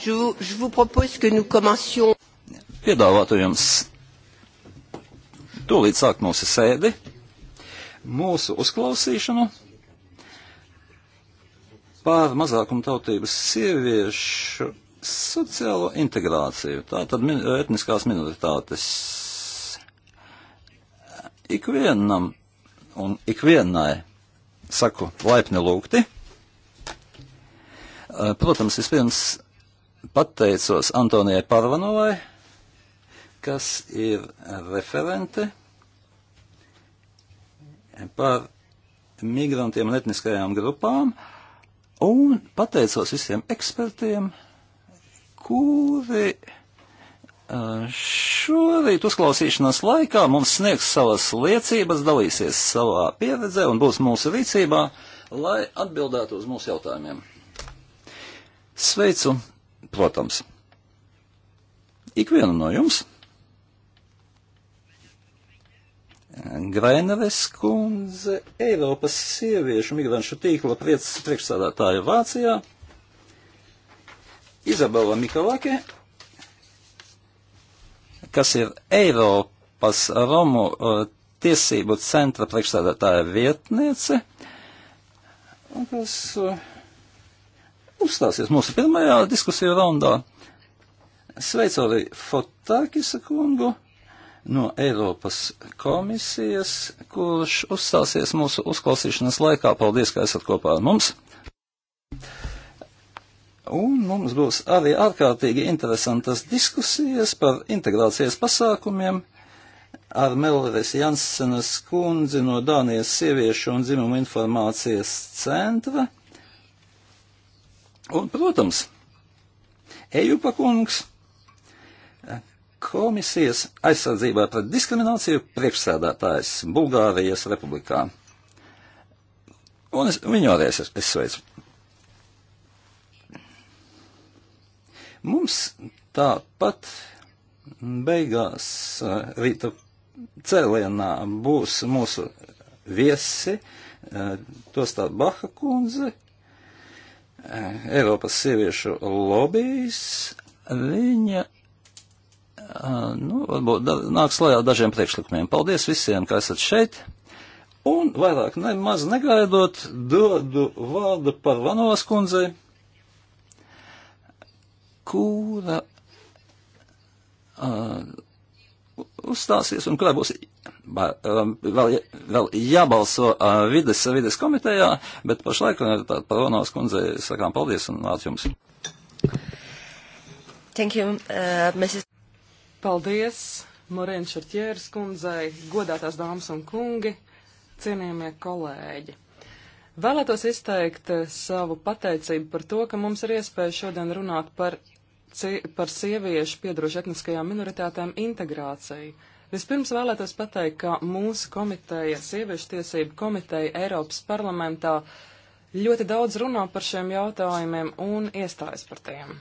Je vous, je vous propose que nous commencions. Piedāvātu jums tūlīt sākt mūsu sēdi, mūsu uzklausīšanu pār mazākumtautības sieviešu sociālo integrāciju, tātad etniskās minoritātes ikvienam un ikvienai saku laipni lūgti. Protams, vispirms pateicos Antonijai Parvanovai, kas ir referente par migrantiem un etniskajām grupām, un pateicos visiem ekspertiem, kuri Šorīt uzklausīšanās laikā mums sniegs savas liecības, dalīsies savā pieredzē un būs mūsu rīcībā, lai atbildētu uz mūsu jautājumiem. Sveicu, protams, ikvienu no jums. Graineves kundze, Eiropas sieviešu migranšu tīkla priekšsādātāja Vācijā, Izabela Mikalake kas ir Eiropas Romu uh, tiesību centra priekšstādātāja vietniece, un kas uh, uzstāsies mūsu pirmajā diskusiju raundā. Sveicu arī Fotākisa kungu no Eiropas komisijas, kurš uzstāsies mūsu uzklausīšanas laikā. Paldies, ka esat kopā ar mums! Un mums būs arī ārkārtīgi interesantas diskusijas par integrācijas pasākumiem ar Melores Jansenas kundzi no Dānijas sieviešu un dzimumu informācijas centra. Un, protams, Ejupa kungs, komisijas aizsardzībā pret diskrimināciju priekšsēdētājs Bulgārijas republikā. Un es, viņu arī es, es sveicu. Mums tāpat beigās eh, rīta cēlienā būs mūsu viesi, eh, tostarp Baha kundze, eh, Eiropas sieviešu lobijas, viņa, nu, varbūt nāks lajā dažiem priekšlikumiem. Paldies visiem, ka esat šeit. Un vairāk nemaz negaidot, dodu vārdu par Vanovas kundzei kura uh, uzstāsies un kurai būs um, vēl, vēl jābalso uh, vides, vides komitejā, bet pašlaik Paronovas kundzei sakām paldies un nāc jums. Thank you, uh, Mrs. Paldies, Morēna Šarķēras kundzei, godātās dāmas un kungi, cienījamie kolēģi. Vēlētos izteikt savu pateicību par to, ka mums ir iespēja šodien runāt par par sieviešu piedarošu etniskajām minoritātēm integrāciju. Vispirms vēlētos pateikt, ka mūsu komiteja, sieviešu tiesību komiteja Eiropas parlamentā ļoti daudz runā par šiem jautājumiem un iestājas par tiem.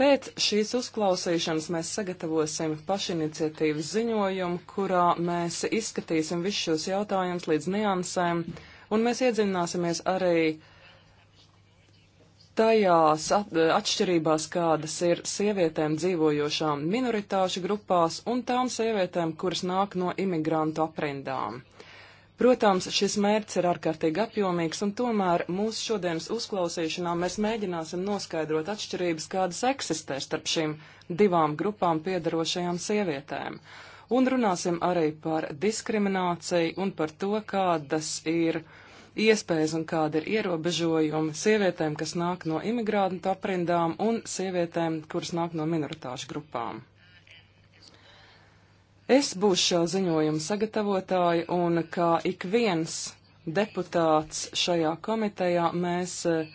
Pēc šīs uzklausīšanas mēs sagatavosim pašiniciatīvas ziņojumu, kurā mēs izskatīsim visus šos jautājumus līdz niansēm, un mēs iedzināsimies arī uh, tajās at atšķirībās, kādas ir sievietēm dzīvojošām minoritāšu grupās un tām sievietēm, kuras nāk no imigrantu aprindām. Protams, šis mērķis ir ārkārtīgi apjomīgs, un tomēr mūsu šodienas uzklausīšanā mēs mēģināsim noskaidrot atšķirības, kādas eksistē starp šīm divām grupām piedarošajām sievietēm. Un runāsim arī par diskrimināciju un par to, kādas ir uh, iespējas un kāda ir ierobežojumi sievietēm, kas nāk no imigrāntu aprindām un sievietēm, kuras nāk no minoritāšu grupām. Es būšu šā ziņojuma sagatavotāja un kā ik viens deputāts šajā komitejā mēs eh,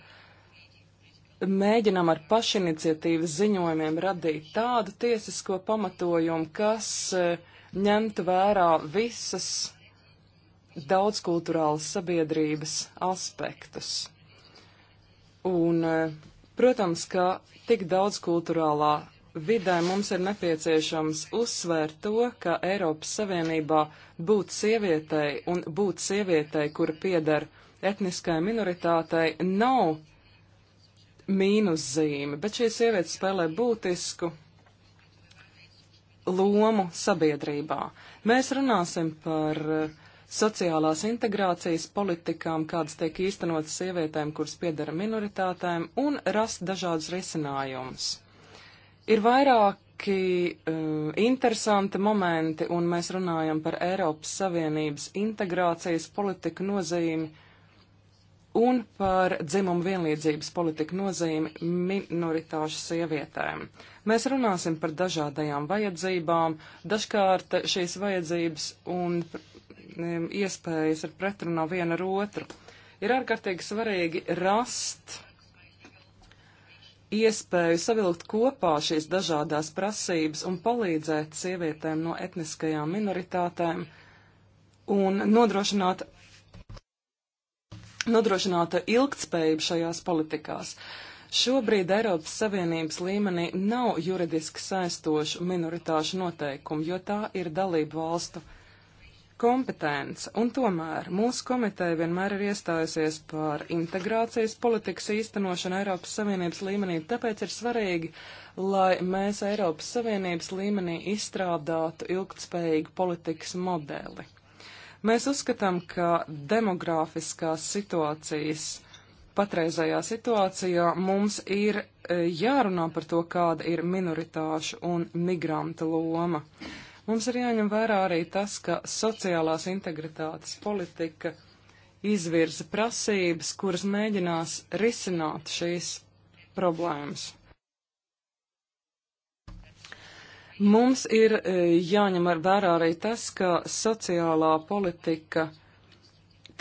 mēģinam ar pašiniciatīvas ziņojumiem radīt tādu tiesisko pamatojumu, kas eh, ņemtu vērā visas daudzkulturālas sabiedrības aspektus. Un, eh, protams, ka tik daudzkulturālā vidē mums ir nepieciešams uzsvērt to, ka Eiropas Savienībā būt sievietei un būt sievietei, kura pieder etniskai minoritātei, nav mīnuszīme, bet šī sieviete spēlē būtisku lomu sabiedrībā. Mēs runāsim par uh, sociālās integrācijas politikām, kādas tiek īstenotas sievietēm, kuras piedara minoritātēm, un rast dažādus risinājumus. Ir vairāki uh, interesanti momenti, un mēs runājam par Eiropas Savienības integrācijas politiku nozīmi un par dzimumu vienlīdzības politiku nozīmi minoritāšu sievietēm. Mēs runāsim par dažādajām vajadzībām, dažkārt šīs vajadzības un nopietniem iespējas ir pretrunā viena ar otru. Ir ārkārtīgi svarīgi rast iespēju savilkt kopā šīs dažādās prasības un palīdzēt sievietēm no etniskajām minoritātēm un nodrošināt, nodrošināt ilgtspējību šajās politikās. Šobrīd Eiropas Savienības līmenī nav juridiski saistošu minoritāšu noteikumu, jo tā ir dalību valstu kompetence, un tomēr mūsu komiteja vienmēr ir iestājusies par integrācijas politikas īstenošanu Eiropas Savienības līmenī, tāpēc ir svarīgi, lai mēs Eiropas Savienības līmenī izstrādātu ilgtspējīgu politikas modeli. Mēs uzskatām, ka demogrāfiskās situācijas patreizajā situācijā mums ir e, jārunā par to, kāda ir minoritāšu un migranta loma. Mums ir jāņem vērā arī tas, ka sociālās integritātes politika izvirza prasības, kuras mēģinās risināt šīs problēmas. Mums ir e, jāņem ar vērā arī tas, ka sociālā politika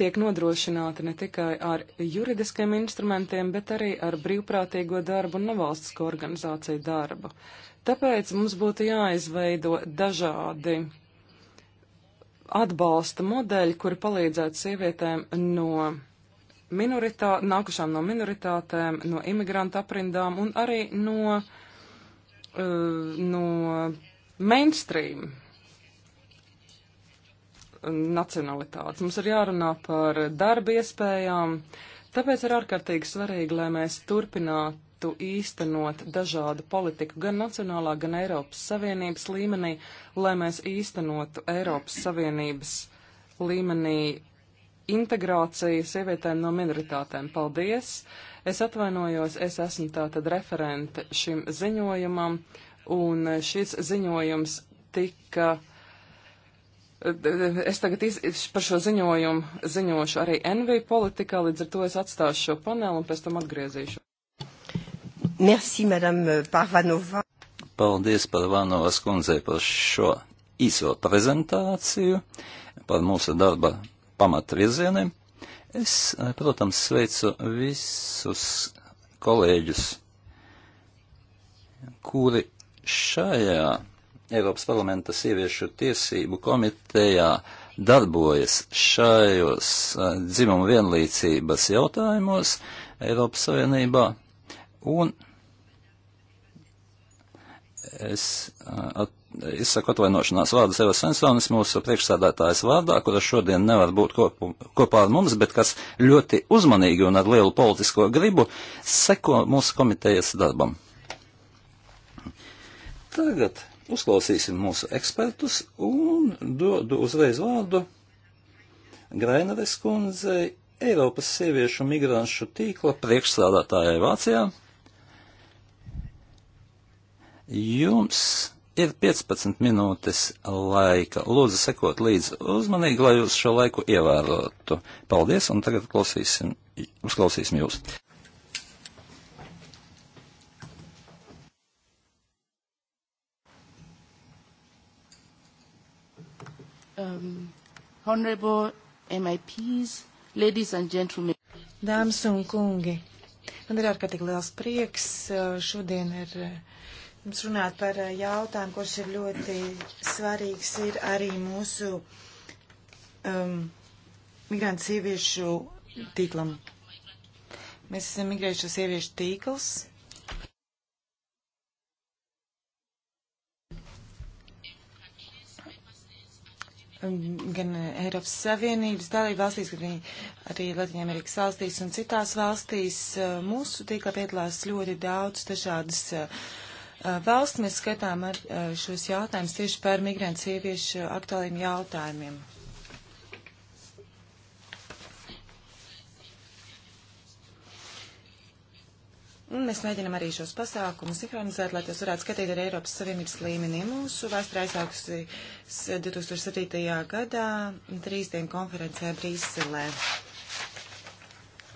tiek nodrošināta ne tikai ar juridiskiem instrumentiem, bet arī ar brīvprātīgo darbu un nevalstisko organizāciju darbu. Uh, Tāpēc mums būtu jāizveido dažādi atbalsta modeļi, kuri palīdzētu sievietēm no minoritā, nākušām no minoritātēm, no imigrantu aprindām un arī no, uh, no mainstream nacionalitātes. Mums ir jārunā par darba iespējām, tāpēc ir ārkārtīgi svarīgi, lai mēs turpinātu varētu īstenot dažādu politiku gan nacionālā, gan Eiropas Savienības līmenī, lai mēs īstenotu Eiropas Savienības līmenī integrāciju sievietēm no minoritātēm. Paldies! Es atvainojos, es esmu tātad referente šim ziņojumam, un šis ziņojums tika. Es tagad iz, par šo ziņojumu ziņošu arī NV politikā, līdz ar to es atstāšu šo panelu un pēc tam atgriezīšu. Merci, madame Parvanova. Paldies Parvanovas kundzei par šo īso prezentāciju, par mūsu darba pamatvirzieniem. Es, protams, sveicu visus kolēģus, kuri šajā Eiropas parlamenta sieviešu tiesību komitejā darbojas šajos dzimumu vienlīdzības jautājumos Eiropas Savienībā, un Es at, izsaku atvainošanās vārdu Evas Svensonis, mūsu priekšsādātājas vārdā, kuras šodien nevar būt kopu, kopā ar mums, bet kas ļoti uzmanīgi un ar lielu politisko gribu seko mūsu komitejas darbam. Tagad uzklausīsim mūsu ekspertus un dodu uzreiz vārdu Graineres kundzei, Eiropas sieviešu migranšu tīkla priekšsādātājai Vācijā. Jums ir 15 minūtes laika. Lūdzu, sekot līdzi uzmanīgi, lai jūs šo laiku ievērotu. Paldies, un tagad klausīsim, uzklausīsim jūs. Um, honorable MIPs, ladies and gentlemen. Dāmas un kungi, man ir ārkārtīgi liels prieks uh, šodien ir. Uh, Mums runāt par eh, jautājumu, kurš ir ļoti svarīgs, ir arī mūsu um, migrantu sieviešu tīklam. Mēs esam migrējušo sieviešu tīkls. Um, gan Eiropas Savienības dalība valstīs, gan arī Latvijas-Amerikas valstīs un citās valstīs. Uh, mūsu tīklā piedalās ļoti daudz dažādas uh, valsts mēs skatām ar, šos jautājumus tieši par migrantu sieviešu aktuāliem jautājumiem. Un mēs mēģinam arī šos pasākumus sinhronizēt, lai tos varētu skatīt ar Eiropas Savienības līmenī. Mūsu vēsturē aizsākusi 2007. gadā trīsdien konferencē Brīselē.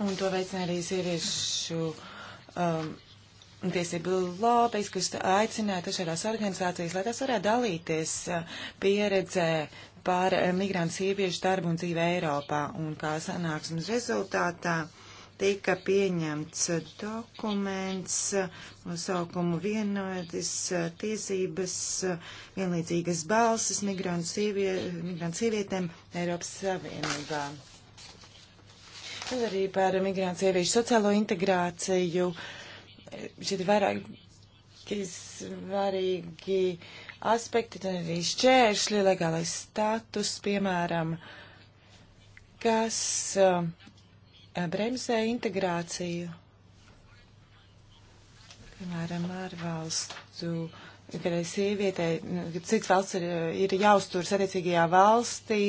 Un to veicināja arī sieviešu um, tiesību lobbyis, kas aicināja dažādās organizācijas, lai tās varētu dalīties pieredzē par migrantu sieviešu darbu un dzīvi Eiropā. Un kā sanāksmes rezultātā tika pieņemts dokuments, nosaukumu vienotas tiesības, vienlīdzīgas balsas migrantu, sievie, migrantu sievietēm Eiropas Savienībā. Vēl arī par migrantu sieviešu sociālo integrāciju. Uh, šeit ir vairāki svarīgi aspekti, tad arī šķēršļi, legālais status, piemēram, kas uh, bremzē integrāciju, piemēram, ārvalstu. Kad sievietei, kad cits valsts ir, ir jāuzturas attiecīgajā valstī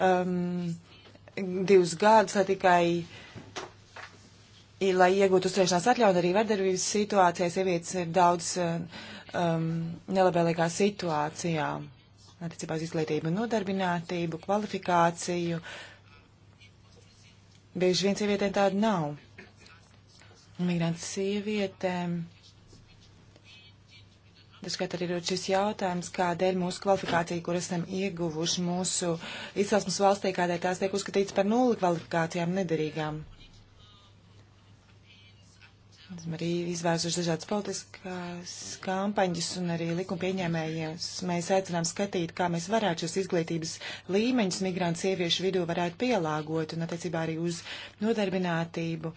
um, divus gadus, lai tikai lai iegūtu uzturēšanās atļauju arī vardarbības situācijā, sievietes ir daudz eh, um, nelabvēlīgā situācijā attiecībā uz izglītību, nodarbinātību, kvalifikāciju. Bieži vien sievietēm tāda nav. Migrantu sievietēm. Dažkārt arī ir šis jautājums, kādēļ mūsu kvalifikācija, kuras esam ieguvuši mūsu izcelsmes valstī, kādēļ tās tiek uzskatītas par nulli kvalifikācijām nederīgām. Esam arī izvērsuši dažādas politiskās kampaņas un arī likuma pieņēmējus. Mēs aicinām skatīt, kā mēs varētu šos izglītības līmeņus migrantu sieviešu vidū varētu pielāgot un attiecībā arī uz nodarbinātību.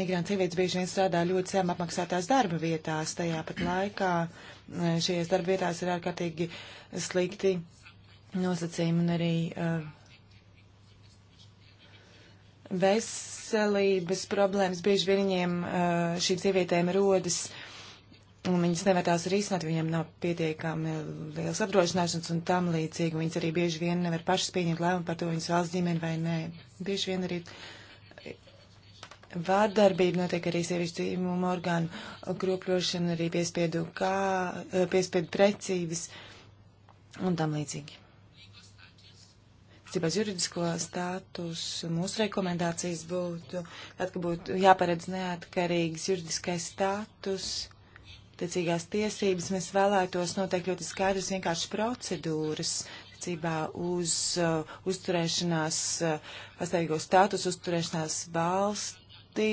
Migrantu sievietes bieži vien strādā ļoti zem apmaksātās darba vietās, tajā pat laikā eh, šajās darba vietās ir ārkārtīgi slikti nosacījumi un arī uh, veselības problēmas bieži vien viņiem uh, šīm sievietēm rodas, un viņas nevar tās risināt, viņiem nav pietiekami liels apdrošināšanas un tam līdzīgi. Viņas arī bieži vien nevar pašas pieņemt lēmumu par to, viņas valsts ģimeni vai nē. Bieži vien arī vārdarbība notiek arī sieviešu dzīvumu orgānu kropļošana, arī piespiedu kā, uh, piespiedu precības un tam līdzīgi attiecībā uz juridisko statusu mūsu rekomendācijas būtu, tad, ka būtu jāparedz neatkarīgs juridiskais status, tiecīgās tiesības, mēs vēlētos noteikti ļoti skaidrs vienkārši procedūras attiecībā uz uh, uzturēšanās, uh, pastāvīgo statusu uzturēšanās valstī.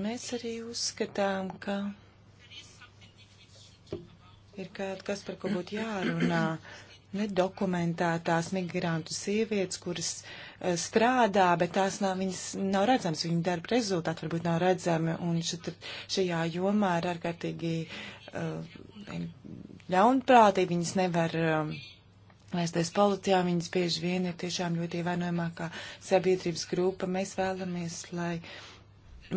Mēs arī uzskatām, ka ir kaut kas, par ko būtu jārunā nedokumentētās migrantu sievietes, kuras uh, strādā, bet tās nav, viņas nav redzamas, viņu darba rezultāti varbūt nav redzami, un šit, šajā jomā ir ārkārtīgi uh, ļaunprātīgi, viņas nevar uh, eh, vēsties policijā, viņas bieži vien ir tiešām ļoti ievainojamākā sabiedrības grupa. Mēs vēlamies, lai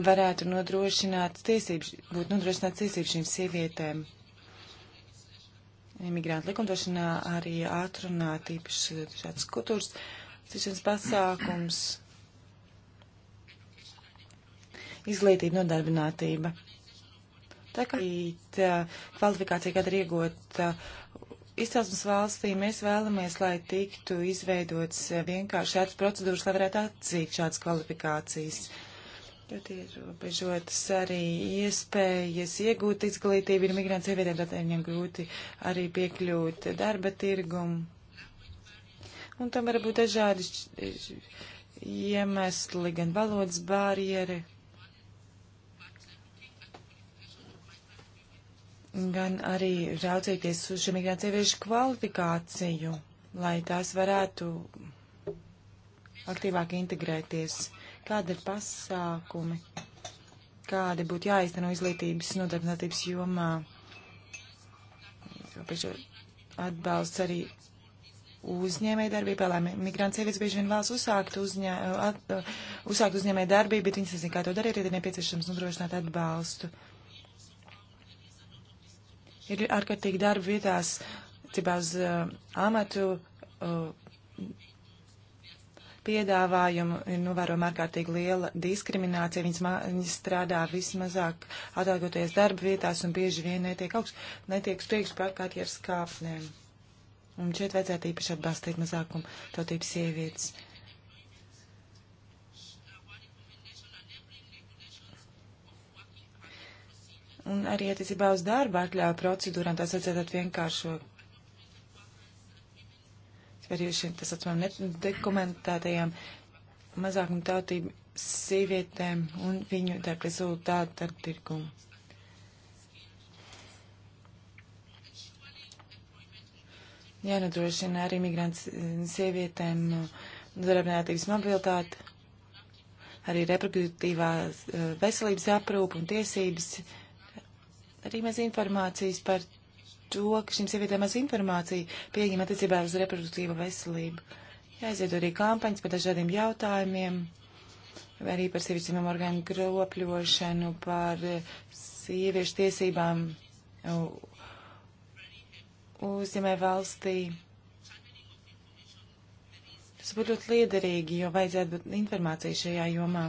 varētu nodrošināt tiesības, būt nodrošināt tiesības šīm sievietēm imigrantu likumdošanā arī atrunāt īpaši šāds kultūras cīšanas pasākums, izglītība, nodarbinātība. Tā kā kvalifikācija, kad ir iegūta izcelsmes valstī, mēs vēlamies, lai tiktu izveidots vienkārši šāds procedūras, lai varētu atzīt šādas kvalifikācijas. Uh, Tad ir robežotas arī iespējas iegūt izglītību, ir migrāntu sievietēm, tātad viņam grūti arī piekļūt darba tirgumu. Un tam var būt dažādi iemesli, gan valodas bārjeri, gan arī raudzīties uz šo migrāntu sieviešu kvalifikāciju, lai tās varētu aktīvāk integrēties kādi ir pasākumi, kādi būtu jāizteno izglītības nodarbinātības jomā. Atbalsts arī uzņēmēju darbībā, lai migrāntu sievietes bieži vien vēlas uzsākt, uzņē, at, uzsākt uzņēmēju darbību, bet viņas nezin, kā to darīt, ir nepieciešams nodrošināt atbalstu. Ir ārkārtīgi darba vietās, cībā uz uh, amatu uh, piedāvājumu ir novērojama ārkārtīgi liela diskriminācija. Viņas, viņas strādā vismazāk atalgoties darba vietās un bieži vien netiek, augst, netiek uz priekšu par karjeras kāpnēm. Un šeit vajadzētu īpaši atbalstīt mazākumu tautības sievietes. Un arī attiecībā uz darba atļauju procedūrām tās vajadzētu vienkāršot arī šiem tas atsimām nedokumentētajām mazākumu tautību sievietēm un viņu darba rezultātu darba tirgumu. Jānodrošina arī migrants eh, sievietēm eh, darbinātības mobilitāte, arī reproduktīvās eh, veselības aprūpa un tiesības, arī maz informācijas par to, ka šīm sievietēm maz informācija pieejama attiecībā uz reproduktīvo veselību. Jāiziet arī kampaņas par dažādiem jautājumiem, vai arī par sievišķiem orgānu kropļošanu, par sieviešu tiesībām uzņemē valstī. Tas būtu ļoti liederīgi, jo vajadzētu būt informācija šajā jomā.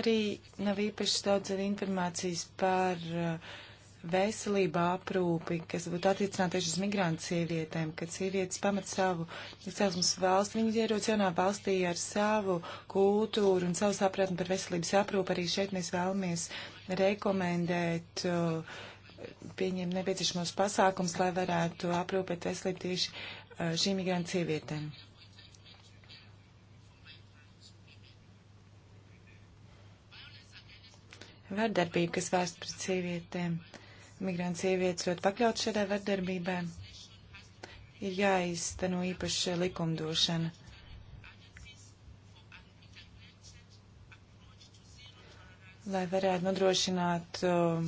Arī nav īpaši daudz informācijas par uh, veselība aprūpi, kas būtu attiecināta tieši uz migrantu sievietēm, kad sievietes pamat savu izcelsmes valsti, viņas ierodas jaunā valstī ar savu kultūru un savu sapratni par veselības aprūpi. Arī šeit mēs vēlamies rekomendēt, pieņemt nepieciešamos pasākums, lai varētu aprūpēt veselību tieši šīm migrantu sievietēm. Vardarbība, kas vērsta pret sievietēm Migrāntu sievietes ļoti pakļautas šādai vardarbībai. Ir jāizteno īpaša likumdošana. Lai varētu nodrošināt uh,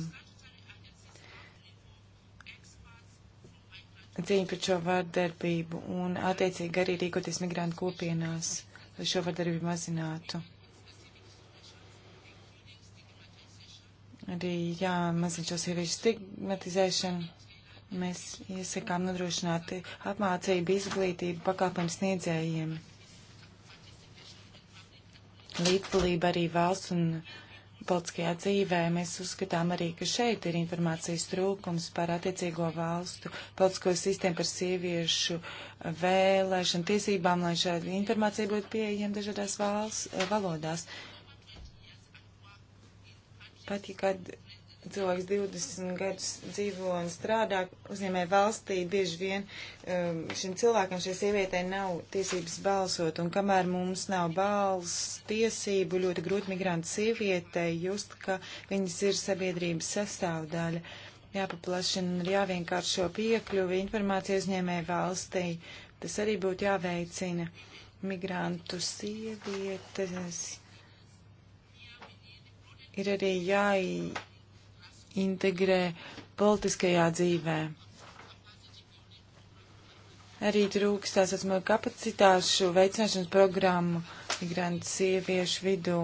cīņu pret šo vardarbību un attiecīgi arī rīkoties migrantu kopienās, lai šo vardarbību mazinātu. arī jāmazina šo sieviešu stigmatizēšanu. Mēs iesakām nodrošināt apmācību, izglītību pakāpojumu sniedzējiem. Līdzdalība arī valsts un politiskajā dzīvē. Mēs uzskatām arī, ka šeit ir informācijas trūkums par attiecīgo valstu politisko sistēmu, par sieviešu vēlēšanu tiesībām, lai šāda informācija būtu pieejama dažādās valsts eh, valodās. Uh, Pat, ja kād cilvēks 20 gadus dzīvo un strādā uzņēmē valstī, bieži vien um, šim cilvēkam, šai sievietei nav tiesības balsot, un kamēr mums nav balss tiesību, ļoti grūti migrantu sievietei just, ka viņas ir sabiedrības sastāvdaļa. Jāpaplašina un jāvienkāršo piekļuvi informācijas uzņēmē valstī. Tas arī būtu jāveicina migrantu sievietes ir arī jāintegrē politiskajā dzīvē. Arī trūkst tās esmu kapacitāšu veicināšanas programmu migrantu sieviešu vidū.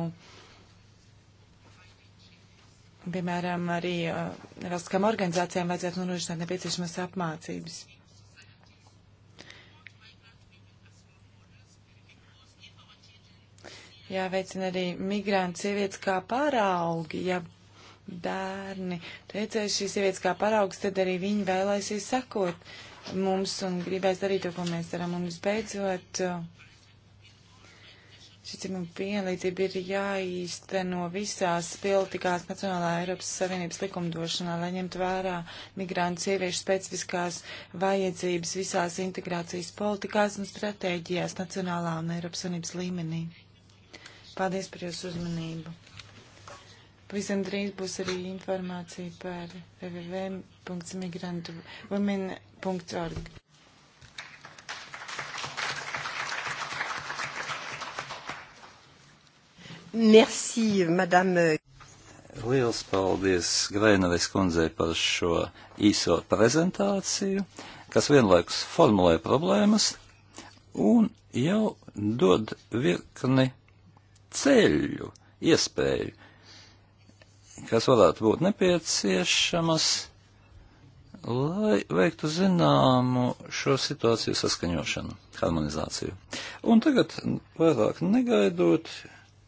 Piemēram, arī uh, valstiskām organizācijām vajadzētu nodrošināt nepieciešamas apmācības. jāveicina arī migrāntu sievietes kā paraugi, ja bērni teicēs šīs sievietes kā paraugs, tad arī viņi vēlēsies sakot mums un gribēs darīt to, ko mēs darām. Un visbeidzot, šis ir mums pienlīdzība ir jāīsteno visās politikās Nacionālā Eiropas Savienības likumdošanā, lai ņemtu vērā migrantu sieviešu specifiskās vajadzības visās integrācijas politikās un stratēģijās Nacionālā un Eiropas Savienības līmenī. Paldies par jūsu uzmanību. Pavisam drīz būs arī informācija par www.migrantuwomen.org. Merci, madame. Liels paldies Grēnavis kundzei par šo īso prezentāciju, kas vienlaikus formulē problēmas un jau dod virkni ceļu, iespēju, kas varētu būt nepieciešamas, lai veiktu zināmu šo situāciju saskaņošanu, harmonizāciju. Un tagad, vairāk negaidot,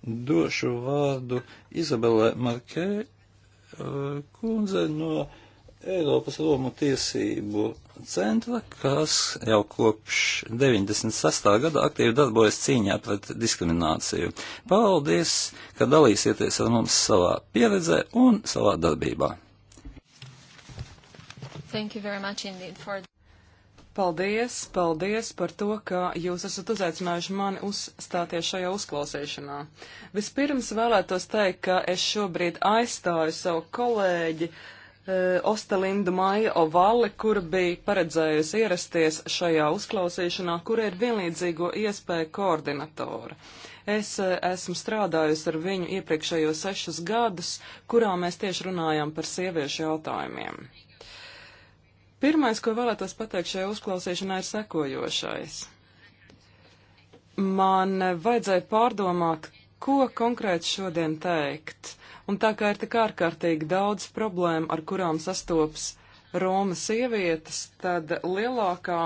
došu vārdu Izabelē Markē eh, kundzei no Eiropas Romu tiesību centra, kas jau kopš 96. gada aktīvi darbojas cīņā pret diskrimināciju. Paldies, ka dalīsieties ar mums savā pieredzē un savā darbībā. For... Paldies, paldies par to, ka jūs esat uzaicinājuši mani uzstāties šajā uzklausīšanā. Vispirms vēlētos teikt, ka es šobrīd aizstāju savu kolēģi. Uh, Eh, Ostelinda Maija Ovali, kura bija paredzējusi ierasties šajā uzklausīšanā, kura ir vienlīdzīgo iespēju koordinatora. Es eh, esmu strādājusi ar viņu iepriekšējos sešus gadus, kurā mēs tieši runājām par sieviešu jautājumiem. Pirmais, ko vēlētos pateikt šajā uzklausīšanā, ir sekojošais. Man vajadzēja pārdomāt, ko konkrēti šodien teikt Un tā kā ir tik ārkārtīgi daudz problēmu, ar kurām sastopas Romas sievietes, tad lielākā,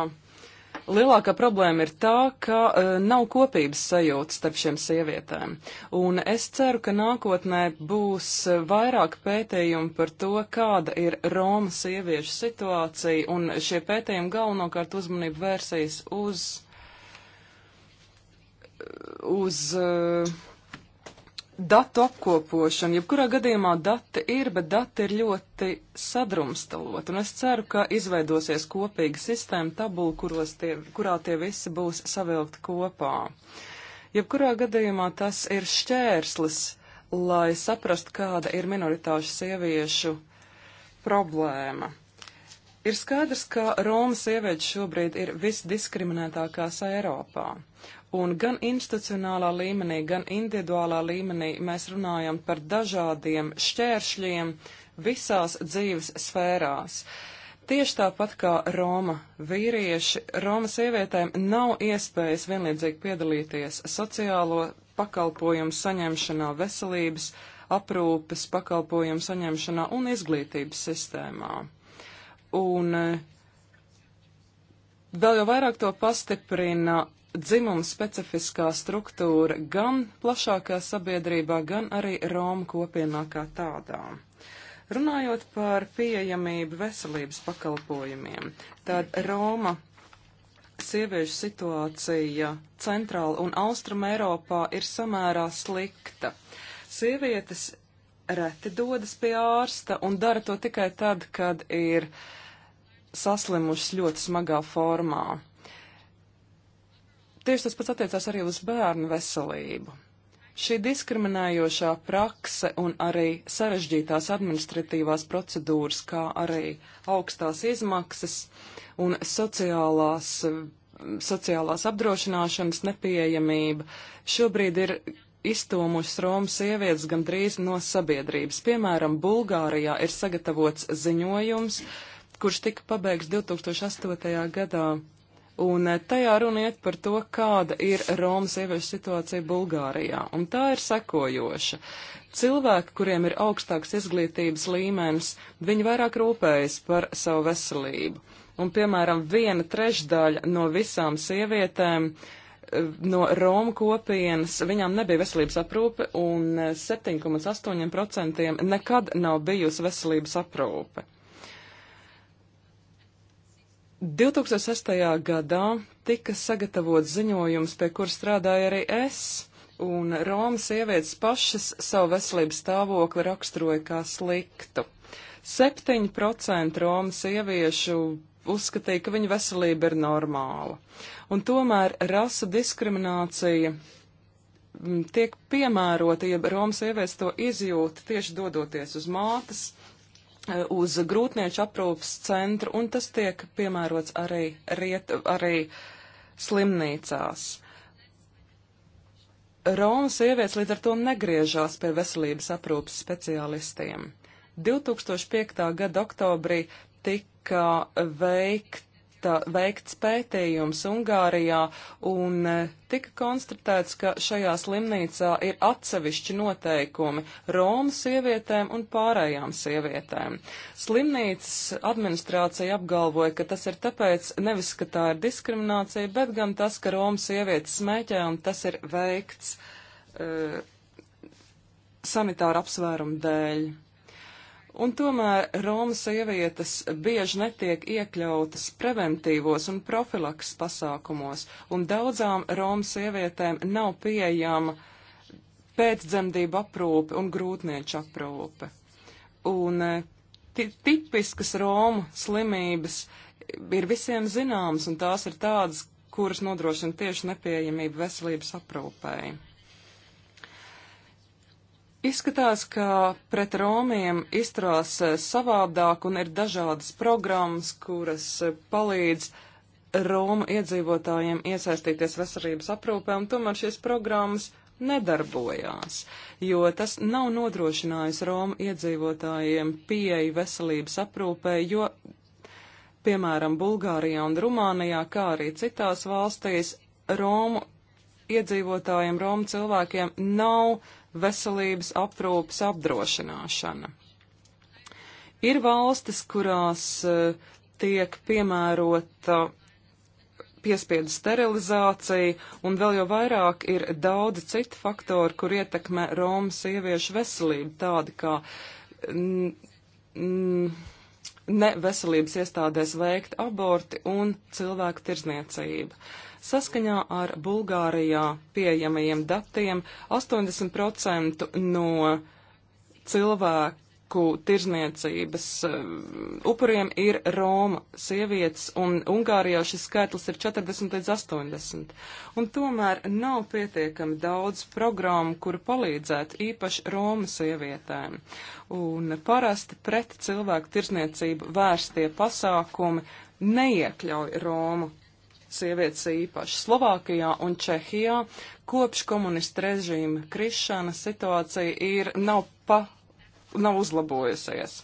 lielākā problēma ir tā, ka uh, nav kopības sajūtas starp šiem sievietēm. Un es ceru, ka nākotnē būs vairāk pētījumu par to, kāda ir Romas sieviešu situācija, un šie pētījumi galvenokārt uzmanību vērsīs uz. uz uh, datu apkopošanu. Jebkurā gadījumā dati ir, bet dati ir ļoti sadrumstalot, un es ceru, ka izveidosies kopīga sistēma tabula, tie, kurā tie visi būs savilgti kopā. Jebkurā gadījumā tas ir šķērslis, lai saprast, kāda ir minoritāšu sieviešu problēma. Ir skaidrs, ka Romas sievietes šobrīd ir visdiskriminētākās Eiropā, Un gan institucionālā līmenī, gan individuālā līmenī mēs runājam par dažādiem šķēršļiem visās dzīves sfērās. Tieši tāpat kā Roma vīrieši, Roma sievietēm nav iespējas vienlīdzīgi piedalīties sociālo pakalpojumu saņemšanā, veselības aprūpes pakalpojumu saņemšanā un izglītības sistēmā. Un eh, vēl jau vairāk to pastiprina dzimuma specifiskā struktūra gan plašākā sabiedrībā, gan arī Roma kopienā kā tādā. Runājot par pieejamību veselības pakalpojumiem, tad Roma sieviešu situācija centrāla un austruma Eiropā ir samērā slikta. Sievietes reti dodas pie ārsta un dara to tikai tad, kad ir saslimušas ļoti smagā formā. Tieši tas pats attiecās arī uz bērnu veselību. Šī diskriminējošā prakse un arī sarežģītās administratīvās procedūras, kā arī augstās izmaksas un sociālās, sociālās apdrošināšanas nepieejamība šobrīd ir iztomušas Romas sievietes gandrīz no sabiedrības. Piemēram, Bulgārijā ir sagatavots ziņojums, kurš tika pabeigts 2008. gadā Un eh, tajā runa iet par to, kāda ir Romas sieviešu situācija Bulgārijā. Un tā ir sekojoša. Cilvēki, kuriem ir augstāks izglītības līmenis, viņi vairāk rūpējas par savu veselību. Un, piemēram, viena trešdaļa no visām sievietēm eh, no Roma kopienas, viņām nebija veselības aprūpe, un 7,8% eh, nekad nav bijusi veselības aprūpe. 2006. gadā tika sagatavots ziņojums, pie kur strādāja arī es, un Romas sievietes pašas savu veselības stāvokli raksturoja kā sliktu. 7% Romas sieviešu uzskatīja, ka viņa veselība ir normāla. Un tomēr rasa diskriminācija mm, tiek piemērota, ja Romas sievietes to izjūta tieši dodoties uz mātes Eh, uz grūtnieču aprūpas centru, un tas tiek piemērots arī, riet, arī slimnīcās. Romas sievietes līdz ar to negriežās pie veselības aprūpas speciālistiem. 2005. gada oktobrī tika veikt veiktā, veikts pētījums Ungārijā, un e, tika konstatēts, ka šajā slimnīcā ir atsevišķi noteikumi Romu sievietēm un pārējām sievietēm. Slimnīcas administrācija apgalvoja, ka tas ir tāpēc nevis, ka tā ir diskriminācija, bet gan tas, ka Romu sievietes smēķē, un tas ir veikts. Uh, e, sanitāru apsvērumu dēļ. Un tomēr Romas sievietes bieži netiek iekļautas preventīvos un profilaks pasākumos, un daudzām Romas sievietēm nav pieejama pēcdzemdību aprūpe un grūtnieču aprūpe. Un eh, tipiskas Romu slimības ir visiem zināmas, un tās ir tādas, kuras nodrošina tieši nepieejamību veselības aprūpēji. Izskatās, ka pret Romiem izturās eh, savādāk un ir dažādas programmas, kuras eh, palīdz Roma iedzīvotājiem iesaistīties veselības aprūpē, un tomēr šīs programmas nedarbojās, jo tas nav nodrošinājis Roma iedzīvotājiem pieeju veselības aprūpē, jo, piemēram, Bulgārijā un Rumānijā, kā arī citās valstīs, Romu iedzīvotājiem, Romu cilvēkiem nav veselības aprūpas apdrošināšana. Ir valstis, kurās eh, tiek piemērota piespiedu sterilizācija, un vēl jau vairāk ir daudzi citi faktori, kur ietekmē Romas sieviešu veselību, tādi kā mm, mm, ne veselības iestādēs veikt aborti un cilvēku tirzniecība. Uh, Saskaņā ar Bulgārijā pieejamajiem datiem 80% no cilvēku tirzniecības eh, upuriem ir Roma sievietes, un Ungārijā šis skaitlis ir 40 līdz 80. Un tomēr nav pietiekami daudz programmu, kuru palīdzētu īpaši Roma sievietēm. Un parasti pret cilvēku tirzniecību vērstie pasākumi neiekļauj Romu sievietes īpaši Slovākijā un Čehijā. Kopš komunista režīma krišana situācija ir nav, pa, nav uzlabojusies.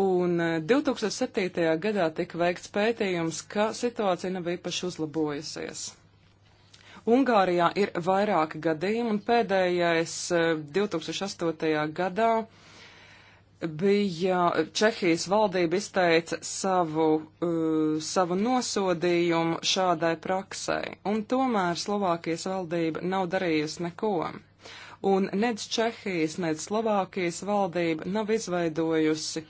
Un 2007. Eh, gadā tika veikts pētījums, ka situācija nav īpaši uzlabojusies. Ungārijā ir vairāki gadījumi, un pēdējais 2008. Eh, gadā bija Čehijas valdība izteica savu, uh, savu nosodījumu šādai praksē, un tomēr Slovākijas valdība nav darījusi neko. Un nec Čehijas, nec Slovākijas valdība nav izveidojusi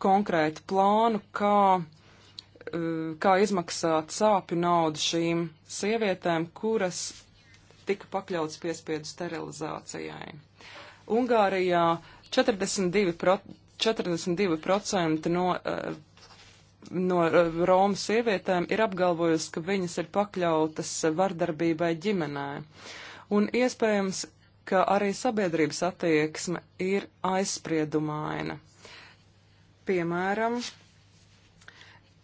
konkrētu plānu, kā uh, kā izmaksāt sāpju naudu šīm sievietēm, kuras tika pakļautas piespiedu sterilizācijai. Ungārijā 42%, pro, 42 no, eh, no eh, Romas sievietēm ir apgalvojusi, ka viņas ir pakļautas vardarbībai ģimenē. Un iespējams, ka arī sabiedrības attieksme ir aizspriedumaina. Piemēram,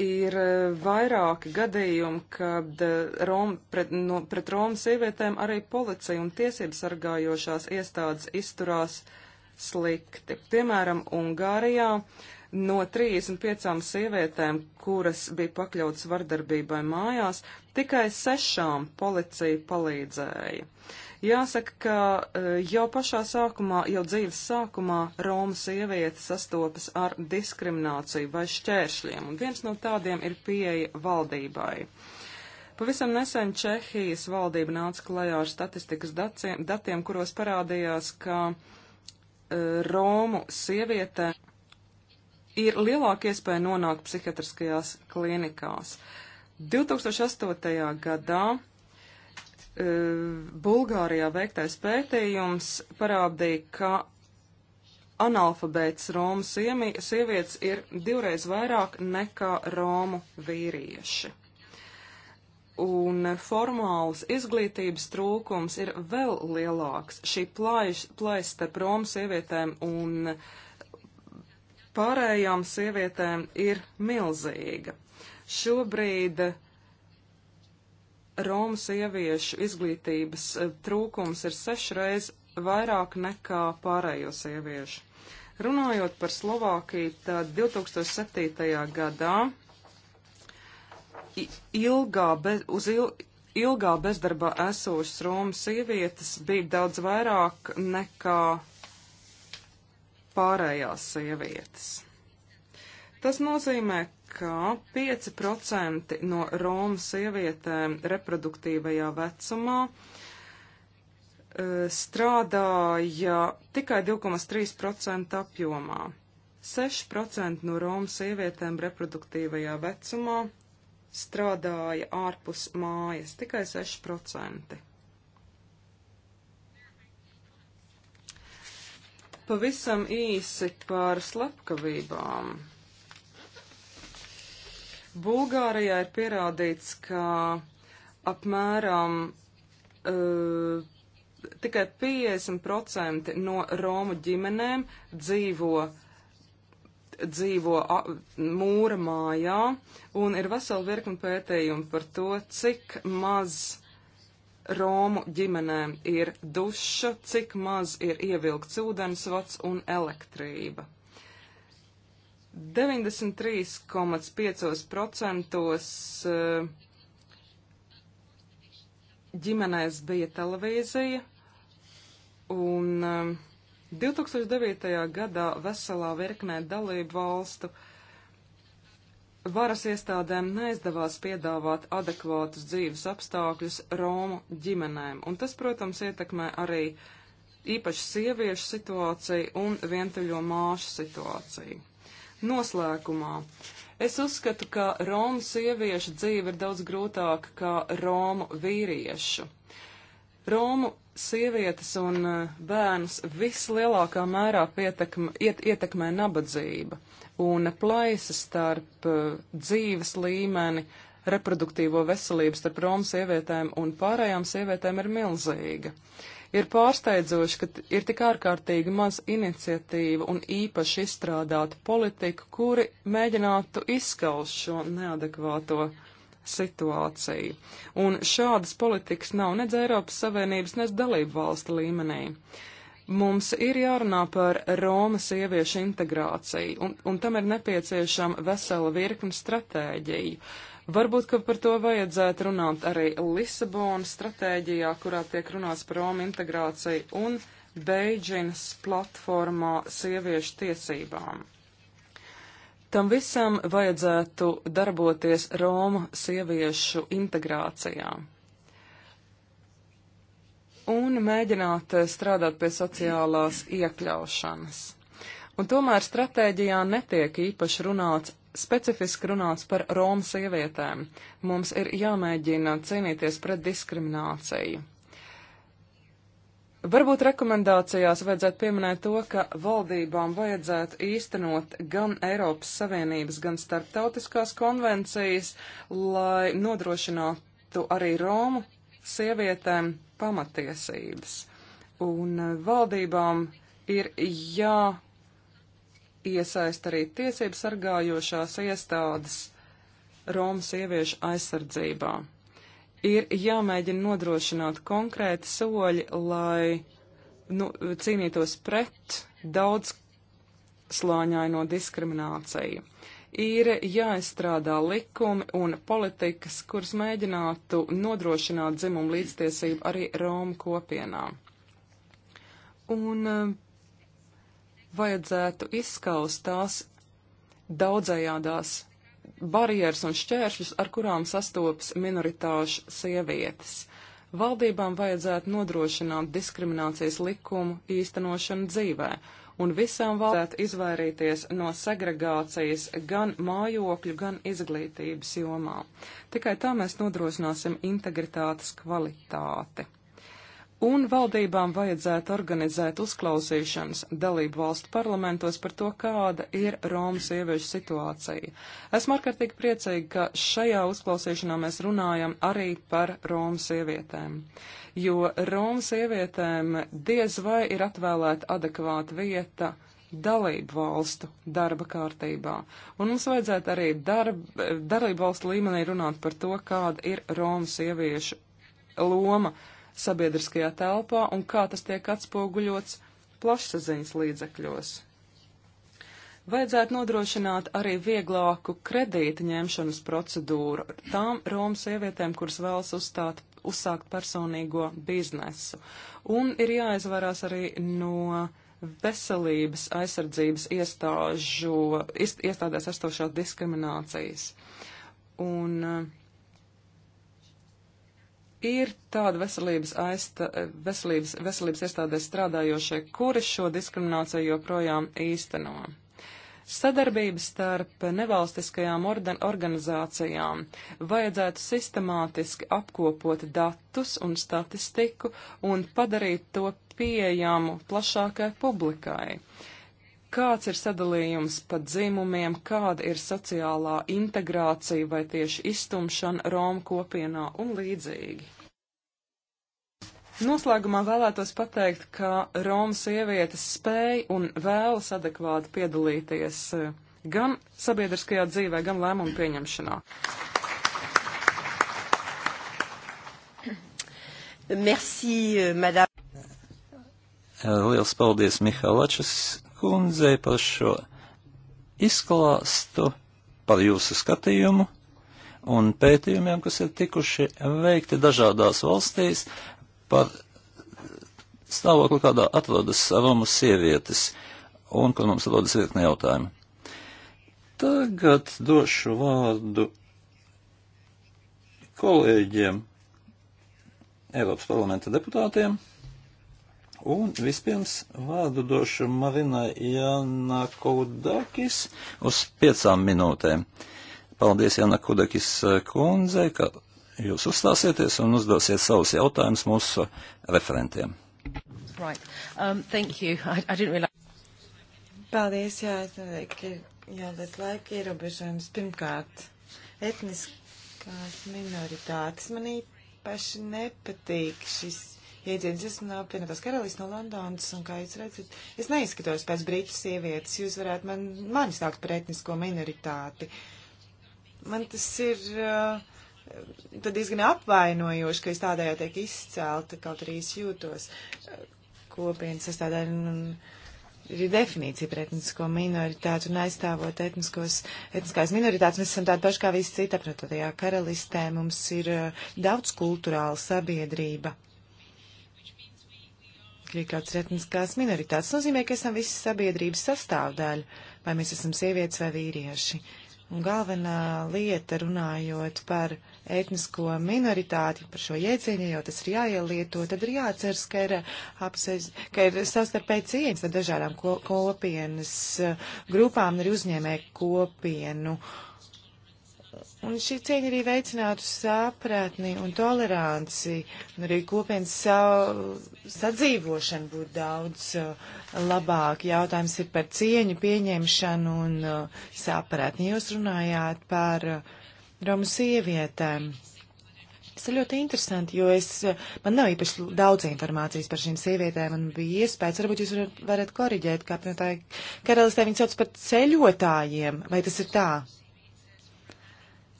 ir eh, vairāki gadījumi, kad Rom, pret, no, pret Romas sievietēm arī policija un tiesības sargājošās iestādes izturās uh, slikti. Piemēram, Ungārijā no 35 sievietēm, kuras bija pakļautas vardarbībai mājās, tikai sešām policija palīdzēja. Jāsaka, ka e, jau pašā sākumā, jau dzīves sākumā Romas sieviete sastopas ar diskrimināciju vai šķēršļiem, un viens no tādiem ir pieeja valdībai. Pavisam nesen Čehijas valdība nāca klajā ar statistikas datiem, datiem kuros parādījās, ka uh, Romu sievietē ir lielāka iespēja nonākt psihiatriskajās klinikās. 2008. gadā e, Bulgārijā veiktais pētījums parādīja, ka analfabēts Romu sievietes ir divreiz vairāk nekā Romu vīrieši un formāls izglītības trūkums ir vēl lielāks. Šī plājas starp Romas sievietēm un pārējām sievietēm ir milzīga. Šobrīd Romas sieviešu izglītības e, trūkums ir sešreiz vairāk nekā pārējo sieviešu. Runājot par Slovākiju, tad 2007. gadā ilgā, bez, uz il, ilgā bezdarbā esošas Romas sievietes bija daudz vairāk nekā pārējās sievietes. Tas nozīmē, ka 5% no Romas sievietēm reproduktīvajā vecumā eh, strādāja tikai 2,3% apjomā. 6% no Romas sievietēm reproduktīvajā vecumā strādāja ārpus mājas, tikai 6%. Pavisam īsi par slepkavībām. Bulgārijā ir pierādīts, ka apmēram uh, tikai 50% no Romu ģimenēm dzīvo uh, dzīvo mūra mājā, un ir vesela virkni pētījumi par to, cik maz Romu ģimenēm ir duša, cik maz ir ievilkts ūdensvats un elektrība. 93,5% e, ģimenēs bija televīzija, un uh, 2009. gadā veselā virknē dalību valstu varas iestādēm neizdevās piedāvāt adekvātus dzīves apstākļus Romu ģimenēm, un tas, protams, ietekmē arī īpaši sieviešu situāciju un vientuļo māšu situāciju. Noslēgumā. Es uzskatu, ka Romu sieviešu dzīve ir daudz grūtāka kā Romu vīriešu. Romu sievietes un eh, bērnus vislielākā mērā pietekm, iet, ietekmē nabadzība un plaisa starp eh, dzīves līmeni, reproduktīvo veselību starp Romu sievietēm un pārējām sievietēm ir milzīga. Ir pārsteidzoši, ka ir tik ārkārtīgi maz iniciatīva un īpaši izstrādāta politika, kuri mēģinātu izskaust šo neadekvāto uh, situāciju. Un šādas politikas nav nedz Eiropas Savienības, nedz dalību valstu līmenī. Mums ir jārunā par Romas ieviešu integrāciju, un, un tam ir nepieciešama vesela virkna stratēģija. Varbūt, ka par to vajadzētu runāt arī Lisabonas stratēģijā, kurā tiek runāts par Romu integrāciju un Beidžinas platformā sieviešu tiesībām. Tam visam vajadzētu darboties Roma sieviešu integrācijā un mēģināt strādāt pie sociālās iekļaušanas. Un tomēr stratēģijā netiek īpaši runāts, specifiski runāts par Romas sievietēm. Mums ir jāmēģina cīnīties pret diskrimināciju. Varbūt rekomendācijās vajadzētu pieminēt to, ka valdībām vajadzētu īstenot gan Eiropas Savienības, gan starptautiskās konvencijas, lai nodrošinātu arī Romu sievietēm pamatiesības. Un eh, valdībām ir jāiesaist arī tiesību sargājošās iestādes Romas sieviešu aizsardzībā ir jāmēģina nodrošināt konkrēti soļi, lai nu, cīnītos pret daudz slāņaino diskrimināciju. Ir jāizstrādā likumi un politikas, kuras mēģinātu nodrošināt dzimumu līdztiesību arī Roma kopienā. Un um, vajadzētu izskaust tās daudzējādās barjeras un šķēršļus, ar kurām sastopas minoritāšu sievietes. Valdībām vajadzētu nodrošināt diskriminācijas likumu īstenošanu dzīvē, un visām vajadzētu izvairīties no segregācijas gan mājokļu, gan izglītības jomā. Tikai tā mēs nodrošināsim integritātes kvalitāti. Un valdībām vajadzētu organizēt uzklausīšanas dalību valstu parlamentos par to, kāda ir Romas sieviešu situācija. Esmu ārkārtīgi priecīga, ka šajā uzklausīšanā mēs runājam arī par Romas sievietēm, jo Romas sievietēm diez vai ir atvēlēta adekvāta vieta dalību valstu darba kārtībā. Un mums vajadzētu arī darb, dalību valstu līmenī runāt par to, kāda ir Romas sieviešu loma sabiedriskajā telpā un kā tas tiek atspoguļots plašsaziņas līdzekļos. Vajadzētu nodrošināt arī vieglāku kredīta ņemšanas procedūru tām Romas sievietēm, kuras vēlas uzstāt, uzsākt personīgo biznesu. Un ir jāizvarās arī no veselības aizsardzības iestāžu, iest, iestādēs esošās diskriminācijas. Un uh, ir tādi veselības, aizta, veselības, veselības iestādēs strādājošie, kuri šo diskrimināciju joprojām īsteno. Sadarbības starp nevalstiskajām organizācijām vajadzētu sistemātiski apkopot datus un statistiku un padarīt to pieejamu plašākai publikai. Uh, kāds ir sadalījums pa dzimumiem, kāda ir sociālā integrācija vai tieši iztumšana Roma kopienā un līdzīgi. Noslēgumā vēlētos pateikt, ka Roma sievietes spēj un vēlas adekvāti piedalīties eh, gan sabiedriskajā dzīvē, gan lēmumu pieņemšanā. Merci, madame. Liels paldies, Mihalačs kundzei par šo izklāstu, par jūsu skatījumu un pētījumiem, kas ir tikuši veikti dažādās valstīs par stāvokli, kādā atrodas Romas sievietes un kur mums rodas virkni jautājumi. Tagad došu vārdu kolēģiem, Eiropas parlamenta deputātiem. Un vispirms vārdu došu Marinai Jāna Kudakis uz piecām minūtēm. Paldies, Jāna Kudakis eh, kundze, ka jūs uzstāsieties un uzdosiet savus jautājumus mūsu referentiem. Right. Um, thank you. I, I didn't realize... Paldies, jā, es nezinu, ka jāliet laika ierobežojums. Pirmkārt, etniskās minoritātes man īpaši nepatīk šis iedzīves. Esmu apvienotās karalīs no Londonas, un kā jūs redzat, es neizskatos pēc brītu sievietes. Jūs varētu man, mani sākt par etnisko minoritāti. Man tas ir. Uh, tad diezgan apvainojoši, ka es tādējā tiek izcēlta, kaut arī es jūtos uh, kopienas sastāvdaļa un ir definīcija par etnisko minoritātu un aizstāvot etniskos, etniskās minoritātes. Mēs esam tādi paši kā visi citi, protams, tajā karalistē mums ir uh, daudz kulturāla sabiedrība ka ir kāds etniskās minoritātes. Nozīmē, ka esam visi sabiedrības sastāvdaļa, vai mēs esam sievietes vai vīrieši. Un galvenā lieta, runājot par etnisko minoritāti, par šo jēdzienu, jo tas ir jāielieto, tad ir jāatceras, ka ir, apsaiz, ka ir savstarpēji cieņas ar dažādām ko, kopienas eh, grupām un arī uzņēmē kopienu. Uh, Un šī cieņa arī veicinātu sapratni un toleranci, un arī kopienas sadzīvošana būtu daudz uh, labāk. Jautājums ir par cieņu pieņemšanu un uh, sapratni. Jūs runājāt par uh, Romu sievietēm. Tas ir ļoti interesanti, jo es, uh, man nav īpaši daudz informācijas par šīm sievietēm. Man bija iespējas, varbūt jūs varat, varat koriģēt, kā apvienotāji karalistē viņi sauc par ceļotājiem. Vai tas ir tā?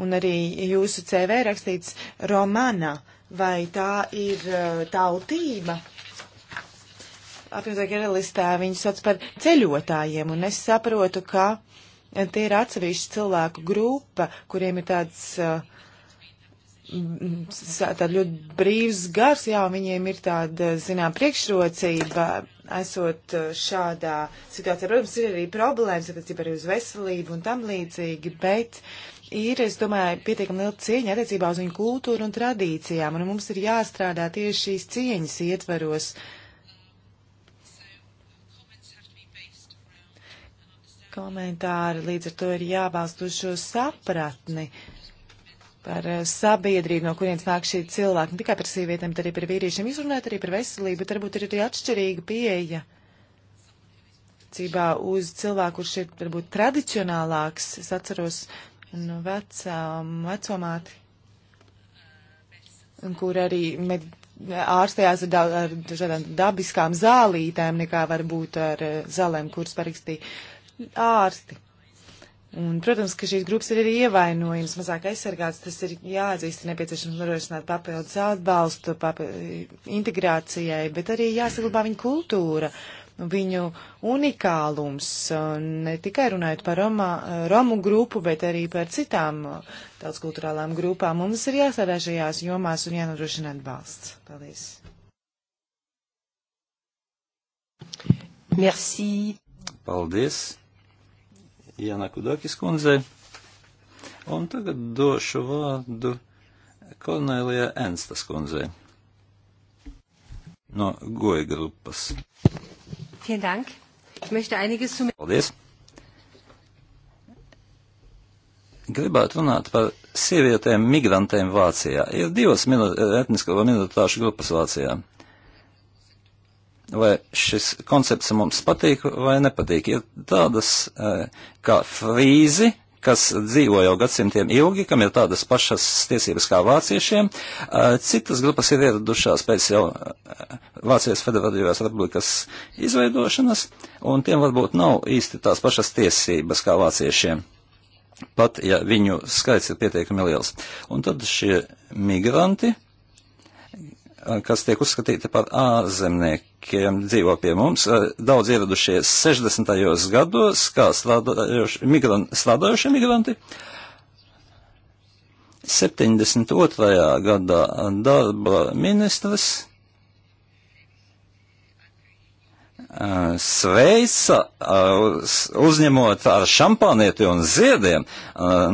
un arī jūsu CV rakstīts romana, vai tā ir uh, tautība? Apvienotā karalistē viņus sauc par ceļotājiem, un es saprotu, ka tie ir atsevišķi cilvēku grupa, kuriem ir tāds uh, e, tāda ļoti brīvs gars, jā, viņiem ir tāda, zinām, priekšrocība, esot e, šādā situācijā. Protams, ir arī problēmas, attiecībā arī uz veselību un tam līdzīgi, bet uh, ir, es domāju, pietiekami liela cieņa attiecībā uz viņu kultūru un tradīcijām, un mums ir jāstrādā tieši šīs cieņas ietvaros. Komentāri līdz ar to ir jābalst uz šo sapratni par eh, sabiedrību, no kurienes nāk šī cilvēka, ne tikai par sievietēm, bet arī par vīriešiem. Jūs runājat arī par veselību, bet varbūt ir arī atšķirīga pieeja attiecībā uz cilvēku, kurš ir varbūt tradicionālāks. Es atceros un vecām, vecomāti, kur arī med, ārstējās ar, da, ar dažādām dabiskām zālītēm, nekā varbūt ar eh, zālēm, kuras parakstīja ārsti. Un, protams, ka šīs grupas ir arī ievainojums, mazāk aizsargāts, tas ir jāatzīst, ir nepieciešams norošināt papildus atbalstu papildus, integrācijai, bet arī jāsaglabā viņa kultūra. Uh, viņu unikālums, ne tikai runājot par Roma, Romu grupu, bet arī par citām tautskulturālām grupām. Mums ir jāsarā šajās jomās un jānodrošina atbalsts. Paldies! Merci! Paldies! Jāna Kudakis kundze. Un tagad došu vārdu Kornelija Enstas kundzei no goja grupas. Vielen Dank. Ich möchte einiges zu. Paldies. Gribētu runāt par sievietēm migrantēm Vācijā. Ir divas minu, etnisko minoritāšu grupas Vācijā. Vai šis koncepts mums patīk vai nepatīk? Ir tādas eh, kā frīzi, kas dzīvo jau gadsimtiem ilgi, kam ir tādas pašas tiesības kā vāciešiem. Citas grupas ir ieradušās pēc jau Vācijas Federatīvās republikas izveidošanas, un tiem varbūt nav īsti tās pašas tiesības kā vāciešiem. Pat ja viņu skaits ir pietiekami liels. Un tad šie migranti, uh, kas tiek uzskatīti par ārzemniekiem, dzīvo pie mums. Daudz ieradušies 60. gados, kā strādājuši, migran, strādājuši migranti. 72. gadā darba ministrs sveica uzņemot ar šampanieti un ziediem.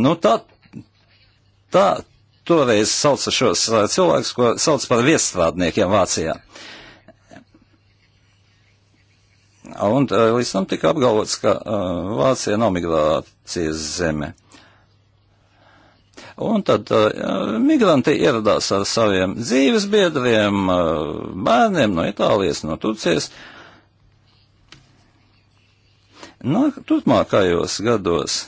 Nu, tā, tā toreiz sauca šos eh, cilvēkus, ko sauc par viesstrādniekiem Vācijā. Un eh, līdz tam tika apgalvots, ka uh, Vācija nav migrācijas zeme. Un tad uh, migranti ieradās ar saviem dzīves biedriem, uh, bērniem no Itālijas, no Turcijas. Nā, turpmākajos gados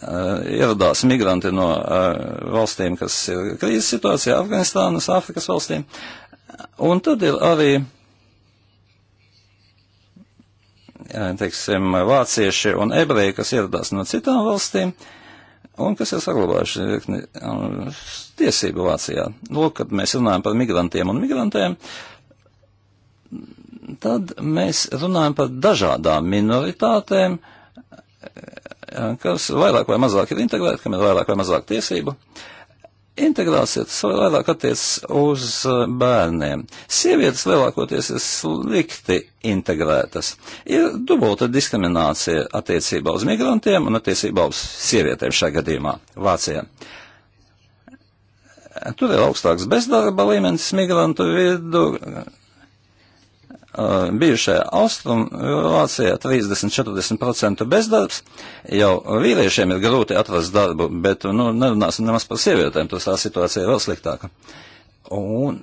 Eh, ieradās migranti no eh, valstīm, kas ir krīzes situācijā, Afganistānas, Āfrikas valstīm. Un tad ir arī, eh, teiksim, vācieši un ebreji, kas ieradās no citām valstīm un kas ir saglabājuši virkni tiesību Vācijā. Lūk, kad mēs runājam par migrantiem un migrantēm, tad mēs runājam par dažādām minoritātēm, uh, kas vairāk vai mazāk ir integrēti, kam ir vairāk vai mazāk tiesību. Integrācija tas vairāk attiec uz uh, bērniem. Sievietes lielākoties ir slikti integrētas. Ir dubulta diskriminācija attiecībā uz migrantiem un attiecībā uz sievietēm šajā gadījumā Vācijā. Tur ir augstāks bezdarba līmenis migrantu vidu, bijušajā Austrumvācijā 30-40% bezdarbs, jau vīriešiem ir grūti atrast darbu, bet nu, nerunāsim nemaz par sievietēm, tur tā situācija ir vēl sliktāka. Un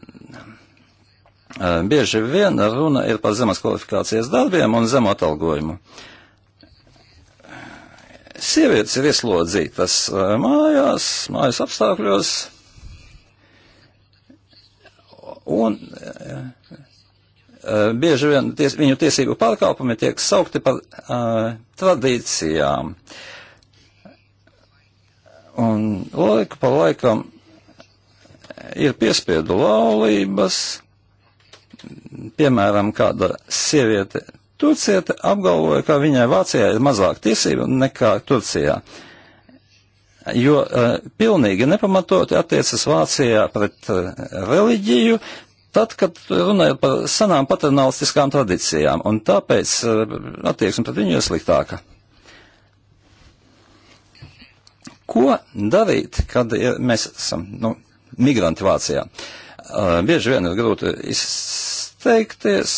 bieži vien runa ir par zemes kvalifikācijas darbiem un zemu atalgojumu. Sievietes ir ieslodzītas mājās, mājas apstākļos, un Eh, bieži vien ties, viņu tiesību pārkāpumi tiek saukti par uh, tradīcijām. Un laika pa laikam ir piespiedu laulības, piemēram, kāda sieviete Turcieta apgalvoja, ka viņai Vācijā ir mazāk tiesību nekā Turcijā, jo uh, pilnīgi nepamatoti attiecas Vācijā pret uh, reliģiju, tad, kad runājot par senām paternalistiskām tradīcijām, un tāpēc eh, attieksme pret viņu ir sliktāka. Ko darīt, kad mēs esam nu, migranti Vācijā? Uh, bieži vien ir grūti izteikties,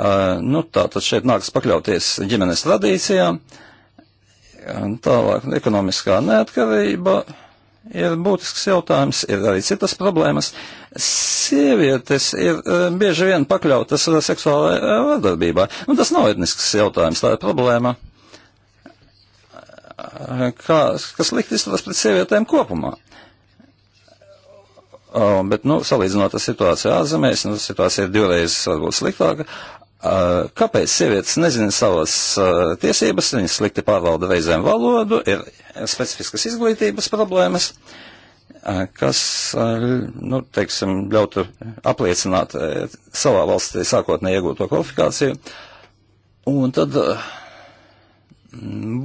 uh, nu tā tad šeit nāks pakļauties ģimenes tradīcijām, tālāk ekonomiskā neatkarība. Uh, ir būtisks jautājums, ir arī citas problēmas. Sievietes ir e, bieži vien pakļautas seksuālajā e, vardarbībā. Un nu, tas nav etnisks jautājums, tā ir problēma, e, kā, kas likt izturas pret sievietēm kopumā. O, bet, nu, salīdzinot ar situāciju ārzemēs, nu, situācija ir divreiz varbūt sliktāka. Kāpēc sievietes nezina savas tiesības, viņas slikti pārvalda reizēm valodu, ir specifiskas izglītības problēmas, kas, nu, teiksim, ļautu apliecināt savā valstī sākotnēji iegūto kvalifikāciju. Un tad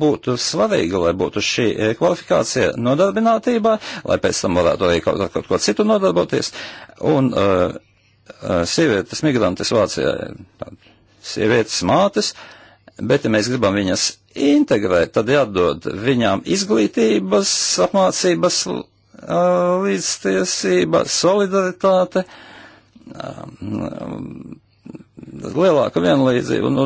būtu svarīgi, lai būtu šī kvalifikācija nodarbinātībā, lai pēc tam varētu arī kaut, kaut ko citu nodarboties. Un, uh, sievietes migrantes Vācijā, sievietes mātes, bet ja mēs gribam viņas integrēt, tad jādod viņām izglītības, apmācības, līdztiesība, solidaritāte, lielāka vienlīdzība nu,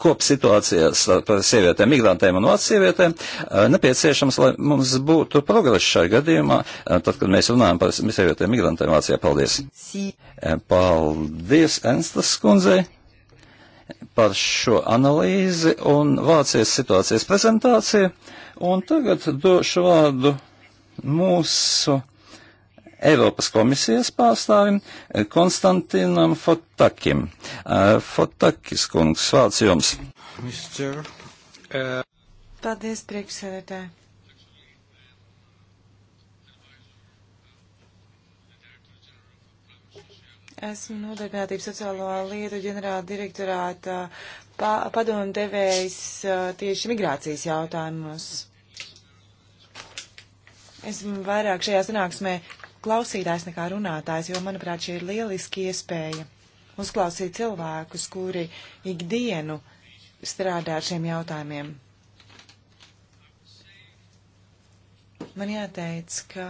kopsituācijās par sievietēm, migrantēm un vācu sievietēm eh, nepieciešams, lai mums būtu progress šajā gadījumā, eh, tad, kad mēs runājam par sievietēm, migrantēm Vācijā. Paldies! Eh, paldies, Enstas kundzei! par šo analīzi un Vācijas situācijas prezentāciju, un tagad došu vārdu mūsu Eiropas komisijas pārstāvim eh, Konstantinam Fotakim. Eh, Fotakis kungs, vārds jums. Mister, uh... Paldies, priekšsēdētāji. Esmu nodarbinātības sociālo lietu ģenerāla direktorāta pa, padomu devējs tieši migrācijas jautājumos. Esmu vairāk šajā sanāksmē klausītājs nekā runātājs, jo, manuprāt, šī ir lieliski iespēja uzklausīt cilvēkus, kuri ikdienu strādā ar šiem jautājumiem. Man jāteic, ka,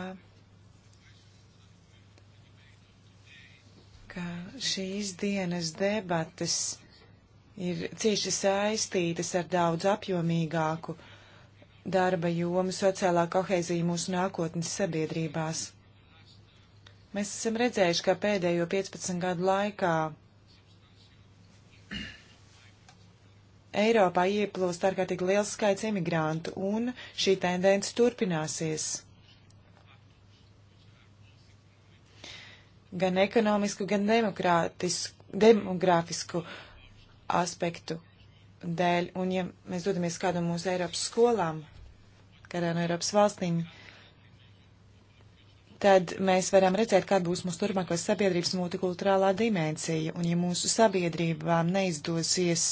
ka šīs dienas debates ir cieši saistītas ar daudz apjomīgāku darba jomu sociālā kohēzija mūsu nākotnes sabiedrībās. Mēs esam redzējuši, ka pēdējo 15 gadu laikā Eiropā ieplūst ārkārtīgi liels skaits imigrantu, un šī tendence turpināsies. Gan ekonomisku, gan demogrāfisku aspektu dēļ, un ja mēs dodamies kādu mūsu Eiropas skolām, kādā no Eiropas valstīm, uh, tad mēs varam redzēt, kāda būs mūsu turpmākās sabiedrības multikulturālā dimensija. Un ja mūsu sabiedrībām neizdosies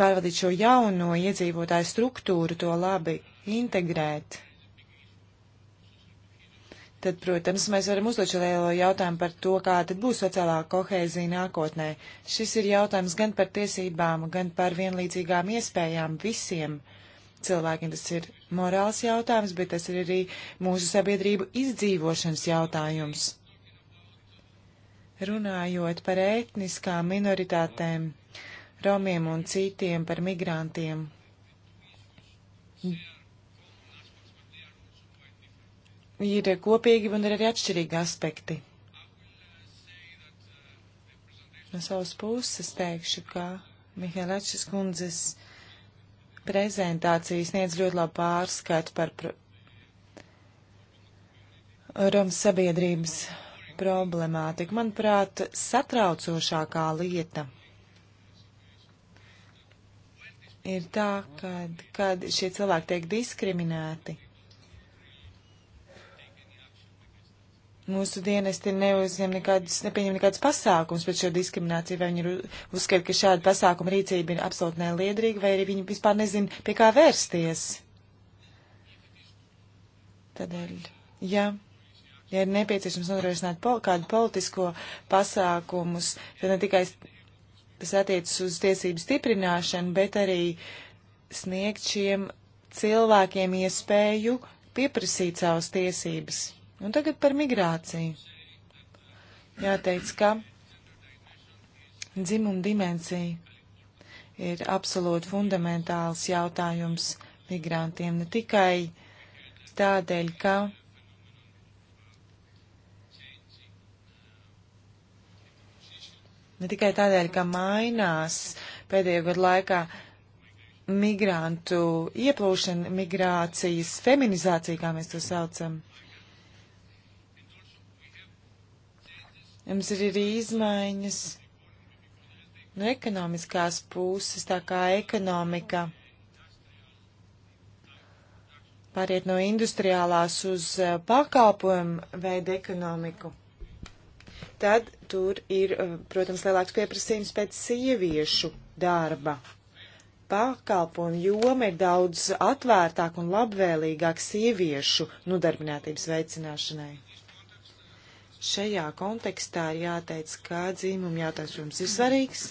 pārvadīt šo jauno iedzīvotāju struktūru, to labi integrēt, tad, protams, mēs varam uzdot šo lielo jautājumu par to, kā tad būs sociālā kohēzija nākotnē. Šis ir jautājums gan par tiesībām, gan par vienlīdzīgām iespējām visiem. Uh, cilvēkiem. Tas ir morāls jautājums, bet tas ir arī mūsu sabiedrību izdzīvošanas jautājums. Runājot par etniskām minoritātēm, romiem un citiem, par migrantiem. Ir kopīgi un ir arī atšķirīgi aspekti. No savas puses teikšu, ka Mihēlēčas kundzes uh, prezentācija sniedz ļoti labu pārskatu par pr Romas sabiedrības problemātiku. Manuprāt, satraucošākā lieta ir tā, kad, kad šie cilvēki tiek diskriminēti. mūsu dienesti neuzņem nekādus, nepieņem nekādus pasākums pret šo diskrimināciju, vai viņi uzskata, ka šāda pasākuma rīcība ir absolūti neliedrīga, vai arī viņi vispār nezina, pie kā vērsties. Tādēļ, jā. Ja. Ja ir nepieciešams nodrošināt pol kādu politisko pasākumus, tad ne tikai tas attiecas uz tiesību stiprināšanu, bet arī sniegt šiem cilvēkiem iespēju pieprasīt savas tiesības. Un tagad par migrāciju. Jāteic, ka dzimuma dimensija ir absolūti fundamentāls jautājums migrantiem, ne tikai tādēļ, ka ne tikai tādēļ, ka mainās pēdējo gadu laikā migrantu ieplūšana, migrācijas feminizācija, kā mēs to saucam. Mums ir arī izmaiņas no ekonomiskās puses, tā kā ekonomika pāriet no industriālās uz eh, pakalpojumu veidu ekonomiku. Tad tur ir, eh, protams, lielāks pieprasījums pēc sieviešu darba. Pakalpojumu joma ir daudz atvērtāk un labvēlīgāk sieviešu nodarbinātības veicināšanai. Šajā kontekstā ir jāteic, ka dzīmuma jautājums, protams, ir svarīgs.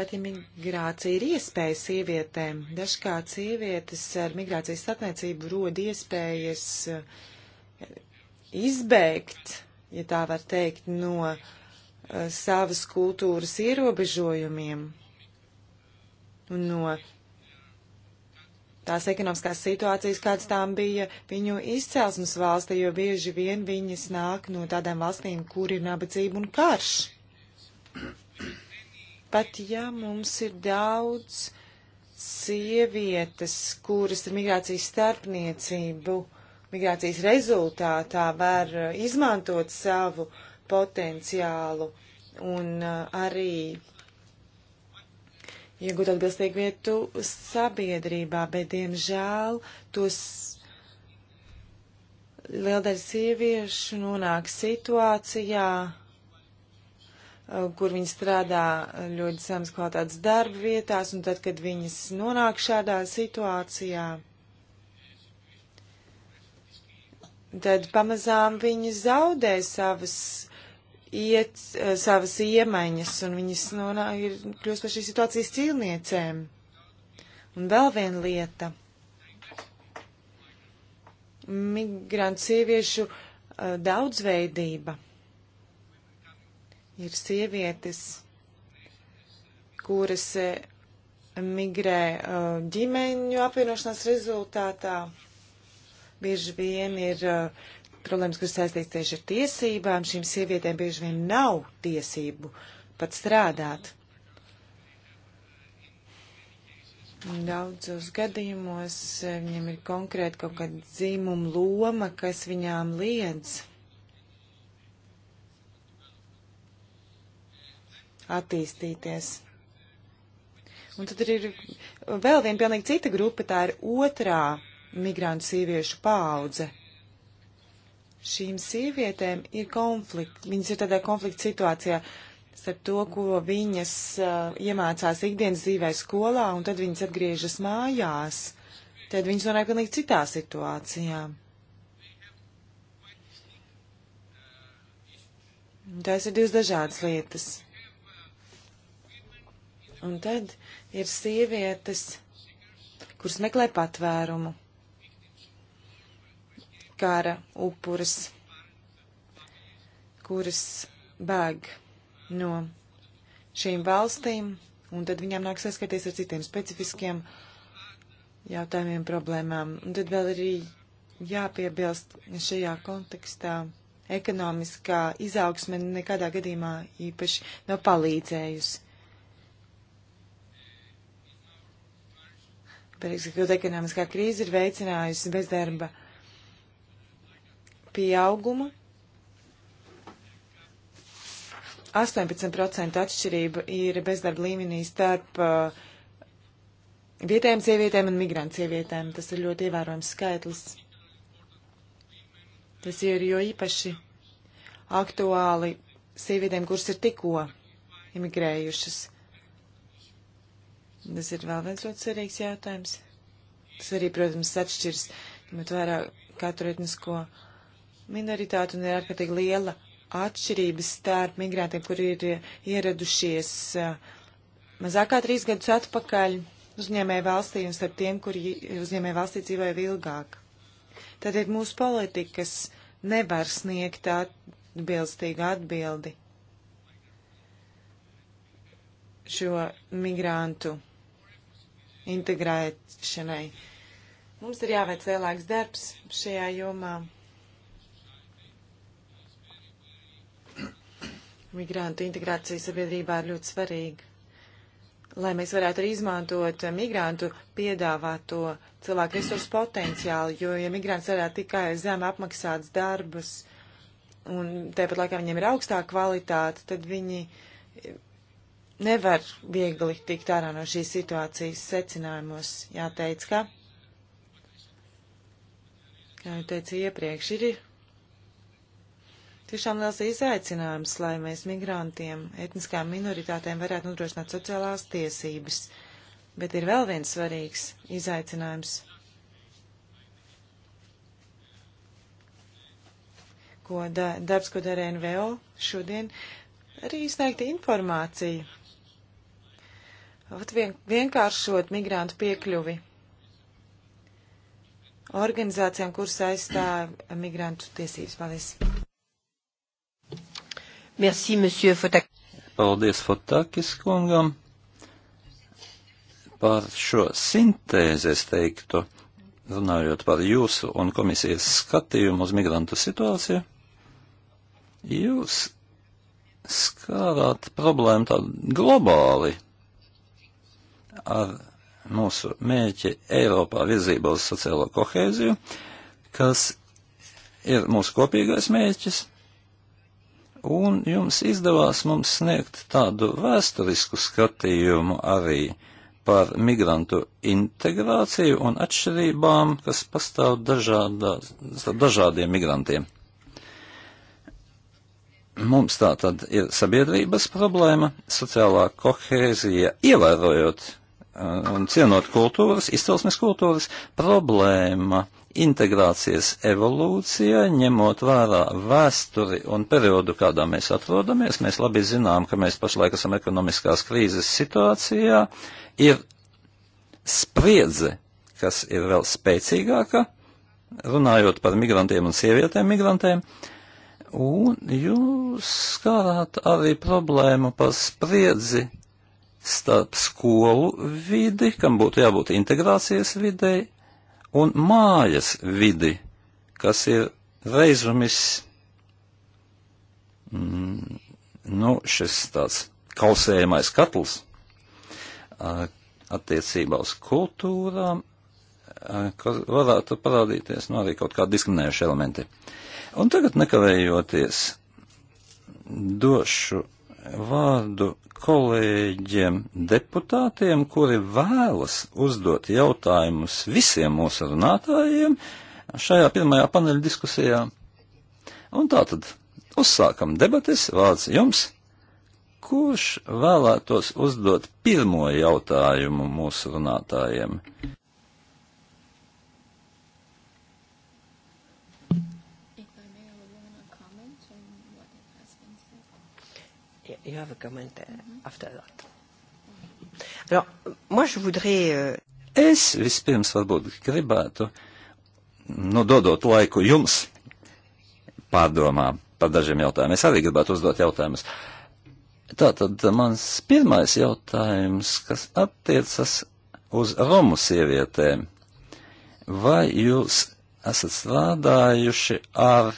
Pat ja migrācija ir iespēja sievietēm, dažkārt sievietes ar migrācijas starpniecību rod iespējas eh, izbēgt, ja tā var teikt, no eh, savas kultūras ierobežojumiem un no tās ekonomiskās situācijas, kāds tām bija viņu izcelsmes valstī, jo bieži vien viņas nāk no tādām valstīm, kur ir nabadzība un karš. Pat ja mums ir daudz sievietes, kuras ar migrācijas starpniecību, migrācijas rezultātā var uh, izmantot savu potenciālu un uh, arī iegūt atbilstīgu vietu sabiedrībā, bet, diemžēl, tos liela daļa sieviešu nonāk situācijā, uh, kur viņi strādā ļoti zemes kvalitātes darba vietās, un tad, kad viņas nonāk šādā situācijā, tad pamazām viņi zaudē savas iet eh, savas iemaņas, un viņas nu, ir kļūst par šīs situācijas cīlniecēm. Un vēl viena lieta. Migrantu sieviešu eh, daudzveidība ir sievietes, kuras eh, migrē ģimeņu apvienošanās rezultātā. Bieži vien ir uh, problēmas, kas saistīts tieši ar tiesībām, šīm sievietēm bieži vien nav tiesību pat strādāt. Daudzos gadījumos viņam ir konkrēti kaut kāda dzīmuma loma, kas viņām liedz attīstīties. Un tad ir vēl viena pilnīgi cita grupa, tā ir otrā migrantu sieviešu paudze šīm sievietēm ir konflikts, viņas ir tādā konflikta situācijā starp to, ko viņas uh, iemācās ikdienas dzīvē skolā, un tad viņas atgriežas mājās. Tad viņas nonāk pilnīgi citā situācijā. Tās ir divas dažādas lietas. Un tad ir sievietes, kuras meklē patvērumu kara upuras, kuras bēg no šīm valstīm, un tad viņām nāk saskaties ar citiem specifiskiem jautājumiem, problēmām. Un tad vēl arī jāpiebilst šajā kontekstā ekonomiskā izaugsme nekādā gadījumā īpaši nav palīdzējusi. Pēc, ka ekonomiskā krīze ir veicinājusi bezdarba pieauguma. 18% atšķirība ir bezdarba līmenī starp uh, vietējām sievietēm un migrantu sievietēm. Tas ir ļoti ievērojams skaitlis. Tas ir jo īpaši aktuāli sievietēm, kuras ir tikko imigrējušas. Tas ir vēl viens ļoti svarīgs jautājums. Tas arī, protams, atšķirs, ņemot vērā katru etnisko minoritāte un ir ārkārtīgi liela atšķirības starp migrantiem, kuri ir eh, ieradušies eh, mazākā trīs gadus atpakaļ uzņēmēju valstī un starp tiem, kuri uzņēmēju valstī dzīvoja ilgāk. Tātad mūsu politikas nevar sniegt atbilstīgu atbildi šo migrantu integrēšanai. Mums ir jāveic lielāks darbs šajā jomā. Migrantu integrācija sabiedrībā ir ļoti svarīga, lai mēs varētu arī izmantot migrantu piedāvāto cilvēku resursu potenciālu, jo, ja migrants varētu tikai zem apmaksāts darbus, un tāpat laikā viņiem ir augstā kvalitāte, tad viņi nevar viegli tikt ārā no šīs situācijas secinājumos. Jāteic, ka, kā jau teicu iepriekš, ir tiešām liels izaicinājums, lai mēs migrantiem, etniskām minoritātēm varētu nodrošināt sociālās tiesības. Bet ir vēl viens svarīgs izaicinājums, ko da, darbs, ko dara NVO šodien, arī izsniegt informāciju. Ot vien, vienkāršot migrantu piekļuvi organizācijām, kuras aizstāv migrantu tiesības. Paldies! Merci, monsieur Fotak. Paldies Fotakis kungam par šo sintēzi, es teiktu, runājot par jūsu un komisijas skatījumu uz migrantu situāciju. Jūs skārāt problēmu tādu globāli ar mūsu mērķi Eiropā virzība uz sociālo kohēziju, kas ir mūsu kopīgais mērķis un jums izdevās mums sniegt tādu vēsturisku skatījumu arī par migrantu integrāciju un atšķirībām, kas pastāv dažādā, dažādiem migrantiem. Mums tā tad ir sabiedrības problēma, sociālā kohēzija, ievērojot uh, un cienot kultūras, izcelsmes kultūras problēma integrācijas evolūcija, ņemot vērā vēsturi un periodu, kādā mēs atrodamies, mēs labi zinām, ka mēs pašlaik esam ekonomiskās krīzes situācijā, ir spriedze, kas ir vēl spēcīgāka, runājot par migrantiem un sievietēm migrantiem, un jūs skārāt arī problēmu par spriedzi starp skolu vidi, kam būtu jābūt integrācijas videi, un mājas vidi, kas ir reizumis, mm, nu, šis tāds kausējamais katls attiecībā uz kultūrām, kas varētu parādīties, nu, arī kaut kādi diskriminējuši elementi. Un tagad nekavējoties došu vārdu kolēģiem deputātiem, kuri vēlas uzdot jautājumus visiem mūsu runātājiem šajā pirmajā paneļa diskusijā. Un tā tad uzsākam debates, vārds jums. Kurš vēlētos uzdot pirmo jautājumu mūsu runātājiem? you have a comment uh, after that. Alors, moi, je voudrais... Euh, es vispirms varbūt gribētu, nu, dodot laiku jums pārdomām par dažiem jautājumiem. Es arī gribētu uzdot jautājumus. Tātad mans pirmais jautājums, kas attiecas uz Romu sievietēm. Vai jūs esat strādājuši ar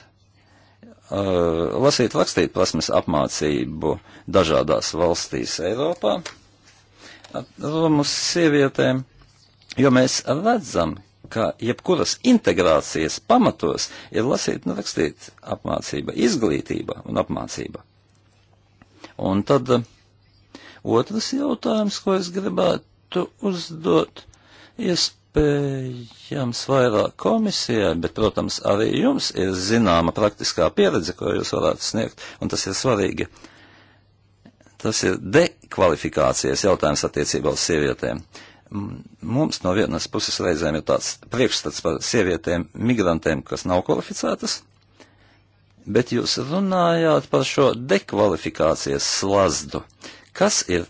lasīt, rakstīt plasmas apmācību dažādās valstīs Eiropā Romu sievietēm, jo mēs redzam, ka jebkuras integrācijas pamatos ir lasīt un rakstīt apmācība, izglītība un apmācība. Un tad otrs jautājums, ko es gribētu uzdot, iespējams, pieejams vairāk komisijai, bet, protams, arī jums ir zināma praktiskā pieredze, ko jūs varētu sniegt, un tas ir svarīgi. Tas ir dekvalifikācijas jautājums attiecībā uz sievietēm. Mums no vienas puses reizēm ir tāds priekšstats par sievietēm, migrantēm, kas nav kvalificētas, bet jūs runājāt par šo dekvalifikācijas slazdu. Kas ir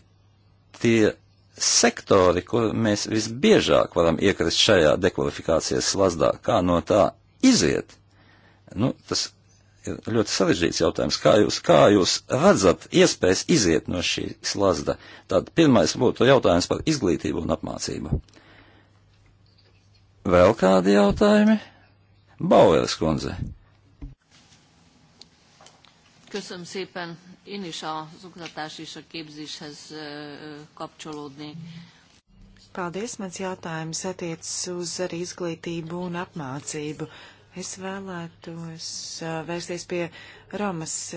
tie sektori, kur mēs visbiežāk varam iekrist šajā dekvalifikācijas slazdā, kā no tā iziet, nu, tas ir ļoti sarežģīts jautājums. Kā jūs, kā jūs redzat iespējas iziet no šī slazda? Tad pirmais būtu jautājums par izglītību un apmācību. Vēl kādi jautājumi? Baueris kundze. Köszönöm szépen. Én is az oktatás és a képzéshez kapcsolódnék. Paldies, mans jautājums attiecas uz arī izglītību un apmācību. Es vēlētos vērsties pie Romas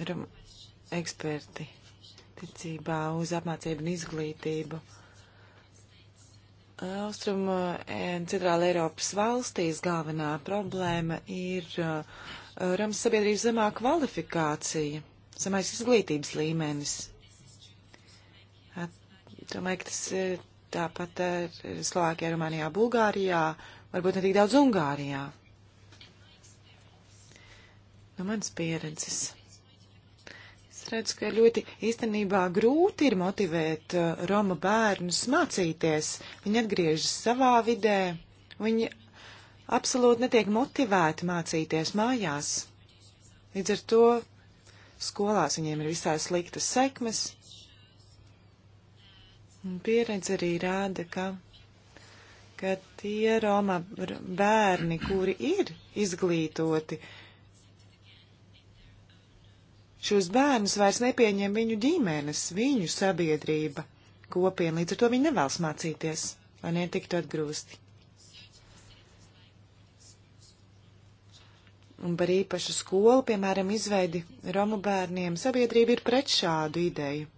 Rom, eksperti attiecībā uz apmācību un izglītību. Austrum un Centrāla Eiropas valstīs galvenā problēma ir uh, Eh, Rams sabiedrības zemā kvalifikācija, zemais izglītības līmenis. At, domāju, ka tas ir tāpat ar Slovākijā, Rumānijā, Bulgārijā, varbūt ne tik daudz Ungārijā. No manas pieredzes. Es redzu, ka ļoti īstenībā grūti ir motivēt eh, Roma bērnus mācīties. Viņi atgriežas savā vidē, viņi absolūti netiek motivēti mācīties mājās. Līdz ar to skolās viņiem ir visai sliktas sekmes. Un pieredze arī rāda, ka, ka tie Roma bērni, kuri ir izglītoti, šos bērnus vairs nepieņem viņu ģimenes, viņu sabiedrība kopien, līdz ar to viņi nevēlas mācīties, lai netiktu atgrūsti. un par īpašu skolu, piemēram, izveidi Romu bērniem, sabiedrība ir pret šādu ideju.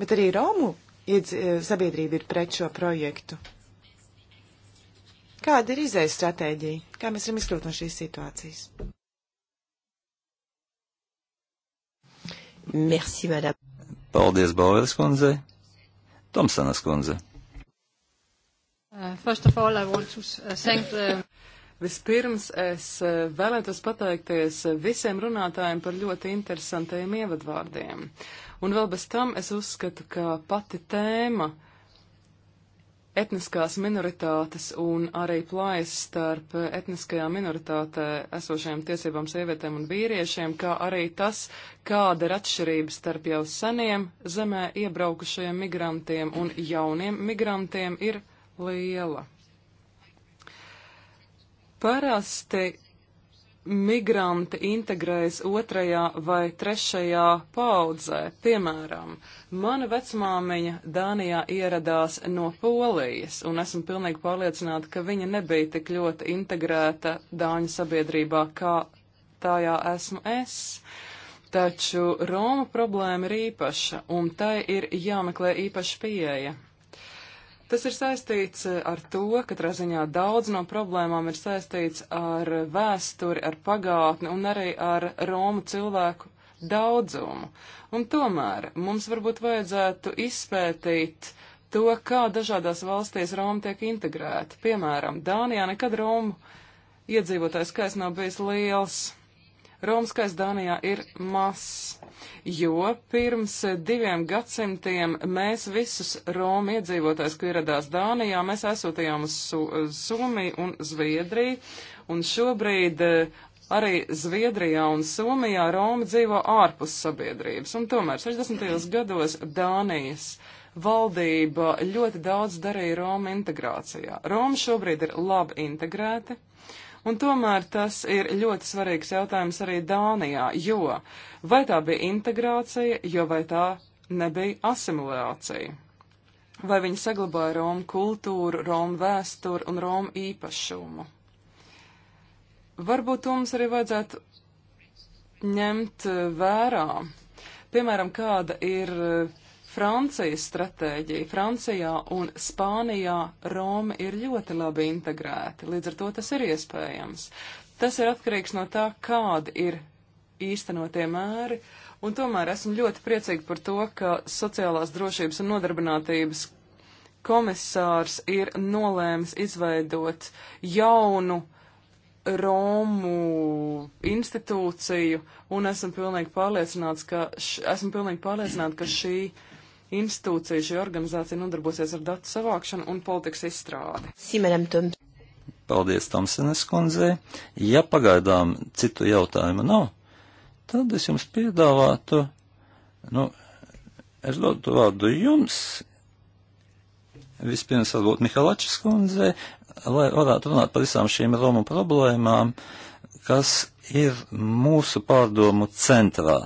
Bet arī Romu iedz, eh, sabiedrība ir pret šo projektu. Kāda ir izējas stratēģija? Kā mēs varam izkļūt no šīs situācijas? Merci, madame. Paldies, Bauvēlis kundze. Tomsanas kundze. Uh, first of all, I want to uh, thank the... Vispirms es eh, vēlētos pateikties eh, visiem runātājiem par ļoti interesantiem ievadvārdiem. Un vēl bez tam es uzskatu, ka pati tēma etniskās minoritātes un arī plājas starp etniskajā minoritātē esošajām tiesībām sievietēm un vīriešiem, kā arī tas, kāda ir atšķirība starp jau seniem zemē iebraukušajiem migrantiem un jauniem migrantiem, ir liela. Parasti migranti integrējas otrajā vai trešajā paudzē. Piemēram, mana vecmāmiņa Dānijā ieradās no Polijas, un esmu pilnīgi pārliecināta, ka viņa nebija tik ļoti integrēta Dāņu sabiedrībā, kā tajā esmu es. Taču Roma problēma ir īpaša, un tai ir jāmeklē īpaša pieeja. Tas ir saistīts eh, ar to, katrā ziņā daudz no problēmām ir saistīts ar vēsturi, ar pagātni un arī ar Romu cilvēku daudzumu. Un tomēr mums varbūt vajadzētu izpētīt to, kā dažādās valstīs Roma tiek integrēta. Piemēram, Dānijā nekad Romu iedzīvotājs skaits nav bijis liels. Romas skaits Dānijā ir mazs jo pirms diviem gadsimtiem mēs visus Romu iedzīvotājs, kur ieradās Dānijā, mēs aizsūtījām uz, Su uz Somiju un Zviedriju, un šobrīd eh, arī Zviedrijā un Somijā Roma dzīvo ārpus sabiedrības, un tomēr 60. gados Dānijas valdība ļoti daudz darīja Roma integrācijā. Roma šobrīd ir labi integrēti. Uh, Un tomēr tas ir ļoti svarīgs jautājums arī Dānijā, jo vai tā bija integrācija, jo vai tā nebija asimilācija? Vai viņi saglabāja Romu kultūru, Romu vēsturi un Romu īpašumu? Varbūt to mums arī vajadzētu ņemt eh, vērā. Piemēram, kāda ir uh, Francijas stratēģija. Francijā un Spānijā Roma ir ļoti labi integrēti, līdz ar to tas ir iespējams. Tas ir atkarīgs no tā, kādi ir īstenotie mēri, un tomēr esmu ļoti priecīgi par to, ka sociālās drošības un nodarbinātības komisārs ir nolēmis izveidot jaunu Romu institūciju, un esmu pilnīgi pārliecināts, ka, š, esmu pilnīgi pārliecināta, ka šī institūcija, šī organizācija nodarbosies ar datu savākšanu un politikas izstrādi. Simeram Toms. Paldies Tomsenes kundzei. Ja pagaidām citu jautājumu nav, tad es jums piedāvātu, nu, es dotu vārdu jums. Vispirms varbūt Mihalačis kundzei, lai varētu runāt par visām šīm Romu problēmām, kas ir mūsu pārdomu centrā.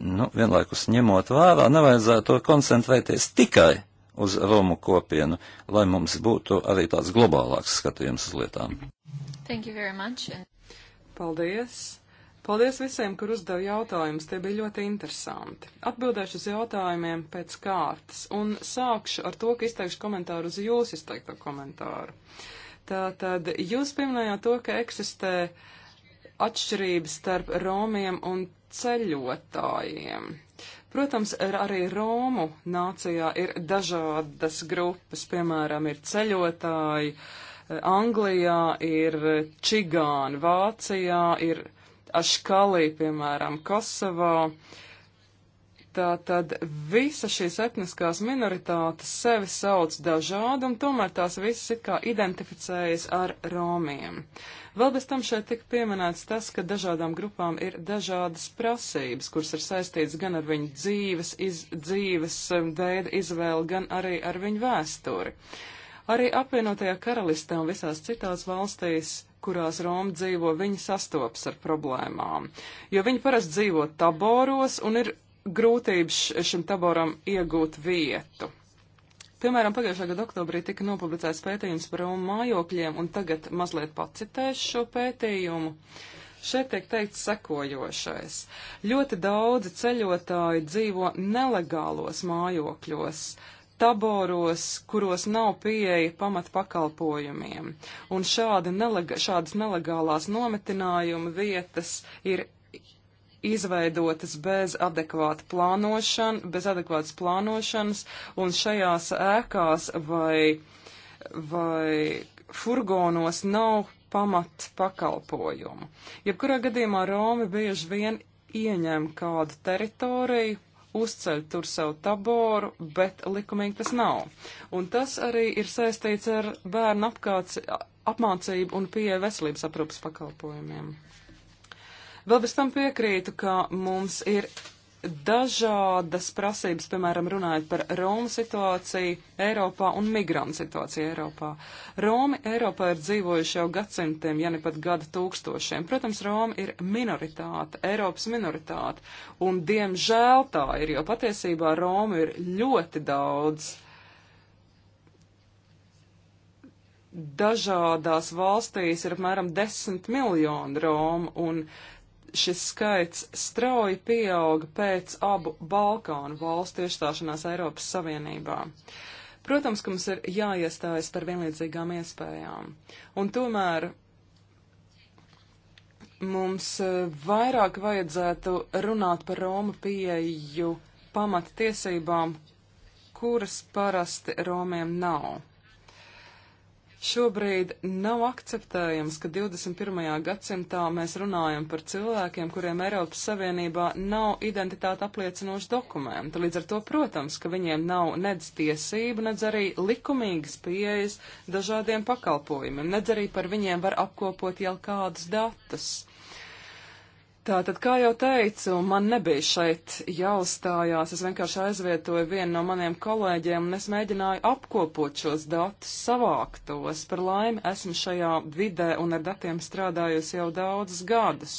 Nu, vienlaikus ņemot vērā, nevajadzētu koncentrēties tikai uz Romu kopienu, lai mums būtu arī tāds globālāks skatījums uz lietām. Thank you very much. Paldies! Paldies visiem, kur uzdeva jautājumus, tie bija ļoti interesanti. Atbildēšu uz jautājumiem pēc kārtas un sākšu ar to, ka izteikšu komentāru uz jūsu izteikto komentāru. Tātad jūs pieminējāt to, ka eksistē atšķirības starp Romiem un ceļotājiem. Protams, arī Romu nācijā ir dažādas grupas, piemēram, ir ceļotāji, eh, Anglijā ir čigāni, Vācijā ir aškalī, piemēram, Kosovā. Tātad visa šīs etniskās minoritātes sevi sauc dažādi, un tomēr tās visas it kā identificējas ar Romiem. Uh, Vēl bez tam šeit tika pieminēts tas, ka dažādām grupām ir dažādas prasības, kuras ir saistītas gan ar viņu dzīves, iz, dzīves um, veidu izvēli, gan arī ar viņu vēsturi. Arī apvienotajā karalistē un visās citās valstīs kurās Roma dzīvo, viņi sastopas ar problēmām, jo viņi parasti dzīvo taboros un ir grūtības šim taboram iegūt vietu. Piemēram, pagājušā gada oktobrī tika nopublicēts pētījums par mājokļiem, un tagad mazliet pacitēšu šo pētījumu. Šeit tiek teikts sekojošais. Ļoti daudzi ceļotāji dzīvo nelegālos mājokļos, taboros, kuros nav pieeja pamatpakalpojumiem, un šādi nelega, šādas nelegālās nometinājuma vietas ir izveidotas bez adekvāta plānošana, bez adekvātas plānošanas, un šajās ēkās vai, vai furgonos nav pamat pakalpojumu. Jebkurā gadījumā Romi bieži vien ieņem kādu teritoriju, uzceļ tur savu taboru, bet likumīgi tas nav. Un tas arī ir saistīts ar bērnu apkāds, apmācību un pieeja veselības aprūpas pakalpojumiem. Vēl bez tam piekrītu, ka mums ir dažādas prasības, piemēram, runājot par Romu situāciju Eiropā un migrantu situāciju Eiropā. Romi Eiropā ir dzīvojuši jau gadsimtiem, ja ne pat gada tūkstošiem. Protams, Romi ir minoritāte, Eiropas minoritāte, un diemžēl tā ir, jo patiesībā Romi ir ļoti daudz. Dažādās valstīs ir apmēram 10 miljoni Romu, un šis skaits strauji pieauga pēc abu Balkānu valstu iestāšanās Eiropas Savienībā. Protams, ka mums ir jāiestājas par vienlīdzīgām iespējām, un tomēr mums eh, vairāk vajadzētu runāt par Roma pieeju pamata tiesībām, kuras parasti Romiem nav. Šobrīd nav akceptējams, ka 21. gadsimtā mēs runājam par cilvēkiem, kuriem Eiropas Savienībā nav identitāte apliecinoši dokumenti. Līdz ar to, protams, ka viņiem nav nedz tiesību, nedz arī likumīgas pieejas dažādiem pakalpojumiem, nedz arī par viņiem var apkopot jau kādus datus. Tātad, kā jau teicu, man nebija šeit jāuzstājās, es vienkārši aizvietoju vienu no maniem kolēģiem un es mēģināju apkopot šos datus, savāktos. Par laimi esmu šajā vidē un ar datiem strādājusi jau daudzus gadus.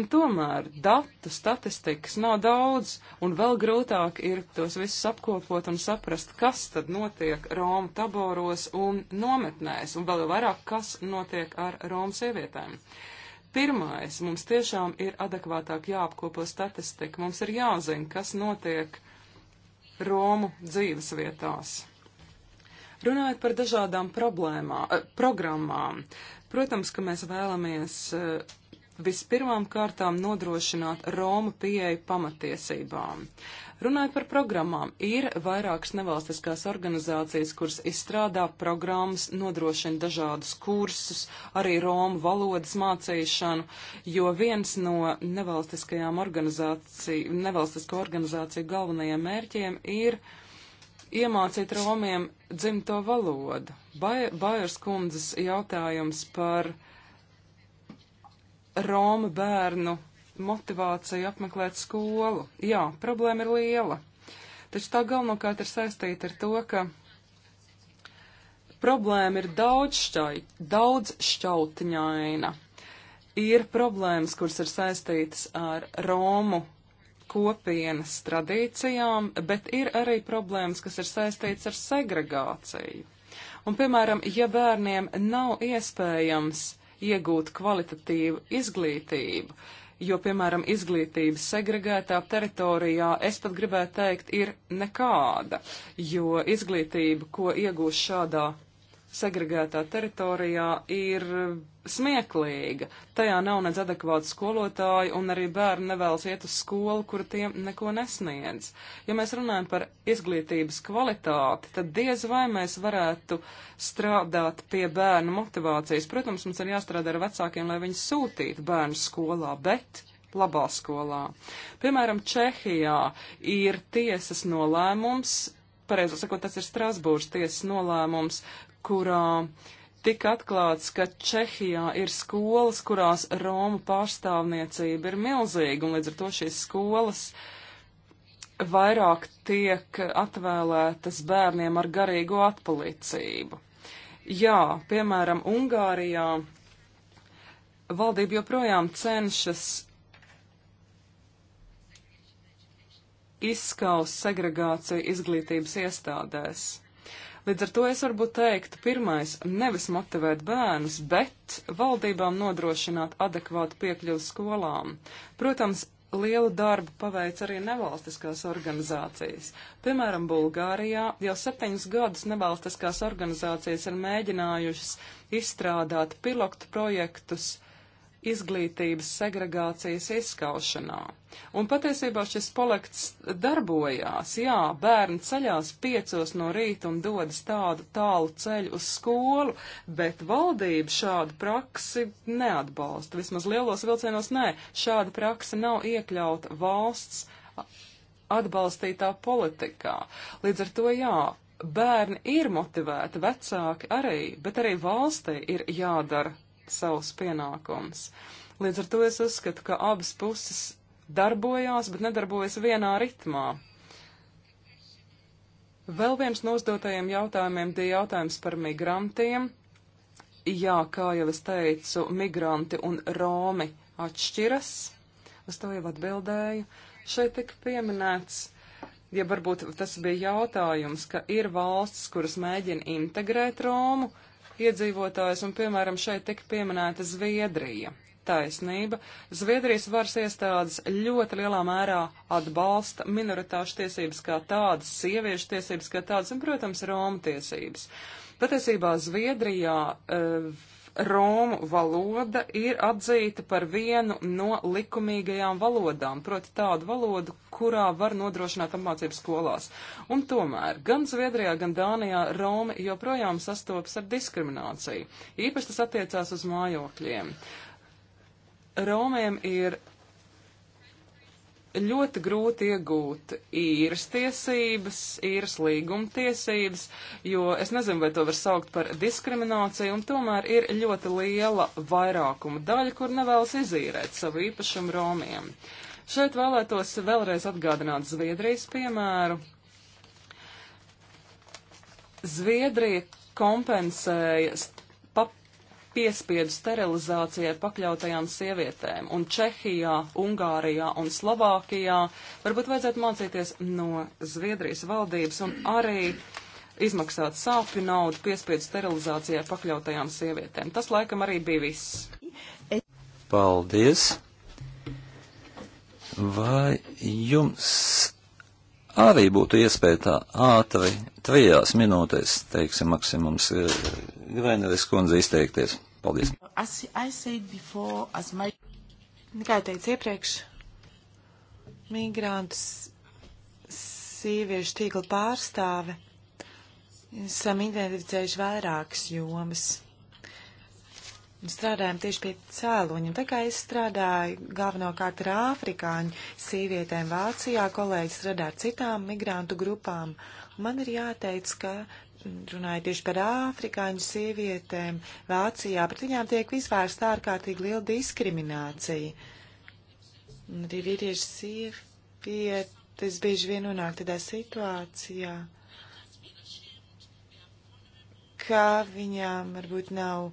Un tomēr datu statistikas nav daudz un vēl grūtāk ir tos visus apkopot un saprast, kas tad notiek Roma taboros un nometnēs un vēl vairāk, kas notiek ar Roma sievietēm. Pirmais, mums tiešām ir adekvātāk jāapkopo statistika. Mums ir jāzina, kas notiek Romu dzīves vietās. Runājot par dažādām problēmā, eh, programmām, protams, ka mēs vēlamies eh, vispirmām kārtām nodrošināt Roma pieeju pamatiesībām. Runājot par programmām, ir vairākas nevalstiskās organizācijas, kuras izstrādā programmas, nodrošina dažādus kursus, arī Roma valodas mācīšanu, jo viens no nevalstiskajām organizāciju, nevalstisko organizāciju galvenajiem mērķiem ir iemācīt Romiem dzimto valodu. Bairs kundzes jautājums par Roma bērnu motivāciju apmeklēt skolu. Jā, problēma ir liela. Taču tā galvenokārt ir saistīta ar to, ka problēma ir daudz, šķai, daudz šķautņaina. Ir problēmas, kuras ir saistītas ar Romu kopienas tradīcijām, bet ir arī problēmas, kas ir saistītas ar segregāciju. Un, piemēram, ja bērniem nav iespējams iegūt kvalitatīvu izglītību, jo, piemēram, izglītības segregētā teritorijā, es pat gribētu teikt, ir nekāda, jo izglītība, ko iegūs šādā segregētā teritorijā, ir smieklīga. Tajā nav nedz adekvāta skolotāja, un arī bērni nevēlas iet uz skolu, kura tiem neko nesniedz. Ja mēs runājam par izglītības kvalitāti, tad diez vai mēs varētu strādāt pie bērnu motivācijas. Protams, mums ir jāstrādā ar vecākiem, lai viņi sūtītu bērnu skolā, bet labā skolā. Piemēram, Čehijā ir tiesas nolēmums, pareizāk sakot, tas ir Strasbūras tiesas nolēmums, kurā uh, tika atklāts, ka Čehijā ir skolas, kurās Roma pārstāvniecība ir milzīga, un līdz ar to šīs skolas vairāk tiek atvēlētas bērniem ar garīgo atpalicību. Jā, piemēram, Ungārijā valdība joprojām cenšas izskaust segregāciju izglītības iestādēs. Līdz ar to es varbūt teiktu, pirmais, nevis motivēt bērnus, bet valdībām nodrošināt adekvātu piekļuvu skolām. Protams, lielu darbu paveic arī nevalstiskās organizācijas. Piemēram, Bulgārijā jau septiņus gadus nevalstiskās organizācijas ir mēģinājušas izstrādāt pilotu projektus, uh, izglītības segregācijas izskaušanā. Un patiesībā šis polekts darbojās, jā, bērni ceļās piecos no rīta un dodas tādu tālu ceļu uz skolu, bet valdība šādu praksi neatbalsta. Vismaz lielos vilcienos nē, šāda praksa nav iekļauta valsts atbalstītā politikā. Līdz ar to jā, bērni ir motivēti, vecāki arī, bet arī valstī ir jādara savus pienākumus. Līdz ar to es uzskatu, ka abas puses darbojās, bet nedarbojas vienā ritmā. Vēl viens no uzdotajiem jautājumiem bija jautājums par migrantiem. Jā, kā jau es teicu, migranti un romi atšķiras. Uz to jau atbildēju. Šeit tika pieminēts, ja varbūt tas bija jautājums, ka ir valstis, kuras mēģina integrēt romu, iedzīvotājus, un, piemēram, šeit tika pieminēta Zviedrija. Taisnība. Zviedrijas varas iestādes ļoti lielā mērā atbalsta minoritāšu tiesības kā tādas, sieviešu tiesības kā tādas, un, protams, Roma tiesības. Patiesībā Zviedrijā uh, e, Romu valoda ir atzīta par vienu no likumīgajām valodām, proti tādu valodu, kurā var nodrošināt apmācību skolās. Un tomēr gan Zviedrijā, gan Dānijā Romi joprojām sastopas ar diskrimināciju. Īpaši tas attiecās uz mājokļiem. Romiem ir ļoti grūti iegūt īres tiesības, īres līguma tiesības, jo es nezinu, vai to var saukt par diskrimināciju, un tomēr ir ļoti liela vairākuma daļa, kur nevēlas izīrēt savu īpašumu Romiem. Šeit vēlētos vēlreiz atgādināt Zviedrijas piemēru. Zviedrija kompensēja piespiedu sterilizācijai pakļautajām sievietēm. Un Čehijā, Ungārijā un Slovākijā varbūt vajadzētu mācīties no Zviedrijas valdības un arī izmaksāt sāpju naudu piespiedu sterilizācijai pakļautajām sievietēm. Tas laikam arī bija viss. Paldies! Vai jums arī būtu iespēja tā ātri, trijās minūtēs, teiksim, maksimums eh, Gvēneres kundze izteikties. Paldies. As before, as my... Kā teicu iepriekš, migrantus sieviešu tīkla pārstāve esam identificējuši vairākas jomas. Un strādājam tieši pie cēloņiem. Tā kā es strādāju galvenokārt ar afrikāņu sievietēm Vācijā, kolēģis strādā ar citām migrantu grupām. Man ir jāteic, ka runāja tieši par afrikāņu sievietēm Vācijā. Pret viņām tiek izvērsta ārkārtīgi liela diskriminācija. Un arī vīrieši sievietes bieži vien nonāk tādā situācijā, ka viņām varbūt nav.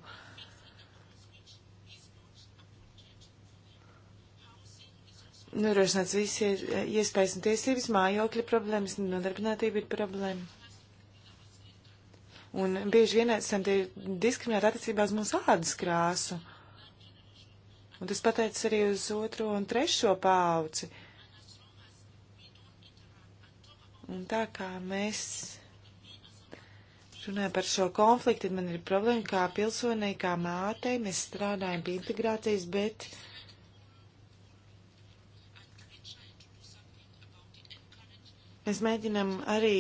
Norošināts visi iespējas un tiesības, mājokļa problēmas, nodarbinātība ir problēma. Un bieži vien esam tie diskriminēti attiecībā uz mūsu ādas krāsu. Un tas pateicis arī uz otro un trešo pauci. Un tā kā mēs runājam par šo konfliktu, tad man ir problēma kā pilsonei, kā mātei. Mēs strādājam pie integrācijas, bet. Mēs mēģinam arī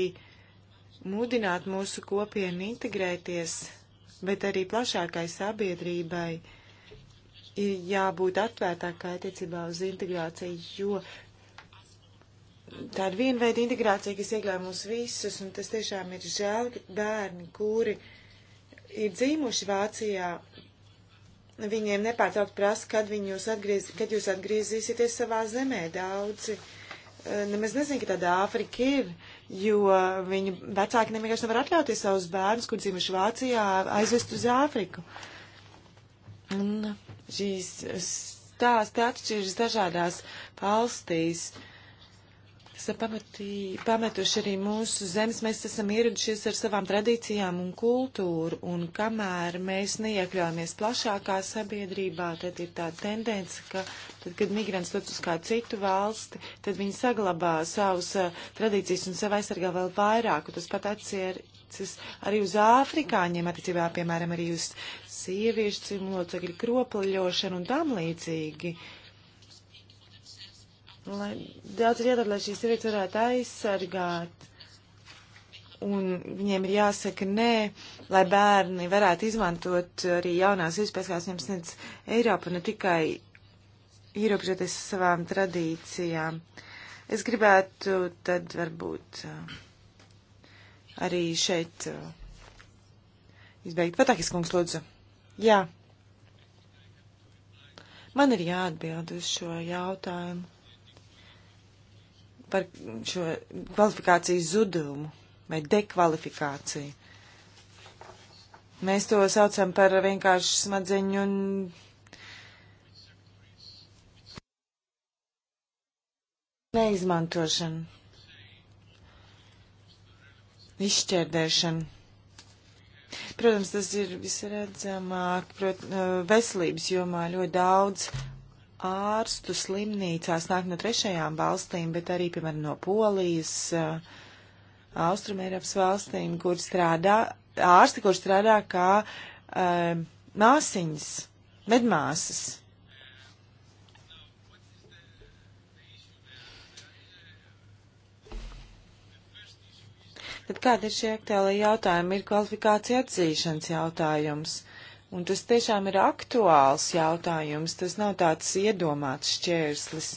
mudināt mūsu kopienu integrēties, bet arī plašākai sabiedrībai ir jābūt atvērtākai attiecībā uz integrāciju, jo tā ir viena veida integrācija, kas iekļauj mūs visus, un tas tiešām ir žēl, ka bērni, kuri ir dzīvojuši Vācijā, viņiem nepārtraukt prasa, kad, jūs atgriez, kad jūs atgriezīsieties savā zemē. Daudzi eh, nemaz nezinu, ka tāda Āfrika ir. Uh, jo viņu vecāki nemīgais nevar atļauties savus bērnus, kur dzīvojuši Vācijā, aizvest uz Āfriku. Un šīs stāsti atšķiras dažādās valstīs. Uh, esam pamatī, pametuši arī mūsu zemes, mēs esam ieradušies ar savām tradīcijām un kultūru, un kamēr mēs neiekļaujamies plašākā sabiedrībā, tad ir tā tendence, ka tad, kad migrants dodas uz kādu citu valsti, tad viņi saglabā savus uh, tradīcijas un sev aizsargā vēl vairāk, un tas pat atsiercis arī uz āfrikāņiem attiecībā, piemēram, arī uz sieviešu cimlocekļu kropļošanu un tam līdzīgi. Uh, lai daudz ir jādara, lai šīs sievietes varētu aizsargāt. Un viņiem ir jāsaka nē, lai bērni varētu izmantot arī jaunās iespējas, kādas viņiem sniedz Eiropa, ne tikai ierobežoties savām tradīcijām. Es gribētu tad varbūt uh, arī šeit uh, izbeigt. Patakis kungs, lūdzu. Jā. Man ir jāatbild uz šo jautājumu par šo kvalifikācijas zudumu vai dekvalifikāciju. Mēs to saucam par vienkārši smadzeņu un. Neizmantošanu, izšķērdēšanu. Protams, tas ir visredzamāk, protams, uh, veselības jomā ļoti daudz ārstu slimnīcās nāk no trešajām valstīm, bet arī, piemēram, no Polijas, eh, Austrumēropas valstīm, kur strādā, ārsti, kur strādā kā um, māsiņas, medmāsas. Tad kāda ir šie aktuālai jautājumi? Ir kvalifikācija atzīšanas jautājums. Un tas tiešām ir aktuāls jautājums, tas nav tāds iedomāts šķērslis,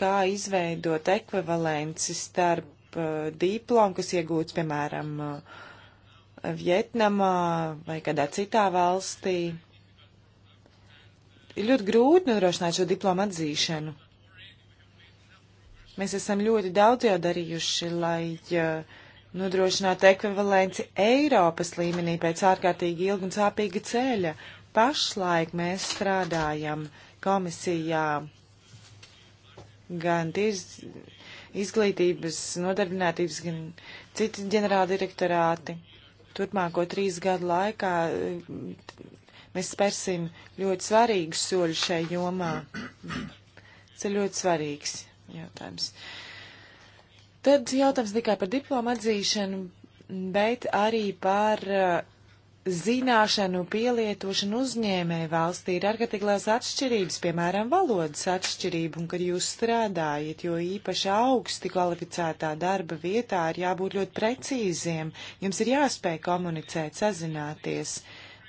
kā izveidot ekvivalenci starp uh, diplomu, kas iegūts, piemēram, uh, Vietnamā vai kādā citā valstī. Ir ļoti grūti nodrošināt šo diplomu atzīšanu. Mēs esam ļoti daudz jau darījuši, lai uh, nodrošināt ekvivalenci Eiropas līmenī pēc ārkārtīgi ilga un sāpīga ceļa. Pašlaik mēs strādājam komisijā gan tirs, izglītības, nodarbinātības, gan citi ģenerāldirektorāti. Turpmāko trīs gadu laikā eh, mēs spērsim ļoti svarīgus soļus šai jomā. Tas ir ļoti svarīgs jautājums. Uh, Tad jautājums tikai par diplomu atzīšanu, bet arī par uh, zināšanu pielietošanu uzņēmēju valstī ir ārkārtīgi liels atšķirības, piemēram, valodas atšķirība, un kad jūs strādājat, jo īpaši augsti kvalificētā darba vietā ir jābūt ļoti precīziem, jums ir jāspēj komunicēt, sazināties.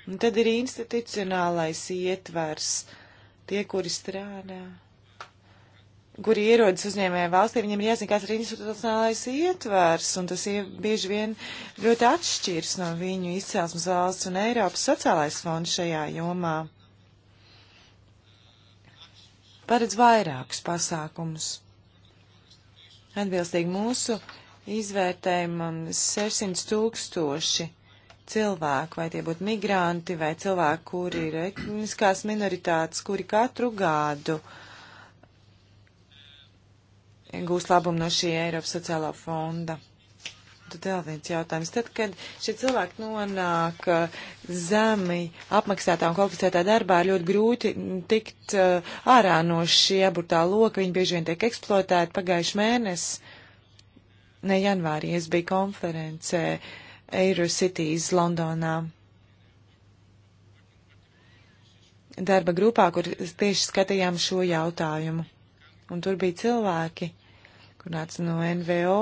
Un tad ir institucionālais ietvers, tie, kuri strādā kuri ierodas uzņēmēju valstī, viņiem ir jāzina, kāds ir institucionālais ietvers, un tas ir bieži vien ļoti atšķirs no viņu izcelsmes valsts un Eiropas sociālais fonds šajā jomā. Paredz vairākus pasākumus. Atbilstīgi mūsu izvērtējumam 600 tūkstoši cilvēku, vai tie būtu migranti, vai cilvēki, kuri ir etniskās minoritātes, kuri katru gadu uh, gūs labumu no šī Eiropas sociālā fonda. Tad vēl viens jautājums. Tad, kad šie cilvēki nonāk uh, zemi apmaksātā un kvalificētā darbā, ir ļoti grūti tikt uh, ārā no šī aburtā loka. Viņi bieži vien tiek eksploatēti pagājuši mēnesi. Ne janvārī es biju konferencē Eurocities Londonā. Darba grupā, kur tieši skatījām šo jautājumu. Un tur bija cilvēki, kur nāca no NVO,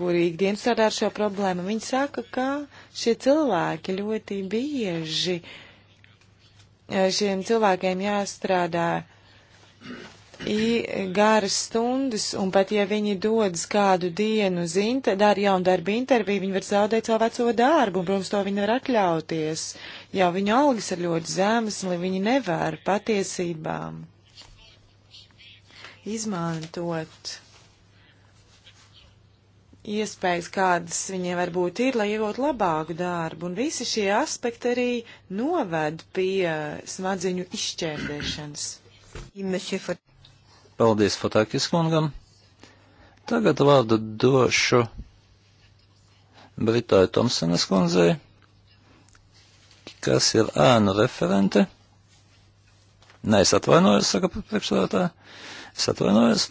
kuri ikdien strādā ar šo problēmu. Viņi saka, ka šie cilvēki ļoti bieži e, šiem cilvēkiem jāstrādā garas stundas, un pat ja viņi dodas kādu dienu uz inter, dar, jaunu darbu interviju, viņi var zaudēt savu veco darbu, un, protams, to viņi nevar atļauties, jo viņu algas ir ļoti zemas, un viņi nevar patiesībām izmantot iespējas, kādas viņiem varbūt ir, lai iegūtu labāku darbu, un visi šie aspekti arī noved pie smadzeņu izšķērdēšanas. Paldies Fatakis kungam. Tagad vārdu došu Britāju Tomsenes kundzei, kas ir ēnu referente. Nē, es atvainojos, saka priekšsēdētāja. Es atvainojos.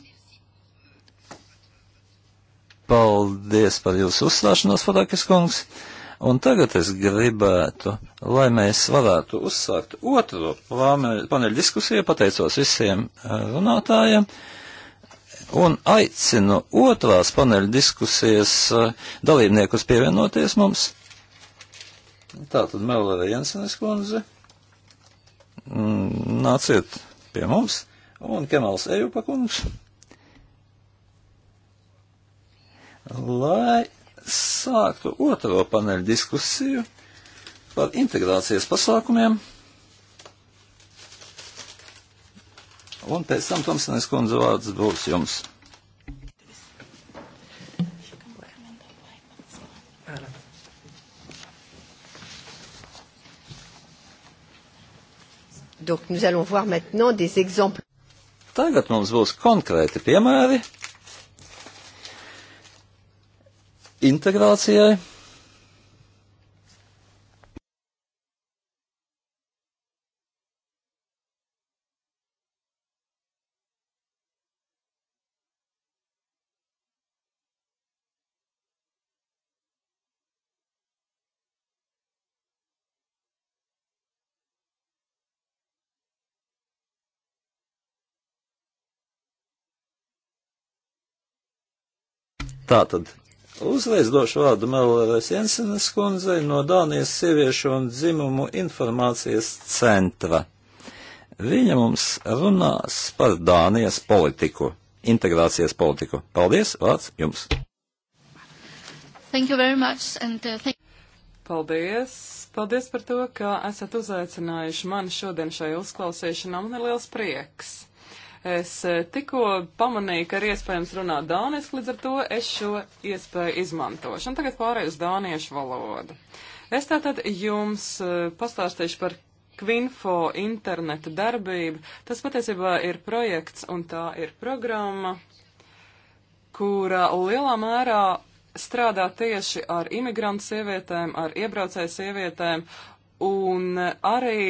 Paldies par jūsu uzstāšanos, Fadakis kungs. Un tagad es gribētu, lai mēs varētu uzsākt otru paneļu diskusiju, pateicos visiem eh, runātājiem, un aicinu otrās paneļu diskusijas eh, dalībniekus pievienoties mums. Tātad Melora Jensenes kundze, mm, nāciet pie mums un Kemals Ejupakungs, lai sāktu otro paneļu diskusiju par integrācijas pasākumiem. Un pēc tam Tomsenes kundze vārds būs jums. Donc nous allons voir maintenant des exemples. Tagad mums būs konkrēti piemēri integrācijai Tātad uzreiz došu vārdu Melvēlēs Jensenes kundzei no Dānijas sieviešu un dzimumu informācijas centra. Viņa mums runās par Dānijas politiku, integrācijas politiku. Paldies, vārds jums! Thank you very much and uh, thank Paldies! Paldies par to, ka esat uzaicinājuši mani šodien šai uzklausīšanā. Man ir liels prieks! Es eh, tikko pamanīju, ka ir iespējams runāt dāniski, līdz ar to es šo iespēju izmantošu. Un tagad pārēju uz dāniešu valodu. Es tātad jums eh, pastāstīšu par Kvinfo interneta darbību. Tas patiesībā ir projekts un tā ir programma, kura lielā mērā strādā tieši ar imigrantu sievietēm, ar iebraucēju sievietēm, un arī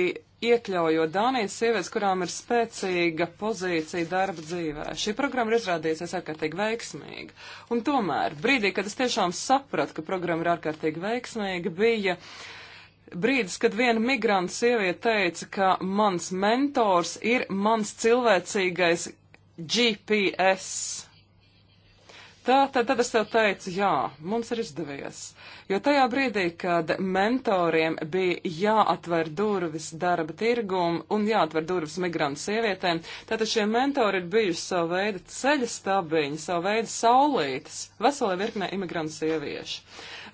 iekļaujot Dānijas sievietes, kurām ir spēcīga pozīcija darba dzīvē. Šī programma ir izrādījusies ārkārtīgi veiksmīga. Un tomēr, brīdī, kad es tiešām sapratu, ka programma ir ārkārtīgi veiksmīga, bija brīdis, kad viena migranta sieviete teica, ka mans mentors ir mans cilvēcīgais GPS. Tā tad, tad es tev teicu, jā, mums ir izdevies. Jo tajā brīdī, kad mentoriem bija jāatver durvis darba tirgumu un jāatver durvis migrantu sievietēm, tātad šie mentori ir bijuši savu veidu ceļa stabiņi, savu veidu saulītes, veselē virknē imigrantu sieviešu.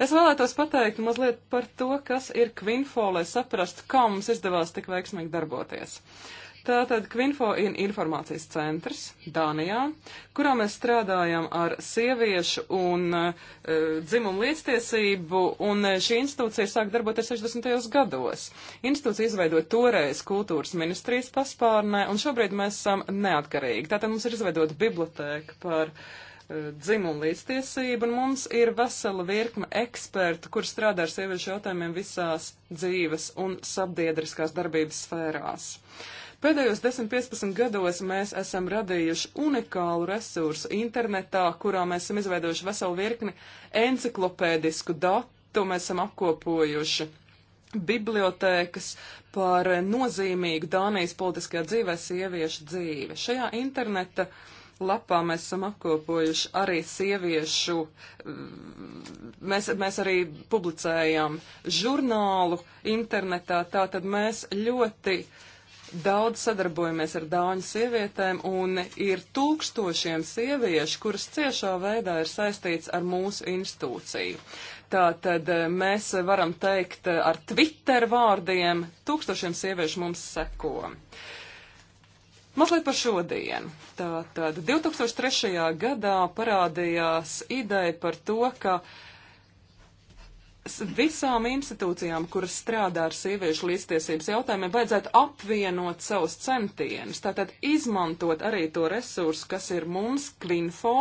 Es vēlētos pateikt mazliet par to, kas ir Kvinfo, lai saprastu, kā mums izdevās tik veiksmīgi darboties. Uh, Tātad Kvinfo ir informācijas centrs Dānijā, kurā mēs strādājam ar sieviešu un uh, dzimumu līdztiesību, un e, šī institūcija sāk darboties 60. gados. Institūcija izveidoja toreiz kultūras ministrijas paspārnē, un šobrīd mēs esam neatkarīgi. Tātad mums ir izveidota bibliotēka par e, dzimumu līdztiesību, un mums ir vesela virkne ekspertu, kur strādā ar sieviešu jautājumiem visās dzīves un sabiedriskās darbības sfērās. Uh, Pēdējos 10-15 gados mēs esam radījuši unikālu resursu internetā, kurā mēs esam izveidojuši veselu virkni enciklopēdisku datu, mēs esam apkopojuši bibliotēkas par nozīmīgu Dānijas politiskajā dzīvē sieviešu dzīvi. Šajā interneta lapā mēs esam apkopojuši arī sieviešu, mēs, mēs arī publicējam žurnālu internetā, tātad mēs ļoti uh, Daudz sadarbojamies ar dāņu sievietēm, un ir tūkstošiem sieviešu, kuras ciešā veidā ir saistīts ar mūsu institūciju. Tātad eh, mēs varam teikt eh, ar Twitter vārdiem, tūkstošiem sieviešu mums seko. Mazliet par šodienu. Tātad 2003. gadā parādījās ideja par to, ka uh, visām institūcijām, kuras strādā ar sieviešu līdztiesības jautājumiem, vajadzētu apvienot savus centienus, tātad izmantot arī to resursu, kas ir mums, Klinfo,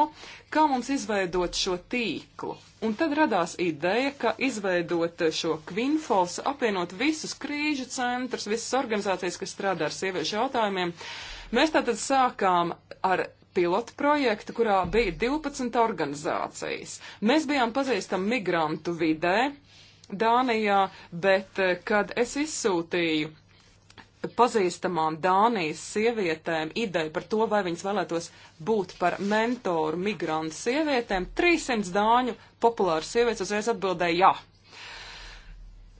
kā mums izveidot šo tīklu. Un tad radās ideja, ka izveidot šo Kvinfos, apvienot visus krīžu centrus, visas organizācijas, kas strādā ar sieviešu jautājumiem, mēs tātad sākām ar pilotu projektu, kurā bija 12 organizācijas. Mēs bijām pazīstami migrantu vidē Dānijā, bet eh, kad es izsūtīju pazīstamām Dānijas sievietēm ideju par to, vai viņas vēlētos būt par mentoru migrantu sievietēm, 300 dāņu populāru sievietes uzreiz atbildēja jā.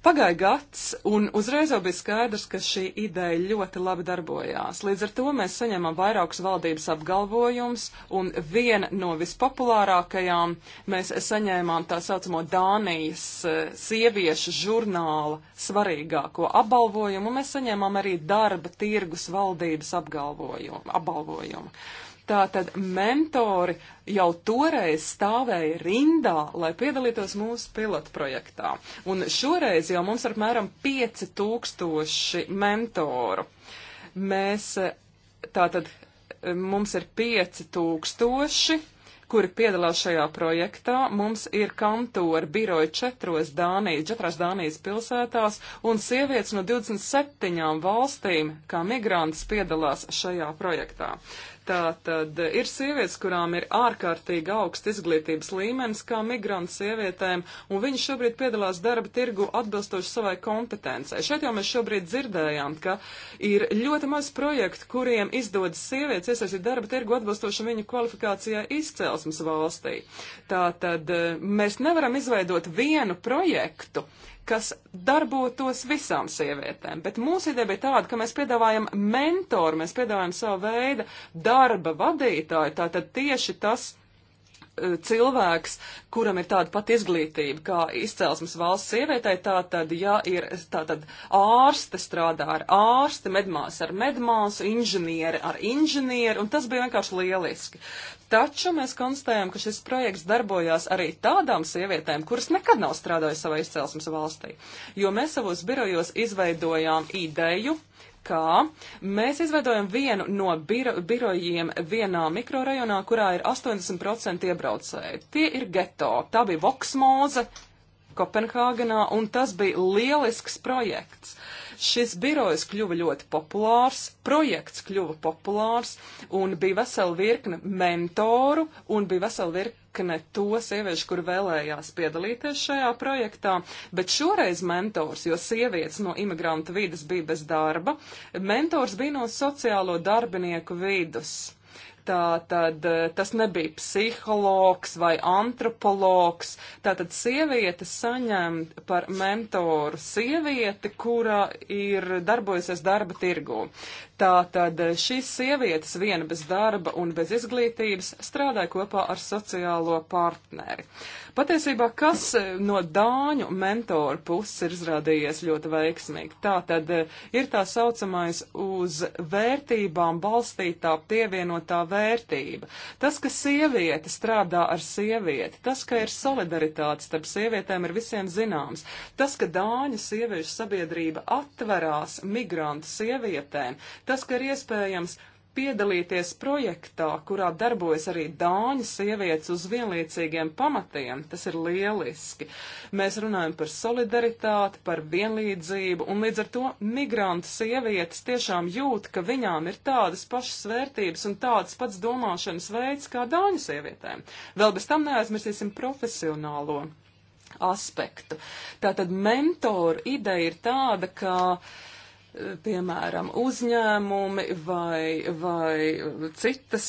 Pagāja gads, un uzreiz jau bija skaidrs, ka šī ideja ļoti labi darbojās. Līdz ar to mēs saņemam vairākus valdības apgalvojumus, un viena no vispopulārākajām mēs saņēmām tā saucamo Dānijas eh, sieviešu žurnāla svarīgāko apbalvojumu, un mēs saņēmām arī darba tirgus valdības apgalvojumu. apbalvojumu. Tātad mentori jau toreiz stāvēja rindā, lai piedalītos mūsu pilotprojektā. Un šoreiz jau mums ir apmēram 5000 mentoru. Mēs, tātad mums ir 5000 kuri piedalās šajā projektā. Mums ir kantori biroji četros Dānijas, četrās Dānijas pilsētās, un sievietes no 27 valstīm kā migrants piedalās šajā projektā. Tā tad ir sievietes, kurām ir ārkārtīgi augsts izglītības līmenis, kā migrantu sievietēm, un viņas šobrīd piedalās darba tirgu atbilstoši savai kompetencē. Šeit jau mēs šobrīd dzirdējām, ka ir ļoti maz projektu, kuriem izdodas sievietes iesaistīt darba tirgu atbilstoši viņu kvalifikācijai izcelsmes valstī. Tā tad eh, mēs nevaram izveidot vienu projektu, kas darbotos visām sievietēm. Bet mūsu ideja bija tāda, ka mēs piedāvājam mentoru, mēs piedāvājam savu veidu darba vadītāju. Tātad tieši tas e, cilvēks, kuram ir tāda pat izglītība kā izcelsmes valsts sievietei, tātad, ja ir tātad ārste strādā ar ārsti, medmās ar medmāsu, inženieri ar inženieri, un tas bija vienkārši lieliski. Taču mēs konstatējam, ka šis projekts darbojās arī tādām sievietēm, kuras nekad nav strādājusi savā izcelsmes valstī, jo mēs savos birojos izveidojām ideju, kā mēs izveidojam vienu no biro, birojiem vienā mikrorajonā, kurā ir 80% iebraucēji. Tie ir geto. Tā bija Voksmoze Kopenhāgenā, un tas bija lielisks projekts. Uh, Šis birojs kļuva ļoti populārs, projekts kļuva populārs, un bija vesela virkne mentoru, un bija vesela virkne to sieviešu, kur vēlējās piedalīties šajā projektā, bet šoreiz mentors, jo sievietes no imigranta vidas bija bez darba, mentors bija no sociālo darbinieku vidus. Tātad eh, tas nebija psihologs vai antropologs. Tātad sieviete saņem par mentoru sievieti, kura ir darbojusies darba tirgū. Tātad šīs sievietes viena bez darba un bez izglītības strādāja kopā ar sociālo partneri. Patiesībā, kas eh, no dāņu mentoru puses ir izrādījies ļoti veiksmīgi? Tātad eh, ir tā saucamais uz vērtībām balstītā pievienotā vērtība. Tas, ka sieviete strādā ar sievieti, tas, ka ir solidaritāte starp sievietēm, ir visiem zināms. Tas, ka dāņu sieviešu sabiedrība atverās migrantu sievietēm, Tas, ka ir iespējams piedalīties projektā, kurā darbojas arī dāņu sievietes uz vienlīdzīgiem pamatiem, tas ir lieliski. Mēs runājam par solidaritāti, par vienlīdzību, un līdz ar to migrantu sievietes tiešām jūt, ka viņām ir tādas pašas vērtības un tāds pats domāšanas veids kā dāņu sievietēm. Vēl bez tam neaizmirsīsim profesionālo aspektu. Tātad mentoru ideja ir tāda, ka uh, piemēram, uzņēmumi vai, vai citas,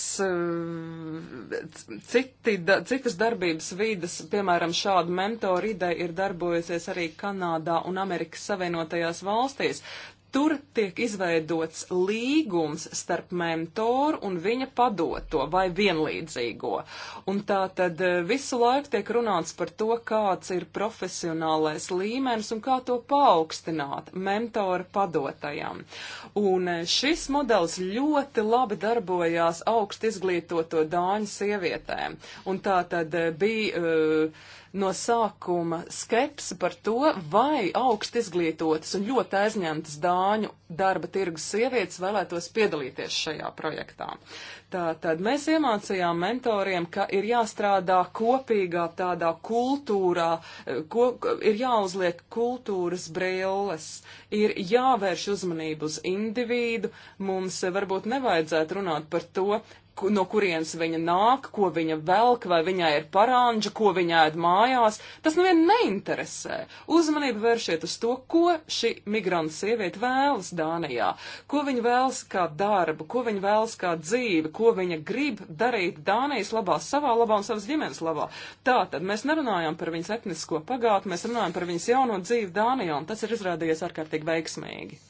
citi, da, citas darbības vīdas, piemēram, šādu mentoru ideja ir darbojusies arī Kanādā un Amerikas Savienotajās valstīs. Tur tiek izveidots līgums starp mentoru un viņa padoto vai vienlīdzīgo. Un tā tad e, visu laiku tiek runāts par to, kāds ir profesionālais līmenis un kā to paaugstināt mentora padotajam. Un e, šis modelis ļoti labi darbojās augst izglītoto dāņu sievietēm. Un tā tad e, bija. Uh, no sākuma skepsi par to, vai augst izglītotas un ļoti aizņemtas dāņu darba tirgus sievietes vēlētos piedalīties šajā projektā. Tātad mēs iemācījām mentoriem, ka ir jāstrādā kopīgā tādā kultūrā, eh, ko, ir jāuzliek kultūras brilles, ir jāvērš uzmanību uz individu, mums varbūt nevajadzētu runāt par to, no kurienes viņa nāk, ko viņa velk, vai viņai ir parāņģa, ko viņa ēd mājās. Tas nevienu neinteresē. Uzmanību vēršiet uz to, ko šī migranta sieviete vēlas Dānijā, ko viņa vēlas kā darbu, ko viņa vēlas kā dzīvi, ko viņa grib darīt Dānijas labā, savā labā un savas ģimenes labā. Tātad mēs nerunājam par viņas etnisko pagātni, mēs runājam par viņas jauno dzīvi Dānijā, un tas ir izrādījies ārkārtīgi veiksmīgi.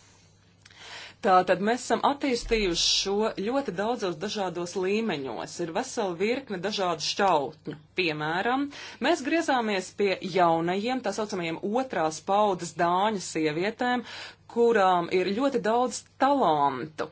Tātad mēs esam attīstījuši šo ļoti daudzos dažādos līmeņos. Ir vesela virkne dažādu šķautņu. Piemēram, mēs griezāmies pie jaunajiem, tā saucamajiem otrās paudas dāņu sievietēm, kurām ir ļoti daudz talantu.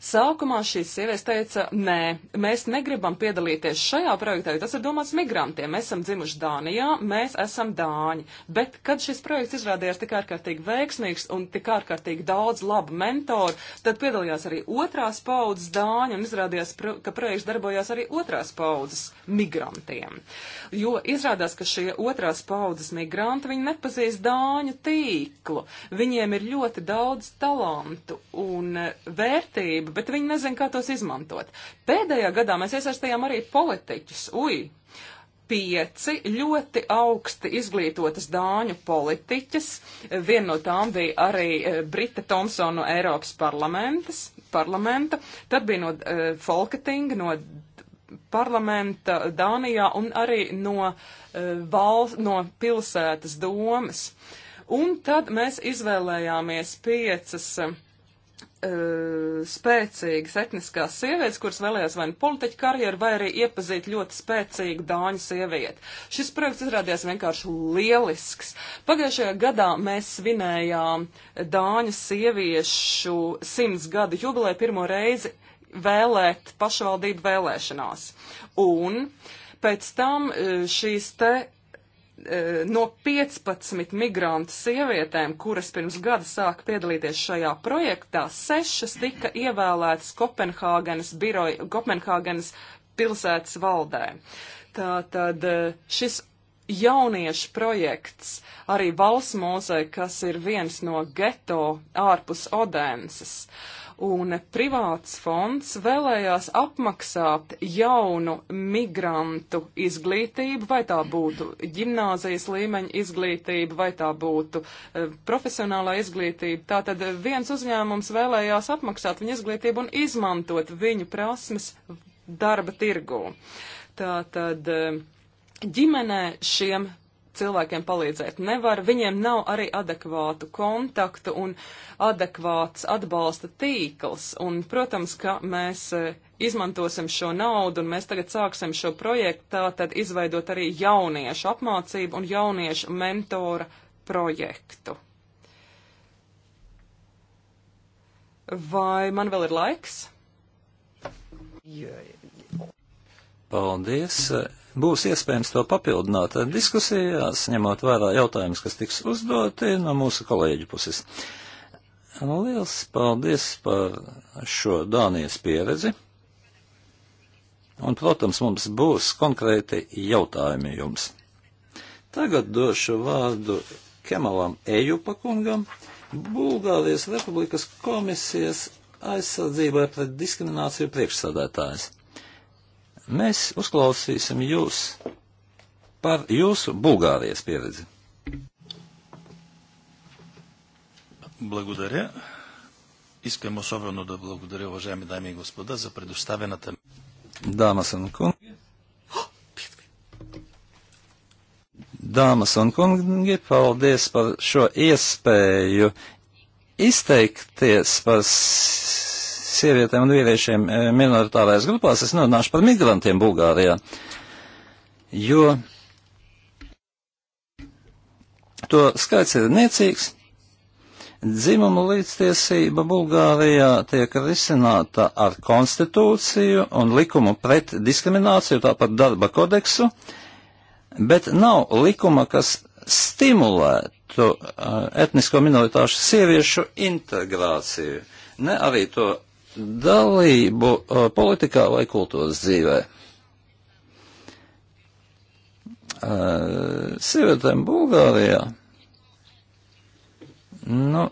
Sākumā šīs sievietes teica, nē, mēs negribam piedalīties šajā projektā, jo tas ir domāts migrantiem. Mēs esam dzimuši Dānijā, mēs esam Dāņi. Bet, kad šis projekts izrādījās tik ārkārtīgi veiksmīgs un tik ārkārtīgi daudz labu mentoru, tad piedalījās arī otrās paudzes Dāņi un izrādījās, ka projekts darbojās arī otrās paudzes migrantiem. Jo izrādās, ka šie otrās paudzes migranti, viņi nepazīst Dāņu tīklu. Viņiem ir ļoti ļoti daudz talantu un e, vērtību, bet viņi nezin, kā tos izmantot. Pēdējā gadā mēs iesaistījām arī politiķus. Ui! Pieci ļoti augsti izglītotas dāņu politiķas. Viena no tām bija arī e, Brita Thompsona no Eiropas parlamenta. Tad bija no uh, e, Folketinga, no parlamenta Dānijā un arī no, uh, valsts, no pilsētas domas. Uh, Un tad mēs izvēlējāmies piecas uh, spēcīgas etniskās sievietes, kuras vēlējās vai nu politiķu karjeru, vai arī iepazīt ļoti spēcīgu dāņu sievieti. Šis projekts izrādījās vienkārši lielisks. Pagājušajā gadā mēs svinējām dāņu sieviešu simts gadu jubilē pirmo reizi vēlēt pašvaldību vēlēšanās. Un pēc tam eh, šīs te Eh, no 15 migrantu sievietēm, kuras pirms gada sāka piedalīties šajā projektā, sešas tika ievēlētas Kopenhāgenes, biroja, Kopenhāgenes pilsētas valdē. Tātad eh, šis jauniešu projekts, arī valsts mūzei, kas ir viens no geto ārpus Odenses. Uh, un privāts fonds vēlējās apmaksāt jaunu migrantu izglītību, vai tā būtu ģimnāzijas līmeņa izglītība, vai tā būtu e, profesionālā izglītība. Tātad viens uzņēmums vēlējās apmaksāt viņu izglītību un izmantot viņu prasmes darba tirgū. Tātad eh, ģimenē šiem cilvēkiem palīdzēt nevar, viņiem nav arī adekvātu kontaktu un adekvāts atbalsta tīkls. Un, protams, ka mēs e, izmantosim šo naudu un mēs tagad sāksim šo projektu, tātad izveidot arī jauniešu apmācību un jauniešu mentora projektu. Vai man vēl ir laiks? Jai. Paldies! Būs iespējams to papildināt diskusijās, ņemot vērā jautājumus, kas tiks uzdoti no mūsu kolēģu puses. Liels paldies par šo Dānijas pieredzi. Un, protams, mums būs konkrēti jautājumi jums. Tagad došu vārdu Kemalam Ejupakungam, Bulgārijas Republikas komisijas aizsardzībai pret diskrimināciju priekšsādātājs. Mēs uzklausīsim jūs par jūsu Bulgārijas pieredzi. Благодаря. Искам особено да благодаря, уважаеми дами и господа, за предоставената... Дамас Анкун. Dāmas un kungi, paldies par šo iespēju izteikties par sievietēm un vīriešiem eh, minoritārais grupās, es nerunāšu par migrantiem Bulgārijā, jo to skaits ir niecīgs. Dzimumu līdztiesība Bulgārijā tiek risināta ar konstitūciju un likumu pret diskrimināciju, tāpat darba kodeksu, bet nav likuma, kas stimulētu uh, etnisko minoritāšu sieviešu integrāciju, ne arī to dalību uh, politikā vai kultūras dzīvē. Uh, sievietēm Bulgārijā. Nu,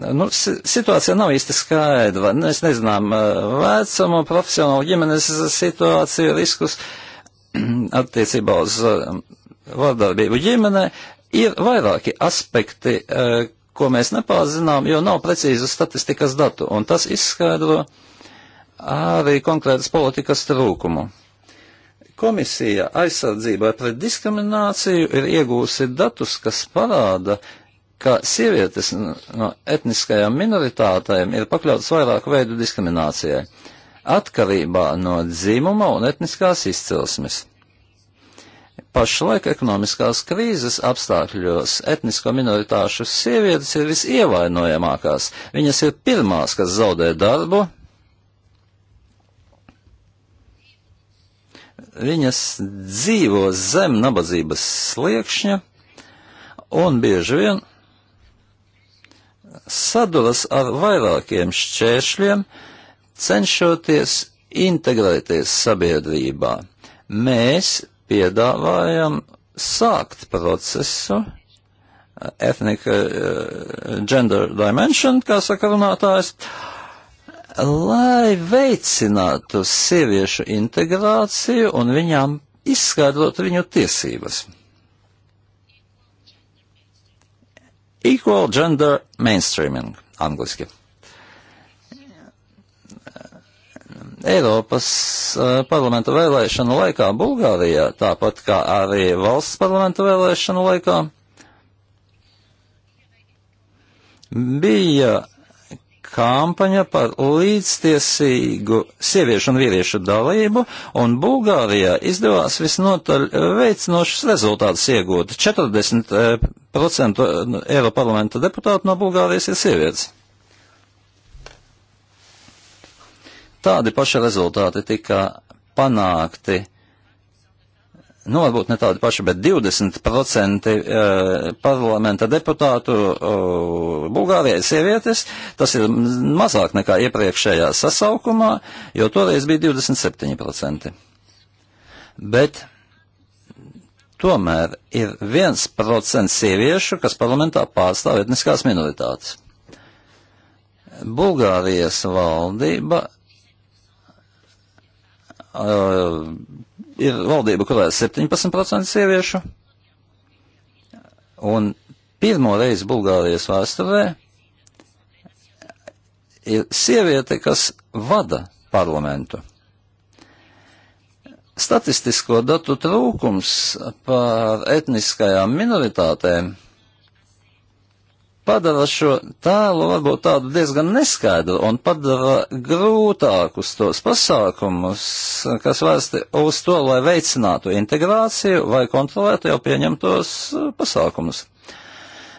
nu, situācija nav īsti skaidra. Mēs nu, nezinām uh, vecumu, profesionālu ģimenes situāciju, riskus attiecībā uz vardarbību ģimenē. Ir vairāki aspekti, ko mēs nepārzinām, jo nav precīzas statistikas datu, un tas izskaidro arī konkrētas politikas trūkumu. Komisija aizsardzībai pret diskrimināciju ir iegūsi datus, kas parāda, ka sievietes no etniskajām minoritātēm ir pakļautas vairāku veidu diskriminācijai atkarībā no dzimuma un etniskās izcelsmes. Pašlaik ekonomiskās krīzes apstākļos etnisko minoritāšu sievietes ir visievainojamākās. Viņas ir pirmās, kas zaudē darbu. Viņas dzīvo zem nabadzības sliekšņa un bieži vien saduras ar vairākiem šķēršļiem, cenšoties integrēties sabiedrībā. Mēs piedāvājam sākt procesu eh, ethnic uh, gender dimension, kā saka runātājs, lai veicinātu sieviešu integrāciju un viņām izskaidrotu viņu tiesības. Equal gender mainstreaming, angliski. Eiropas uh, parlamenta vēlēšanu laikā Bulgārijā, tāpat kā arī valsts parlamenta vēlēšanu laikā, bija kampaņa par līdztiesīgu sieviešu un vīriešu dalību, un Bulgārijā izdevās visnotaļ veicinošas rezultātus iegūt. 40% Eiroparlamenta deputātu no Bulgārijas ir sievietes. Tādi paši rezultāti tika panākti, nu varbūt ne tādi paši, bet 20% e, parlamenta deputātu e, Bulgārijai sievietes, tas ir mazāk nekā iepriekšējā sasaukumā, jo toreiz bija 27%. Bet tomēr ir 1% sieviešu, kas parlamentā pārstāv etniskās minoritātes. Bulgārijas valdība Uh, ir valdība, kurā ir 17% sieviešu, un pirmo reizi Bulgārijas vēsturē ir sieviete, kas vada parlamentu. Statistisko datu trūkums par etniskajām minoritātēm padara šo tēlu varbūt tādu diezgan neskaidru un padara grūtākus tos pasākumus, kas vērsti uz to, lai veicinātu integrāciju vai kontrolētu jau pieņemtos uh, pasākumus.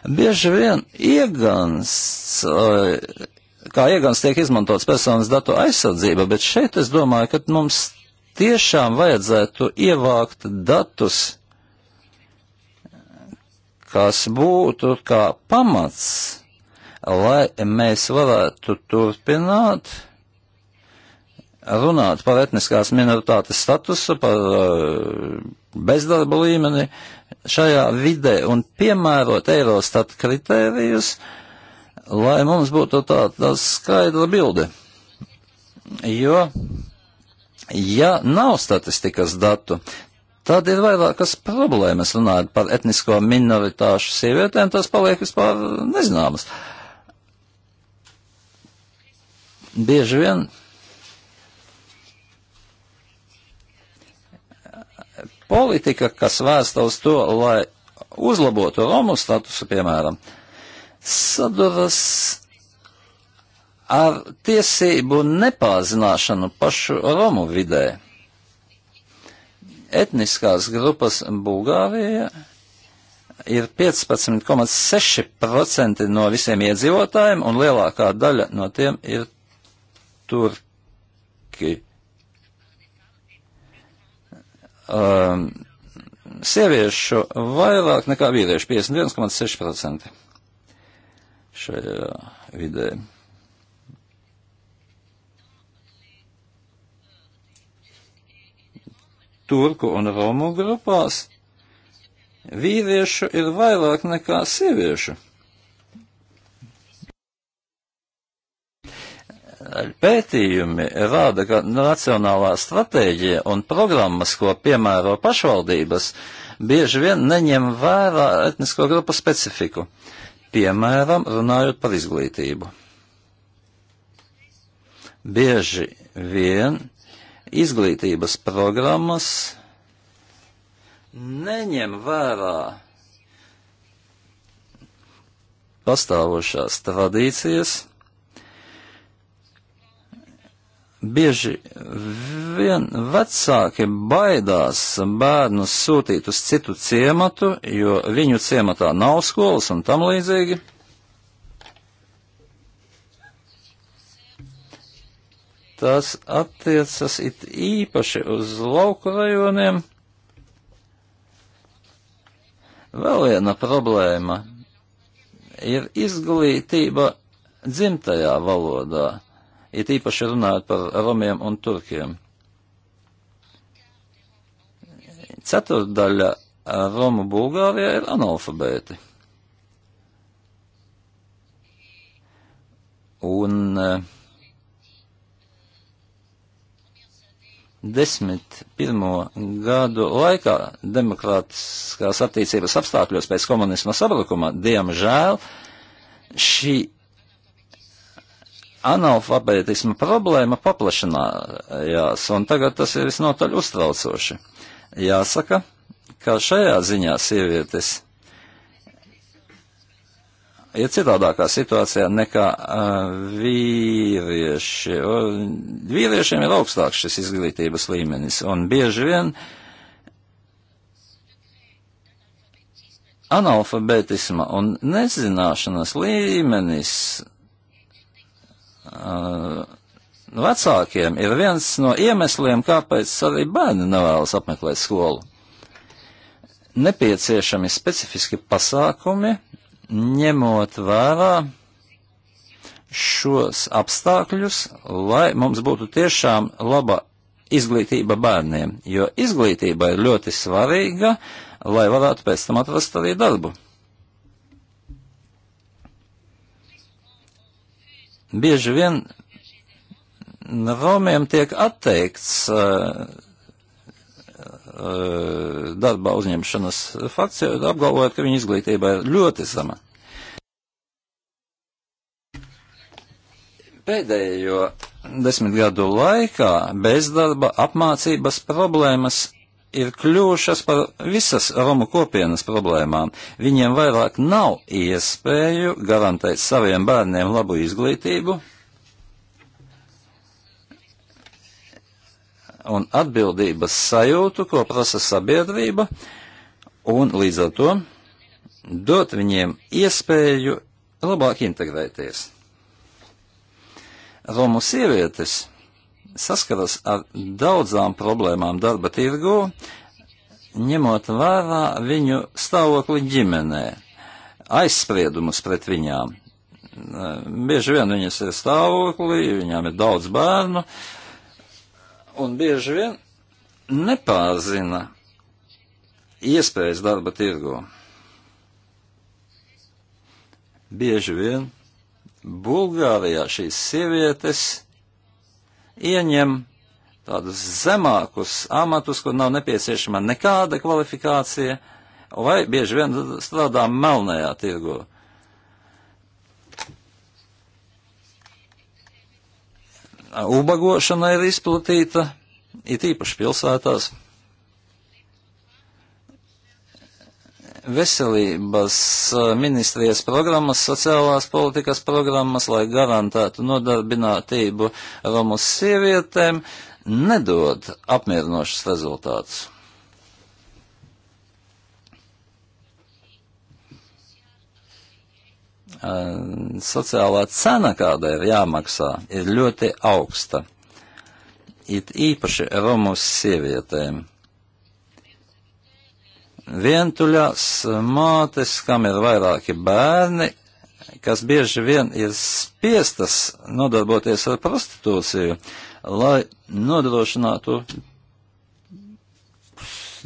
Bieži vien iegansts, uh, kā iegansts tiek izmantots personas datu aizsardzība, bet šeit es domāju, ka mums tiešām vajadzētu ievākt datus kas būtu kā pamats, lai mēs varētu turpināt runāt par etniskās minoritātes statusu, par eh, bezdarba līmeni šajā vidē un piemērot Eirostat kritērijus, lai mums būtu tāda skaidra bilde. Jo, ja nav statistikas datu, Tad ir vairākas problēmas runājot par etnisko minoritāšu sievietēm, tas paliek vispār nezināmas. Bieži vien politika, kas vērsta uz to, lai uzlabotu Romu statusu, piemēram, saduras ar tiesību nepārzināšanu pašu Romu vidē etniskās grupas Bulgārija ir 15,6% no visiem iedzīvotājiem, un lielākā daļa no tiem ir turki. Um, sieviešu vairāk nekā vīriešu - 51,6% šajā vidē. turku un romu grupās vīriešu ir vairāk nekā sieviešu. Pētījumi rāda, ka nacionālā stratēģija un programmas, ko piemēro pašvaldības, bieži vien neņem vērā etnisko grupu specifiku, piemēram, runājot par izglītību. Bieži vien izglītības programmas neņem vērā pastāvošās tradīcijas. Bieži vien vecāki baidās bērnus sūtīt uz citu ciematu, jo viņu ciematā nav skolas un tam līdzīgi. tās attiecas it īpaši uz lauku rajoniem. Vēl viena problēma ir izglītība dzimtajā valodā, it īpaši runājot par romiem un turkiem. Ceturdaļa Romu Bulgārijā ir analfabēti. Un uh, desmit pirmo gadu laikā demokrātiskās attīstības apstākļos pēc komunisma sabrukuma, diemžēl, šī analfabētisma problēma paplašinājās, un tagad tas ir visnotaļ uztraucoši. Jāsaka, ka šajā ziņā sievietes ir citādākā situācijā nekā uh, vīrieši. Un vīriešiem ir augstāks šis izglītības līmenis, un bieži vien analfabētisma un nezināšanas līmenis uh, vecākiem ir viens no iemesliem, kāpēc arī bērni nevēlas apmeklēt skolu. Nepieciešami specifiski pasākumi, ņemot vērā šos apstākļus, lai mums būtu tiešām laba izglītība bērniem, jo izglītība ir ļoti svarīga, lai varētu pēc tam atrast arī darbu. Bieži vien Romiem tiek atteikts uh, Uh, darbā uzņemšanas fakts, apgalvojot, ka viņa izglītība ir ļoti zema. Pēdējo desmit gadu laikā bezdarba apmācības problēmas ir kļuvušas par visas Romu kopienas problēmām. Viņiem vairāk nav iespēju garantēt saviem bērniem labu izglītību, un atbildības sajūtu, ko prasa sabiedrība, un līdz ar to dot viņiem iespēju labāk integrēties. Romu sievietes saskaras ar daudzām problēmām darba tirgū, ņemot vērā viņu stāvokli ģimenē, aizspriedumus pret viņām. Bieži vien viņas ir stāvoklī, viņām ir daudz bērnu, uh, un bieži vien nepārzina iespējas darba tirgo. Bieži vien Bulgārijā šīs sievietes ieņem tādus zemākus amatus, kur nav nepieciešama nekāda kvalifikācija, vai bieži vien strādā melnajā tirgo. ubagošana ir izplatīta, it īpaši pilsētās. Veselības eh, ministrijas programmas, sociālās politikas programmas, lai garantētu nodarbinātību Romas sievietēm, nedod apmierinošus rezultātus. Ehm, sociālā cena, kāda ir jāmaksā, ir ļoti augsta. It īpaši Romu sievietēm. Vientuļās mātes, kam ir vairāki bērni, kas bieži vien ir spiestas nodarboties ar prostitūciju, lai nodrošinātu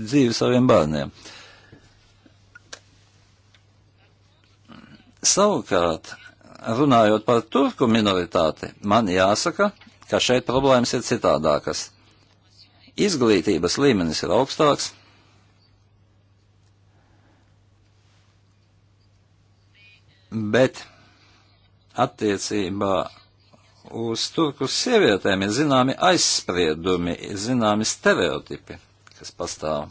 dzīvi saviem bērniem. Uh, Savukārt, runājot par turku minoritāti, man jāsaka, ka šeit problēmas ir citādākas. Izglītības līmenis ir augstāks. Bet attiecībā uz turku sievietēm ir zināmi aizspriedumi, ir zināmi stereotipi, kas pastāv.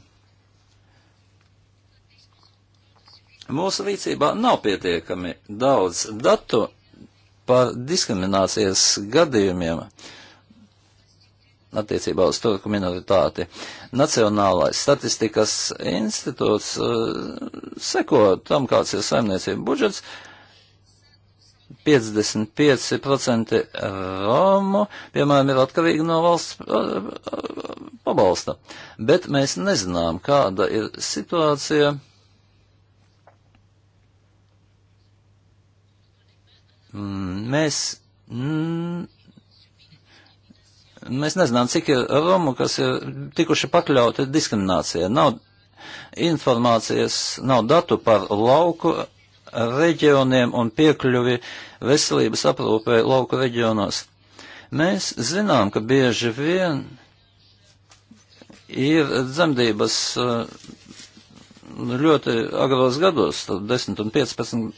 Mūsu rīcībā nav pietiekami daudz datu par diskriminācijas gadījumiem attiecībā uz turku minoritāti. Nacionālais statistikas institūts uh, seko tam, kāds ir saimniecība budžets. 55% Romu, piemēram, ir atkarīgi no valsts eh, pabalsta. Bet mēs nezinām, kāda ir situācija Mm, mēs, mēs nezinām, cik ir Romu, kas ir tikuši pakļauti diskriminācijai. Nav informācijas, nav datu par lauku reģioniem un piekļuvi veselības aprūpē lauku reģionos. Mēs zinām, ka bieži vien ir dzemdības uh, ļoti agros gados, 10 un 15,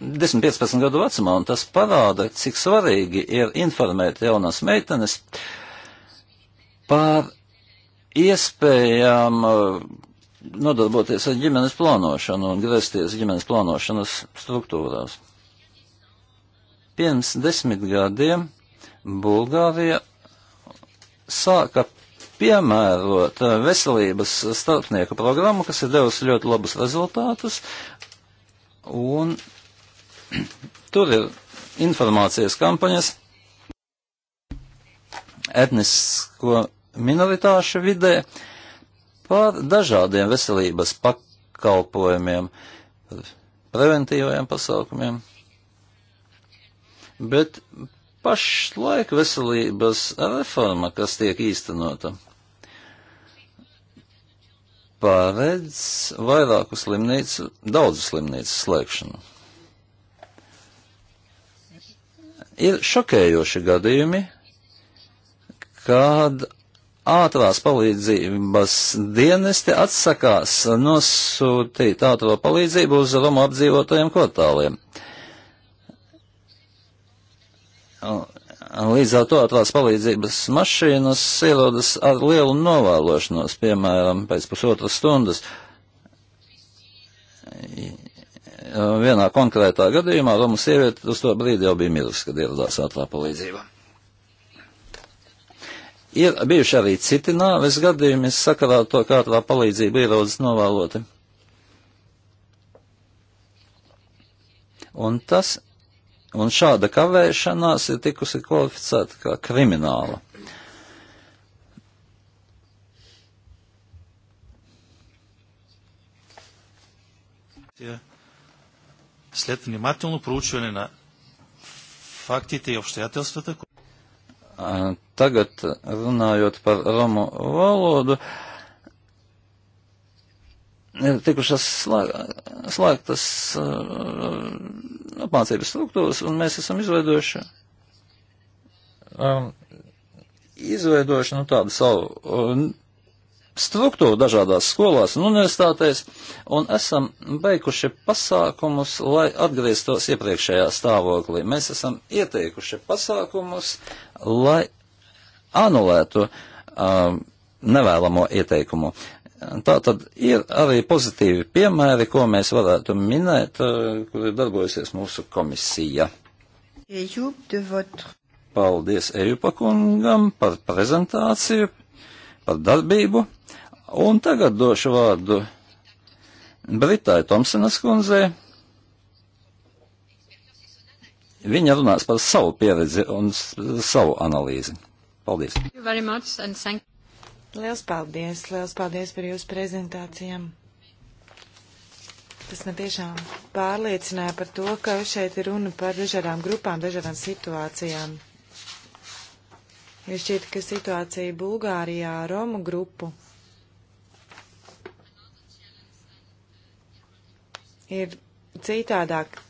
10, 15 gadu vecumā, un tas parāda, cik svarīgi ir informēt jaunās meitenes par iespējām uh, nodarboties ar ģimenes plānošanu un griezties ģimenes plānošanas struktūrās. Pirms desmit gadiem Bulgārija sāka piemērot eh, veselības starpnieku programmu, kas ir devusi ļoti labus rezultātus, un tur ir informācijas kampaņas etnisko minoritāšu vidē par dažādiem veselības pakalpojumiem, preventīvajiem pasaukumiem. Bet pašlaik veselības reforma, kas tiek īstenota, paredz vairāku slimnīcu, daudzu slimnīcu slēgšanu. Ir šokējoši gadījumi, kad ātrās palīdzības dienesti atsakās nosūtīt ātrā palīdzību uz Romu apdzīvotajiem kvartāliem. Uh, Līdz ar to atvās palīdzības mašīnas ierodas ar lielu novēlošanos, piemēram, pēc pusotras stundas. Vienā konkrētā gadījumā Romas sieviete uz to brīdi jau bija mirusi, kad ieradās ātrā palīdzība. Ir bijuši arī citi nāves gadījumi sakarā ar to, kā ātrā palīdzība ierodas novēloti. Un tas Un šāda kavēšanās ir tikusi kvalificēta kā krimināla. След внимателно проучване на фактите и обстоятелствата. Tagad э, runājot par romu valodu, uh, ir tikušas slēgtas uh, apmācības struktūras, un mēs esam izveidojuši, um, izveidojuši nu, tādu savu um, struktūru dažādās skolās un universitātēs, un esam beiguši pasākumus, lai atgrieztos iepriekšējā stāvoklī. Mēs esam ieteikuši pasākumus, lai anulētu um, nevēlamo ieteikumu. Tā tad ir arī pozitīvi piemēri, ko mēs varētu minēt, eh, kur ir darbojusies mūsu komisija. Paldies Ejupa kungam par prezentāciju, par darbību, un tagad došu vārdu Britai Tomsenas kundzei. Viņa runās par savu pieredzi un savu analīzi. Paldies! Liels paldies! Liels paldies par jūsu prezentācijām! Tas man tiešām pārliecināja par to, ka šeit ir runa par dažādām grupām, dažādām situācijām. Ir šķiet, ka situācija Bulgārijā Romu grupu ir citādāk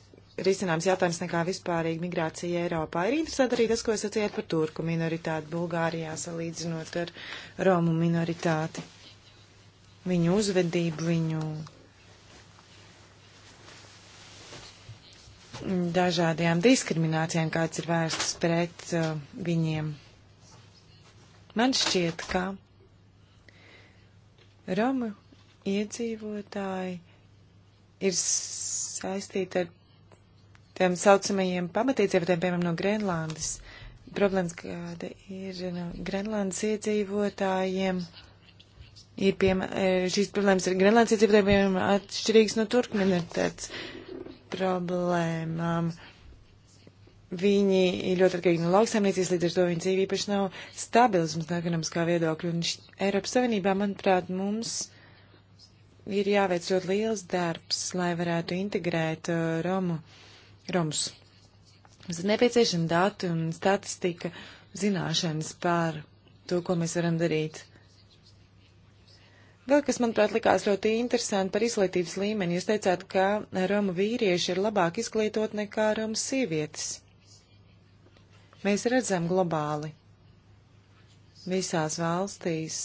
risināms jautājums nekā vispārīga migrācija Eiropā. Ir interesanti arī tas, ko es atsiet par turku minoritāti Bulgārijā, salīdzinot ar Romu minoritāti. Viņu uzvedību, viņu dažādajām diskriminācijām, kāds ir vērsts pret uh, viņiem. Man šķiet, ka Roma iedzīvotāji ir saistīti ar tiem saucamajiem pamatīdzīvotiem, piemēram, no Grenlandes. Problēmas, kāda ir no nu, Grenlandes iedzīvotājiem, ir, piemēram, e, šīs problēmas ar Grenlandes iedzīvotājiem, piemēram, atšķirīgas no turku minoritātes problēmām. Viņi ir ļoti atkarīgi no lauksaimniecības, līdz ar to viņa dzīve īpaši nav stabilisms no ekonomiskā viedokļa. Un Eiropas Savienībā, manuprāt, mums ir jāveic ļoti liels darbs, lai varētu integrēt uh, Romu Roms. Mums ir nepieciešama dati un statistika zināšanas par to, ko mēs varam darīt. Vēl kas, manuprāt, likās ļoti interesanti par izglītības līmeni. Jūs teicāt, ka Roma vīrieši ir labāk izglītot nekā Roma sievietes. Mēs redzam globāli visās valstīs,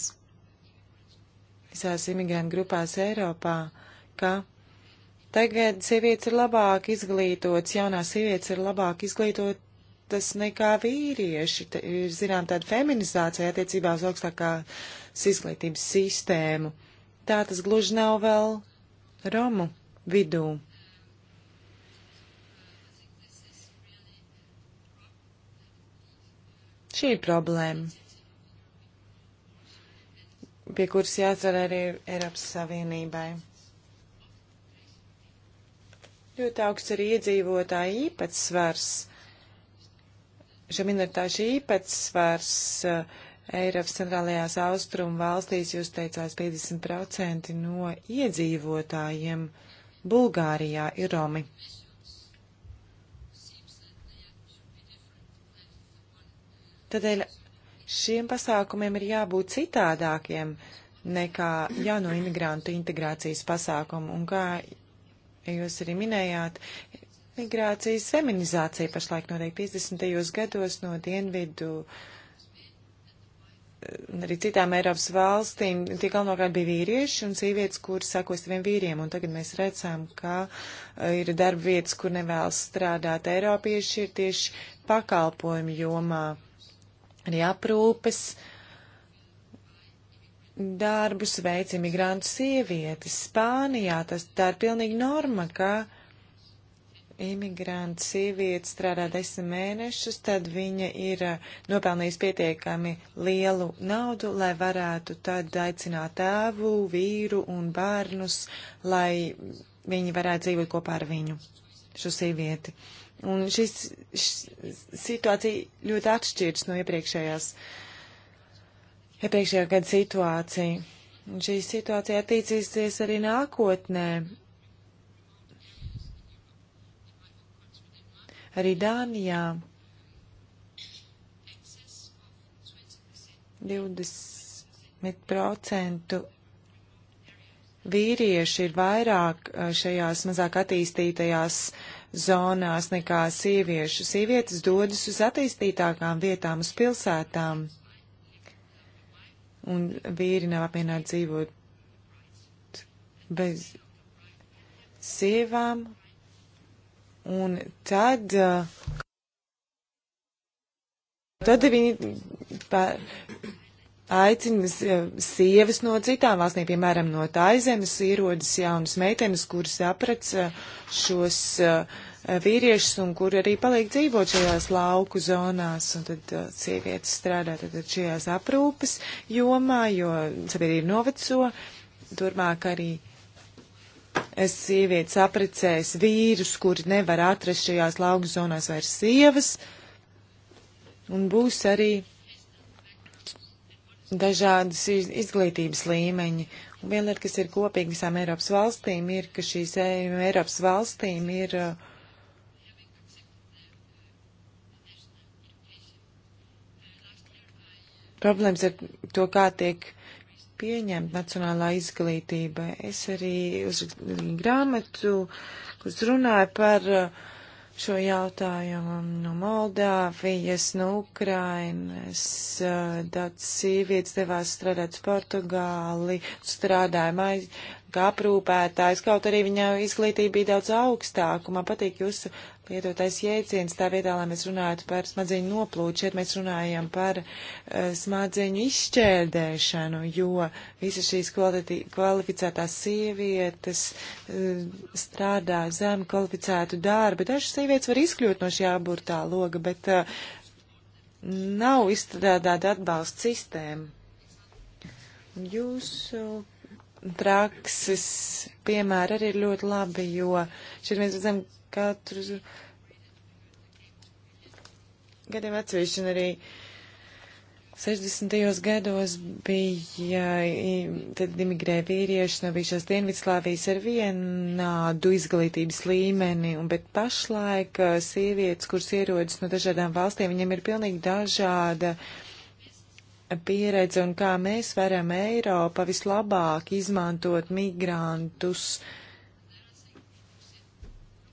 visās imigrantu grupās Eiropā, ka Tagad sievietes ir labāk izglītotas, jaunās sievietes ir labāk izglītotas nekā vīrieši. Te ir, zinām, tāda feminizācija attiecībā uz augstākās izglītības sistēmu. Tā tas gluži nav vēl Romu vidū. Šī ir problēma pie kuras jāatver arī Eiropas Savienībai. Ļoti augsts ir iedzīvotāji īpatsvars. Šo minoritāšu īpatsvars uh, Eiropas centrālajās austrumu valstīs, jūs teicāt, 50% no iedzīvotājiem Bulgārijā ir Romi. Tādēļ šiem pasākumiem ir jābūt citādākiem nekā jauno imigrantu integrācijas pasākumu, un kā jūs arī minējāt, migrācijas feminizācija pašlaik notiek 50. gados no dienvidu un eh, arī citām Eiropas valstīm, tie galvenokārt bija vīrieši un sievietes, kur sako saviem vīriem, un tagad mēs redzam, ka eh, ir darba vietas, kur nevēlas strādāt Eiropieši, ir tieši pakalpojumi jomā, arī aprūpes darbus veic imigrantu sievietes. Spānijā tas tā ir pilnīgi norma, ka imigrantu sieviete strādā desmit mēnešus, tad viņa ir eh, nopelnījusi pietiekami lielu naudu, lai varētu tad aicināt tēvu, vīru un bērnus, lai viņi varētu dzīvot kopā ar viņu, šo sievieti. Un šis, šis situācija ļoti atšķiras no iepriekšējās uh, iepriekšējā ja gada situāciju. Un šī situācija attīcīsies arī nākotnē. Arī Dānijā 20% vīrieši ir vairāk uh, šajās mazāk attīstītajās zonās nekā sieviešu. Sievietes dodas uz attīstītākām vietām, uz pilsētām un vīri nav apmierināti dzīvot bez sievām. Un tad, eh, tad viņi aicina eh, sievas no citām valstīm, piemēram, no Taizemes, ierodas jaunas meitenes, kuras aprec eh, šos uh, Eh, vīriešus un kuri arī paliek dzīvot šajās lauku zonās. Un tad eh, sievietes strādā tad šajās aprūpes jomā, jo sabiedrība noveco. Turmāk arī es sievietes aprecēs vīrus, kuri nevar atrast šajās lauku zonās vairs sievas. Un būs arī dažādas izglītības līmeņi. Un viena lieta, kas ir kopīga visām Eiropas valstīm, ir, ka šīs Eiropas valstīm ir uh, Problēmas ar to, kā tiek pieņemta nacionālā izglītība. Es arī uzrakstīju grāmatu, kuras runāja par uh, šo jautājumu no Moldāvijas, no Ukrainas. Uh, daudz sievietes devās strādāt uz Portugāli, strādāja maiz kā aprūpētājs, kaut arī viņa izglītība bija daudz augstāka. Man patīk jūsu lietotais jēdziens, tā vietā, lai mēs runātu par smadziņu noplūdu, šeit mēs runājam par uh, smadziņu izšķērdēšanu, jo visas šīs kvalificētās sievietes uh, strādā zem kvalificētu darbu. Dažas sievietes var izkļūt no šī aburtā loga, bet uh, nav izstrādāta atbalsta sistēma. Jūsu. Uh, prakses piemēri arī ir ļoti labi, jo šeit mēs redzam katru gadiem atsevišķi un arī 60. gados bija, tad imigrēja vīrieši no bijušās Dienvidslāvijas ar vienādu izglītības līmeni, un, bet pašlaik sievietes, kuras ierodas no dažādām valstīm, viņiem ir pilnīgi dažāda uh, pieredze un kā mēs varam Eiropa vislabāk izmantot migrantus.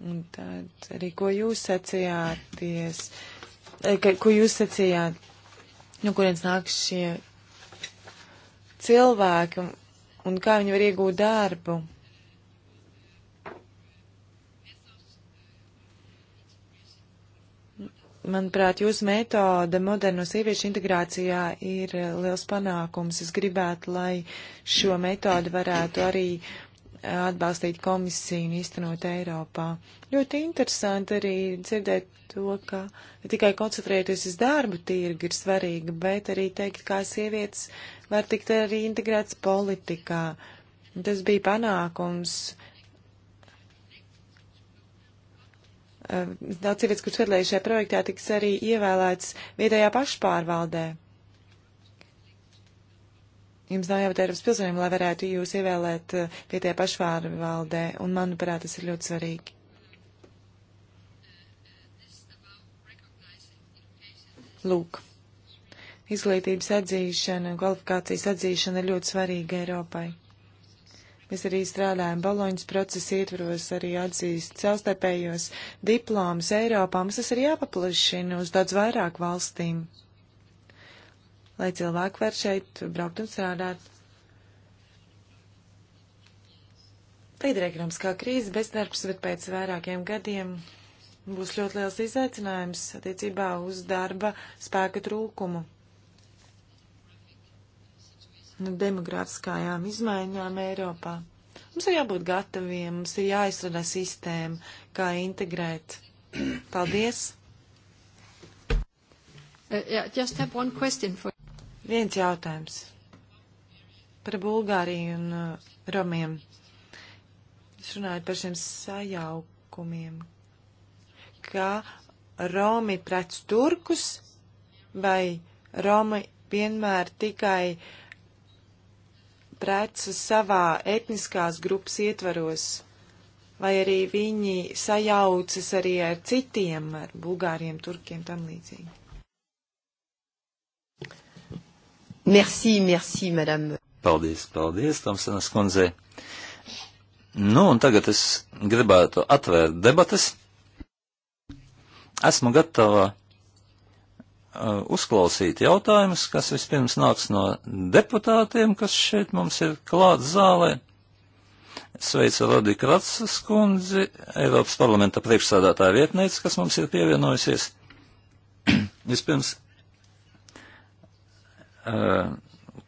Un tad arī, ko jūs sacījāties, e, ka, ko jūs sacījāt, no nu, kurienes nāk šie cilvēki un, un kā viņi var iegūt darbu. Manuprāt, jūsu metode moderno sieviešu integrācijā ir eh, liels panākums. Es gribētu, lai šo metodi varētu arī eh, atbalstīt komisiju un īstenot Eiropā. Ļoti interesanti arī dzirdēt to, ka ne tikai koncentrēties uz darbu tirgu ir svarīgi, bet arī teikt, kā sievietes var tikt arī integrētas politikā. Tas bija panākums Eh, daudz sievietes, kuras piedalījās šajā projektā, tiks arī ievēlētas vietējā pašpārvaldē. Jums nav jābūt Eiropas pilsonim, lai varētu jūs ievēlēt eh, vietējā pašpārvaldē, un manuprāt, tas ir ļoti svarīgi. Lūk, izglītības atzīšana, kvalifikācijas atzīšana ir ļoti svarīga Eiropai. Mēs arī strādājam Boloņas procesa ietvaros, arī atzīst savstarpējos diplomas Eiropā. Mums tas ir jāpaplašina uz daudz vairāk valstīm, lai cilvēki var šeit braukt un strādāt. Tagad ir ekonomiskā krīze, bezdarbs, bet pēc vairākiem gadiem būs ļoti liels izaicinājums attiecībā uz darba spēka trūkumu. Nu, demografiskajām izmaiņām Eiropā. Mums ir jābūt gataviem, mums ir jāizstrādā sistēma, kā integrēt. Paldies! Uh, yeah, for... Viens jautājums par Bulgāriju un uh, Romiem. Jūs runājat par šiem sajaukumiem, kā Romi prets turkus vai Romi vienmēr tikai uh, preces savā etniskās grupas ietvaros, vai arī viņi sajaucas arī ar citiem, ar bulgāriem, turkiem, tam līdzīgi. Merci, merci, madame. Paldies, paldies, Tomsenas kundzei. Nu, un tagad es gribētu atvērt debatas. Esmu gatava Uh, uzklausīt jautājumus, kas vispirms nāks no deputātiem, kas šeit mums ir klāt zālē. Sveicu Rodi Kratsas kundzi, Eiropas parlamenta priekšsādātāja vietneica, kas mums ir pievienojusies. vispirms uh,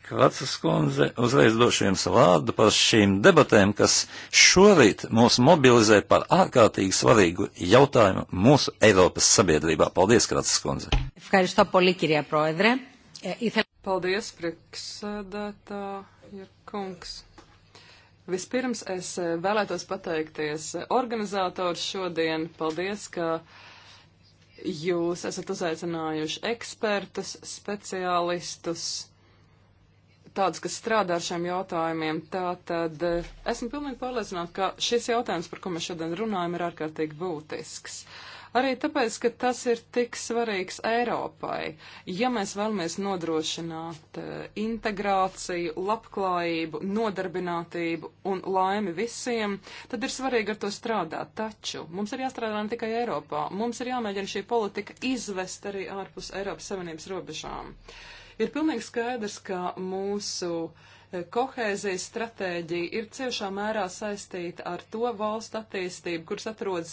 Klacas kundze, uzreiz došu jums vārdu par šīm debatēm, kas šorīt mūs mobilizē par ārkārtīgi svarīgu jautājumu mūsu Eiropas sabiedrībā. Paldies, Klacas kundze! Paldies, priekšsēdētā, ja kungs! Vispirms es eh, vēlētos pateikties eh, organizators šodien. Paldies, ka jūs esat uzaicinājuši ekspertus, speciālistus tādas, kas strādā ar šiem jautājumiem. Tā tad eh, esmu pilnīgi pārliecināta, ka šis jautājums, par ko mēs šodien runājam, ir ārkārtīgi būtisks. Arī tāpēc, ka tas ir tik svarīgs Eiropai. Ja mēs vēlamies nodrošināt eh, integrāciju, labklājību, nodarbinātību un laimi visiem, tad ir svarīgi ar to strādāt. Taču mums ir jāstrādā ne tikai Eiropā, mums ir jāmēģina šī politika izvest arī ārpus Eiropas Savienības robežām. Uh, Ir pilnīgi skaidrs, ka mūsu eh, kohēzijas stratēģija ir ciešā mērā saistīta ar to valstu attīstību, kuras atrodas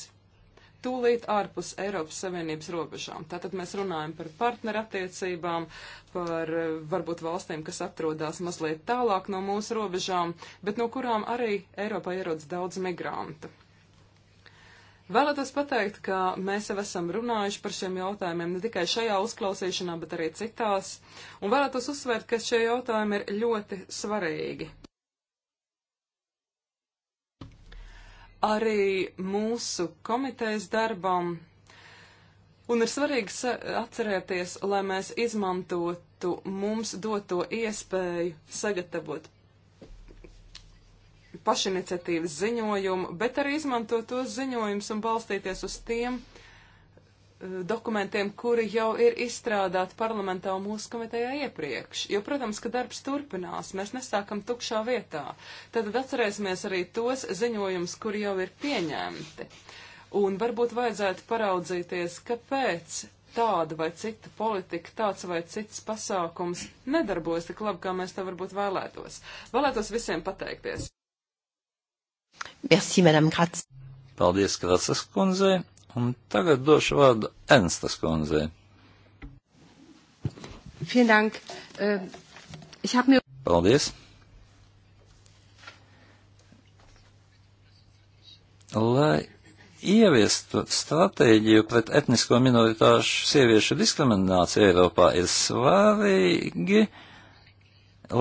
tūlīt ārpus Eiropas Savienības robežām. Tātad mēs runājam par partnerattiecībām, par eh, varbūt valstīm, kas atrodas mazliet tālāk no mūsu robežām, bet no kurām arī Eiropā ierodas daudz migrantu. Vēlētos pateikt, ka mēs jau esam runājuši par šiem jautājumiem ne tikai šajā uzklausīšanā, bet arī citās, un vēlētos uzsvērt, ka šie jautājumi ir ļoti svarīgi. Arī mūsu komitejas darbam, un ir svarīgi atcerēties, lai mēs izmantotu mums doto iespēju sagatavot pašiniciatīvas ziņojumu, bet arī izmantot tos ziņojumus un balstīties uz tiem eh, dokumentiem, kuri jau ir izstrādāti parlamentā un mūsu komitejā iepriekš. Jo, protams, ka darbs turpinās, mēs nesākam tukšā vietā. Tad atcerēsimies arī tos ziņojumus, kuri jau ir pieņemti. Un varbūt vajadzētu paraudzīties, kāpēc tāda vai cita politika, tāds vai cits pasākums nedarbojas tik labi, kā mēs to varbūt vēlētos. Vēlētos visiem pateikties. Merci, Madame Grats. Paldies, Kratsas kundzei. Un tagad došu vārdu Enstas kundzei. Vielen Dank. Uh, ich habe mir. Paldies. Lai ieviestu stratēģiju pret etnisko minoritāšu sieviešu diskrimināciju Eiropā, ir svarīgi,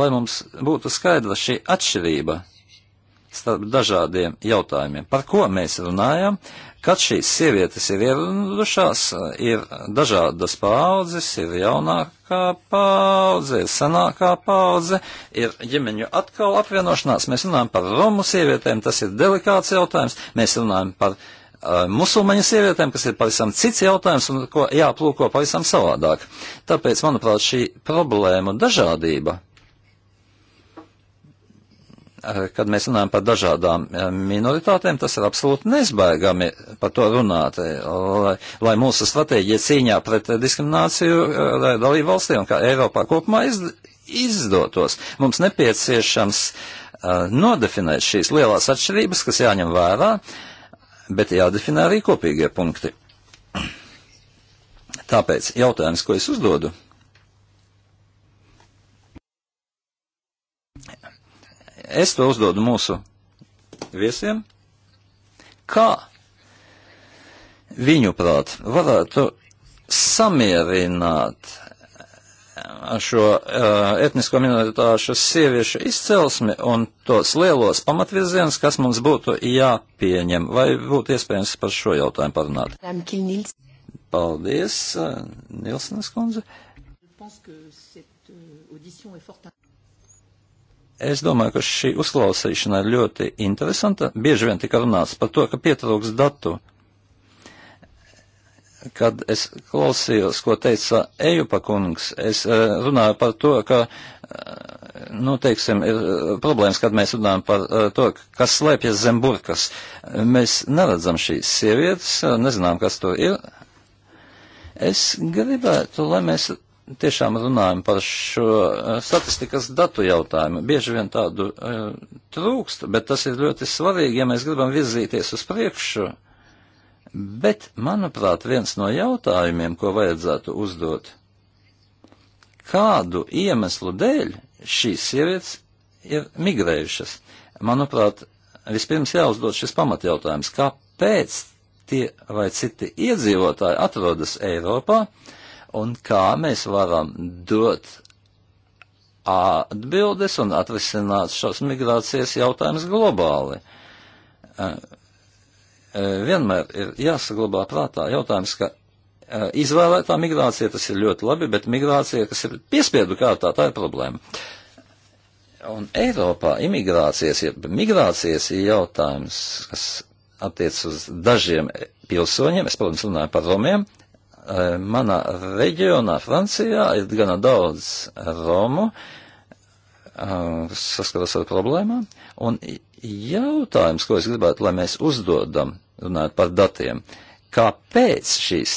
lai mums būtu skaidra šī atšķirība starp dažādiem jautājumiem. Par ko mēs runājam? Kad šīs sievietes ir ieradušās, ir dažādas paudzes, ir jaunākā paudze, ir senākā paudze, ir ģimeņu atkal apvienošanās. Mēs runājam par romu sievietēm, tas ir delikāts jautājums. Mēs runājam par eh, musulmaņu sievietēm, kas ir pavisam cits jautājums un ko jāplūko pavisam savādāk. Tāpēc, manuprāt, šī problēma dažādība Eh, kad mēs runājam par dažādām eh, minoritātēm, tas ir absolūti nezbaigami par to runāt, eh, lai, lai mūsu stratēģija cīņā pret diskrimināciju dalību valstī un kā Eiropā kopumā iz, izdotos. Mums nepieciešams uh, nodefinēt šīs lielās atšķirības, kas jāņem vērā, bet jādefinē arī kopīgie punkti. Tāpēc jautājums, ko es uzdodu Es to uzdodu mūsu viesiem. Kā viņuprāt varētu samierināt šo uh, etnisko minoritāšu sieviešu izcelsmi un tos lielos pamatvirzienus, kas mums būtu jāpieņem? Vai būtu iespējams par šo jautājumu parunāt? Paldies, eh, Nilsenes kundze. pense que cette euh, audition est fort Es domāju, ka šī uzklausīšana ir ļoti interesanta. Bieži vien tika runāts par to, ka pietrūks datu. Kad es klausījos, ko teica Ejupa kungs, es eh, runāju par to, ka, eh, nu, teiksim, ir eh, problēmas, kad mēs runājam par to, kas slēpjas zem burkas. Mēs neredzam šīs sievietes, nezinām, kas tur ir. Es gribētu, lai mēs tiešām runājam par šo eh, statistikas datu jautājumu. Bieži vien tādu uh, trūkst, bet tas ir ļoti svarīgi, ja mēs gribam virzīties uz priekšu. Bet, manuprāt, viens no jautājumiem, ko vajadzētu uzdot, kādu iemeslu dēļ šīs sievietes ir migrējušas? Manuprāt, vispirms jāuzdod šis pamatjautājums, kāpēc tie vai citi iedzīvotāji atrodas Eiropā, uh, un kā mēs varam dot atbildes un atrisināt šos migrācijas jautājumus globāli. Eh, eh, vienmēr ir jāsaglabā prātā jautājums, ka eh, izvēlētā migrācija tas ir ļoti labi, bet migrācija, kas ir piespiedu kārtā, tā ir problēma. Un Eiropā imigrācijas, ja migrācijas ir jautājums, kas attiec uz dažiem pilsoņiem, es, protams, runāju par romiem, Eh, manā reģionā, Francijā, ir gana daudz Romu, eh, saskaras ar problēmām, un jautājums, ko es gribētu, lai mēs uzdodam, runājot par datiem, kāpēc šīs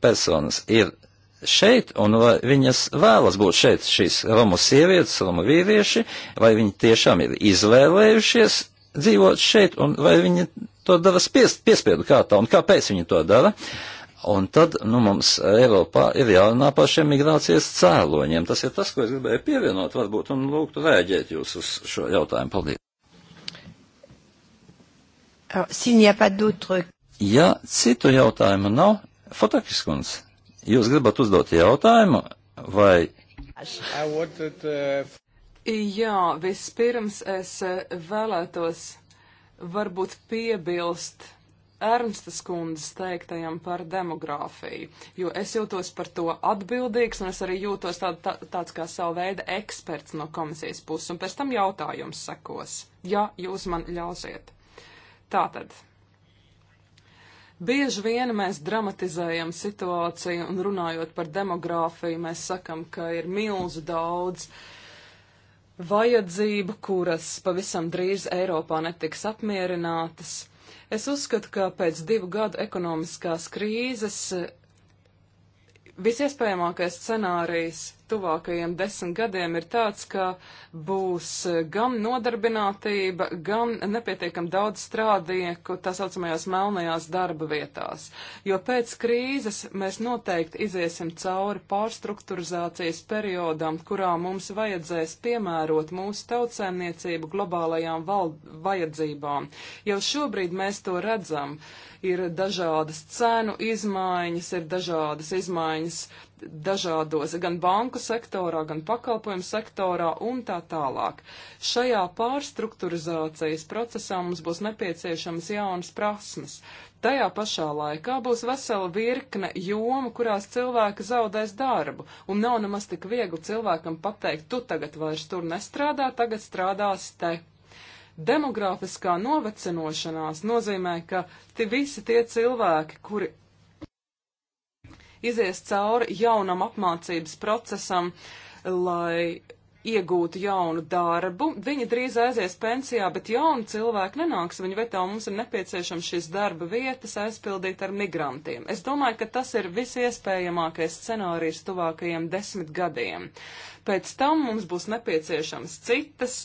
personas ir šeit, un vai viņas vēlas būt šeit, šīs Romu sievietes, Romu vīrieši, vai viņi tiešām ir izvēlējušies dzīvot šeit, un vai viņi to dara spiest, piespiedu kārtā, un kāpēc viņi to dara. Uh, Un tad nu, mums Eiropā ir jārunā par šiem migrācijas cēloņiem. Tas ir tas, ko es gribēju pievienot, varbūt, un lūgtu rēģēt jūs uz šo jautājumu. Paldies! Ja citu jautājumu nav, Fotakis kundz, jūs gribat uzdot jautājumu vai? Uh, Jā, vispirms es vēlētos varbūt piebilst Ernstas kundzes teiktajam par demogrāfiju, jo es jūtos par to atbildīgs, un es arī jūtos tā, tā, tāds kā savu veidu eksperts no komisijas puses, un pēc tam jautājums sekos, ja jūs man ļausiet. Tātad. Bieži vien mēs dramatizējam situāciju un runājot par demogrāfiju, mēs sakam, ka ir milzu daudz vajadzību, kuras pavisam drīz Eiropā netiks apmierinātas Es uzskatu, ka pēc divu gadu ekonomiskās krīzes eh, visiespējamākais scenārijs tuvākajiem desmit gadiem ir tāds, ka būs eh, gan nodarbinātība, gan nepietiekam daudz strādnieku tā saucamajās melnajās darba vietās. Jo pēc krīzes mēs noteikti iziesim cauri pārstrukturizācijas periodam, kurā mums vajadzēs piemērot mūsu tautsēmniecību globālajām vajadzībām. Jau šobrīd mēs to redzam. Ir dažādas cenu izmaiņas, ir dažādas izmaiņas dažādos, gan banku sektorā, gan pakalpojumu sektorā un tā tālāk. Šajā pārstrukturizācijas procesā mums būs nepieciešamas jaunas prasmes. Tajā pašā laikā būs vesela virkne joma, kurās cilvēki zaudēs darbu, un nav nemaz tik viegli cilvēkam pateikt, tu tagad vairs tur nestrādā, tagad strādās te. Demogrāfiskā novecinošanās nozīmē, ka tie visi tie cilvēki, kuri izies cauri jaunam apmācības procesam, lai iegūtu jaunu darbu. Viņi drīz aizies pensijā, bet jauni cilvēki nenāks viņu vietā, un mums ir nepieciešams šīs darba vietas aizpildīt ar migrantiem. Es domāju, ka tas ir visiespējamākais scenārijs tuvākajiem desmit gadiem. Pēc tam mums būs nepieciešams citas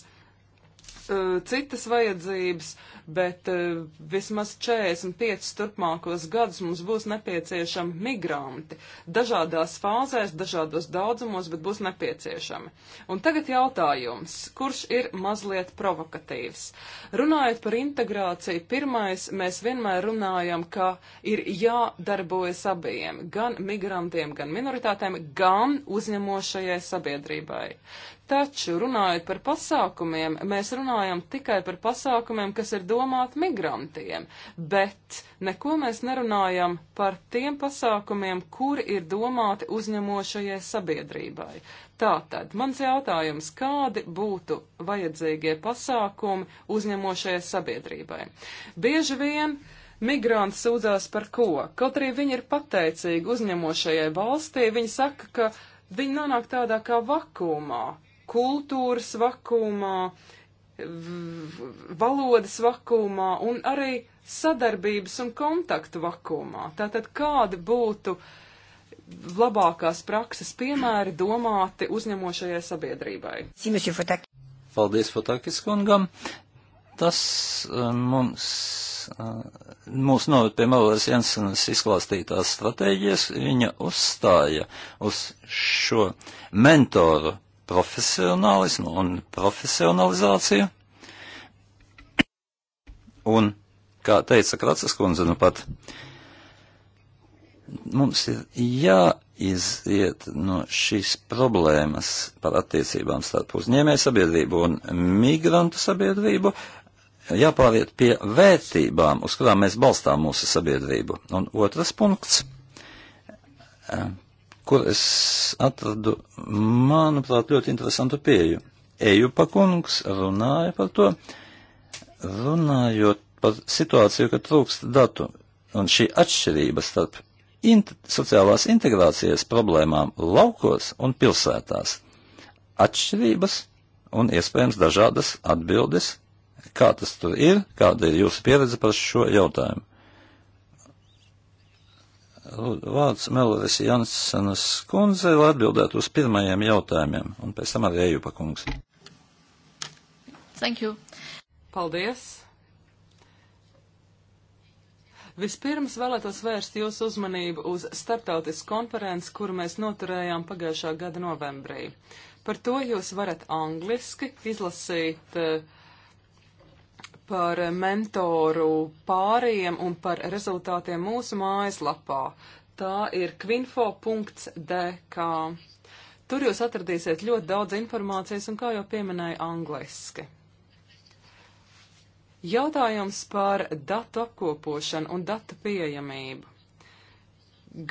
Eh, citas vajadzības, bet eh, vismaz 45 turpmākos gadus mums būs nepieciešami migranti. Dažādās fāzēs, dažādos daudzumos, bet būs nepieciešami. Un tagad jautājums, kurš ir mazliet provokatīvs. Runājot par integrāciju, pirmais mēs vienmēr runājam, ka ir jādarbojas abiem, gan migrantiem, gan minoritātēm, gan uzņemošajai sabiedrībai. Taču, runājot par pasākumiem, mēs runājam tikai par pasākumiem, kas ir domāti migrantiem, bet neko mēs nerunājam par tiem pasākumiem, kuri ir domāti uzņemošajai sabiedrībai. Tātad, mans jautājums, kādi būtu vajadzīgie pasākumi uzņemošajai sabiedrībai? Bieži vien. Migranti sūdzās par ko? Kaut arī viņi ir pateicīgi uzņemošajai valstī, viņi saka, ka viņi nonāk tādā kā vakumā, kultūras vakumā, valodas vakumā un arī sadarbības un kontaktu vakumā. Tātad kādi būtu labākās prakses piemēri domāti uzņemošajai sabiedrībai? Paldies Fotakis kungam. Tas uh, mums uh, mūs noved pie Mauras Jensenas izklāstītās stratēģijas, viņa uzstāja uz šo mentoru profesionālismu un profesionalizāciju. Un, kā teica Kracas kundze, nu pat mums ir jāiziet no šīs problēmas par attiecībām starp uzņēmēju sabiedrību un migrantu sabiedrību, jāpāriet pie vērtībām, uz kurām mēs balstām mūsu sabiedrību. Un otrs punkts kur es atradu, manuprāt, ļoti interesantu pieju. Eju pakungs runāja par to, runājot par situāciju, ka trūkst datu, un šī atšķirība starp int sociālās integrācijas problēmām laukos un pilsētās. Atšķirības un iespējams dažādas atbildes, kā tas tur ir, kāda ir jūsu pieredze par šo jautājumu vārds Meloris Jansenas kundze, lai atbildētu uz pirmajiem jautājumiem, un pēc tam arī Ejupa kungs. Thank you. Paldies. Vispirms vēlētos vērst jūsu uzmanību uz starptautisku konferenci, kuru mēs noturējām pagājušā gada novembrī. Par to jūs varat angliski izlasīt uh, par mentoru pāriem un par rezultātiem mūsu mājaslapā. Tā ir kvinfo.dk. Tur jūs atradīsiet ļoti daudz informācijas un, kā jau pieminēja, angliski. Jautājums par datu apkopošanu un datu pieejamību.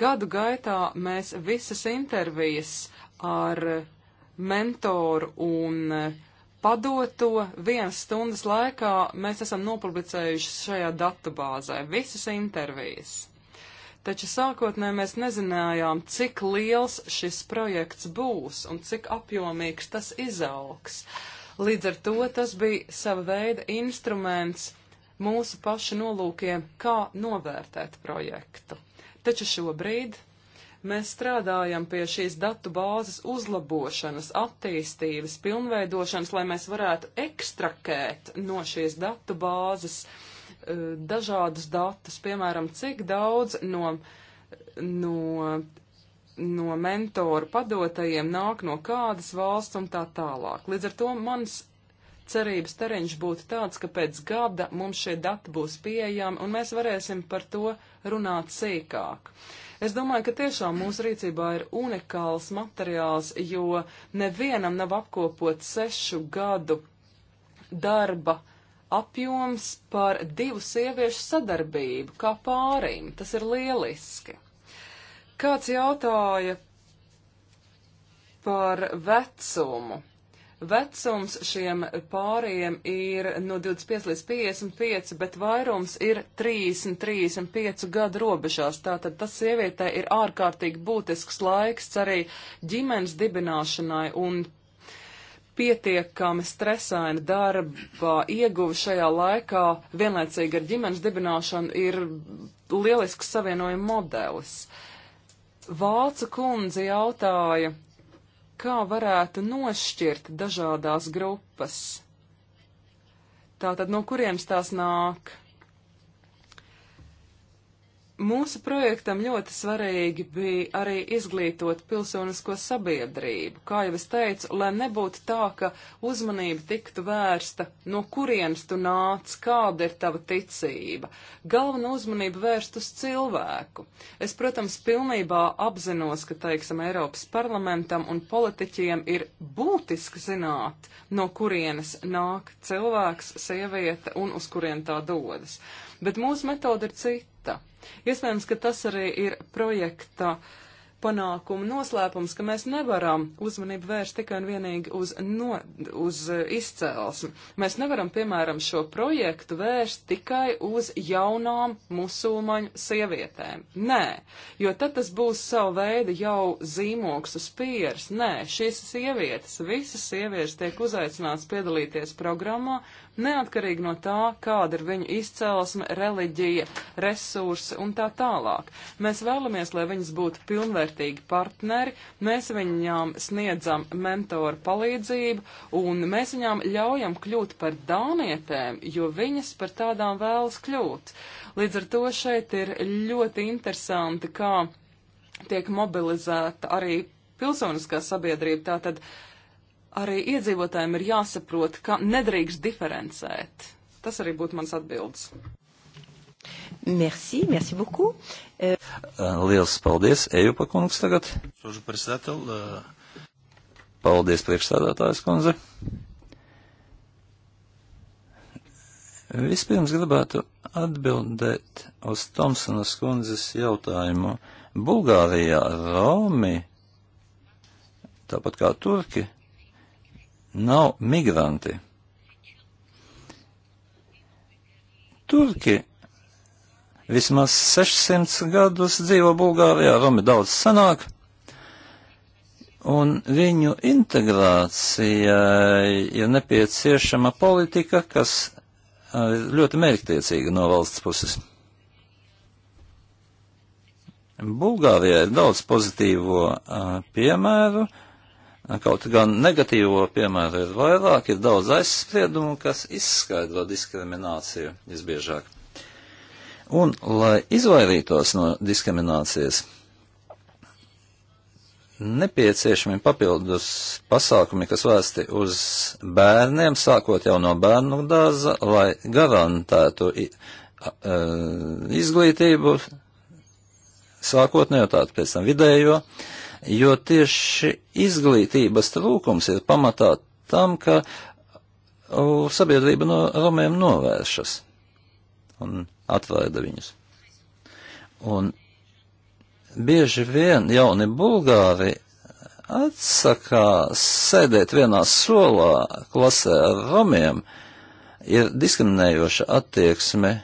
Gadu gaitā mēs visas intervijas ar mentoru un uh, padoto vienas stundas laikā mēs esam nopublicējuši šajā datubāzē visas intervijas. Taču sākotnē mēs nezinājām, cik liels šis projekts būs un cik apjomīgs tas izaugs. Līdz ar to tas bija sava veida instruments mūsu pašu nolūkiem, kā novērtēt projektu. Taču šobrīd Mēs strādājam pie šīs datu bāzes uzlabošanas, attīstības, pilnveidošanas, lai mēs varētu ekstrakēt no šīs datu bāzes eh, dažādus datus, piemēram, cik daudz no, no, no mentoru padotajiem nāk no kādas valsts un tā tālāk. Līdz ar to mans cerības tereņš būtu tāds, ka pēc gada mums šie dati būs pieejami un mēs varēsim par to runāt sīkāk. Es domāju, ka tiešām mūsu rīcībā ir unikāls materiāls, jo nevienam nav apkopot sešu gadu darba apjoms par divu sieviešu sadarbību kā pārīm. Tas ir lieliski. Kāds jautāja par vecumu. Vecums šiem pāriem ir no 25 līdz 55, bet vairums ir 30, 35 gadu robežās. Tātad tas sievietē ir ārkārtīgi būtisks laiks arī ģimenes dibināšanai un pietiekami stresaina darba ieguva šajā laikā vienlaicīgi ar ģimenes dibināšanu ir lielisks savienojuma modelis. Vācu kundze jautāja, kā varētu nošķirt dažādās grupas. Tātad no kuriems tās nāk? Mūsu projektam ļoti svarīgi bija arī izglītot pilsonisko sabiedrību. Kā jau es teicu, lai nebūtu tā, ka uzmanība tiktu vērsta, no kurienes tu nāc, kāda ir tava ticība. Galvena uzmanība vērst uz cilvēku. Es, protams, pilnībā apzinos, ka, teiksim, Eiropas parlamentam un politiķiem ir būtiski zināt, no kurienes nāk cilvēks, sieviete un uz kurien tā dodas. Bet mūsu metoda ir cita Iespējams, ka tas arī ir projekta panākuma noslēpums, ka mēs nevaram uzmanību vērst tikai un vienīgi uz, no, uz izcēlesmi. Mēs nevaram, piemēram, šo projektu vērst tikai uz jaunām musulmaņu sievietēm. Nē, jo tad tas būs savu veidu jau zīmoks uz pieres. Nē, šīs sievietes, visas sievietes tiek uzaicināts piedalīties programmā, neatkarīgi no tā, kāda ir viņu izcelsme, reliģija, resursi un tā tālāk. Mēs vēlamies, lai viņas būtu pilnvērtīgi partneri, mēs viņām sniedzam mentoru palīdzību un mēs viņām ļaujam kļūt par dānietēm, jo viņas par tādām vēlas kļūt. Līdz ar to šeit ir ļoti interesanti, kā tiek mobilizēta arī pilsoniskā sabiedrība. Tātad arī iedzīvotājiem ir jāsaprot, ka nedrīkst diferencēt. Tas arī būtu mans atbildes. Merci, merci beaucoup. Uh... Liels paldies, Eju pakungs tagad. Eh. Paldies, priekšstādātājs kundze. Vispirms gribētu atbildēt uz Tomsonas kundzes jautājumu. Bulgārijā Romi, tāpat kā Turki, nav migranti. Turki vismaz 600 gadus dzīvo Bulgārijā, Romi daudz sanāk, un viņu integrācijai ir nepieciešama politika, kas eh, ļoti mērķtiecīga no valsts puses. Bulgārijā ir daudz pozitīvo a, eh, piemēru, Kaut gan negatīvo piemēru ir vairāk, ir daudz aizspriedumu, kas izskaidro diskrimināciju visbiežāk. Un, lai izvairītos no diskriminācijas, nepieciešami papildus pasākumi, kas vērsti uz bērniem, sākot jau no bērnu dārza, lai garantētu e, izglītību, sākotnējo tādu pēc tam vidējo, uh, jo tieši izglītības trūkums ir pamatā tam, ka sabiedrība no romiem novēršas un atvaida viņus. Un bieži vien jauni bulgāri atsakās sēdēt vienā solā klasē ar romiem, ir diskriminējoša attieksme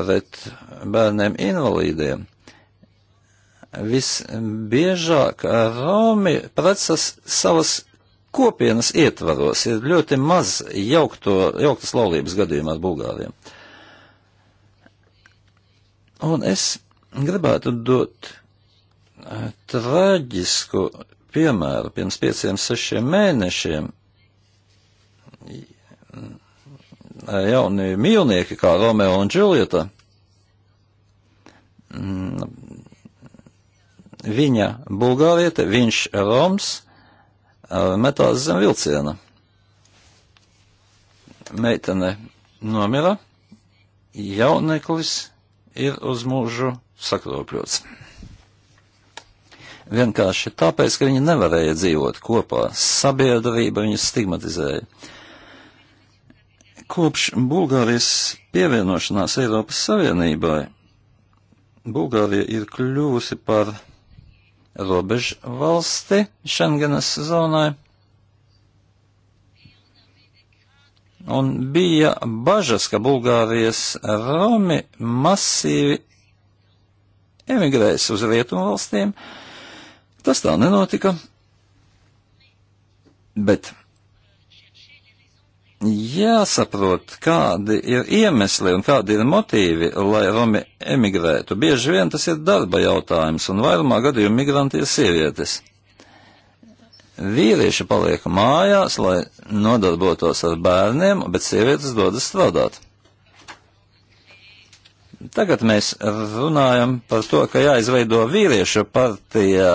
pret bērniem invalīdiem visbiežāk eh, Romi precas savas kopienas ietvaros ir ļoti maz jaukto, jauktas laulības gadījumā ar Bulgāriem. Un es gribētu dot eh, traģisku piemēru pirms pieciem, sešiem mēnešiem. Jaunie mīlnieki kā Romeo un Džulieta mm, viņa bulgāriete, viņš roms, eh, metās zem vilciena. Meitene nomira, jauneklis ir uz mūžu sakropļots. Vienkārši tāpēc, ka viņi nevarēja dzīvot kopā, sabiedrība viņus stigmatizēja. Kopš Bulgārijas pievienošanās Eiropas Savienībai Bulgārija ir kļuvusi par robežu valsti Šengenas zonai. Un bija bažas, ka Bulgārijas Romi masīvi emigrēs uz rietumu valstīm. Tas tā nenotika, bet jāsaprot, kādi ir iemesli un kādi ir motīvi, lai Romi emigrētu. Bieži vien tas ir darba jautājums, un vairumā gadījumu migranti ir sievietes. Vīrieši paliek mājās, lai nodarbotos ar bērniem, bet sievietes dodas strādāt. Tagad mēs runājam par to, ka jāizveido vīriešu partija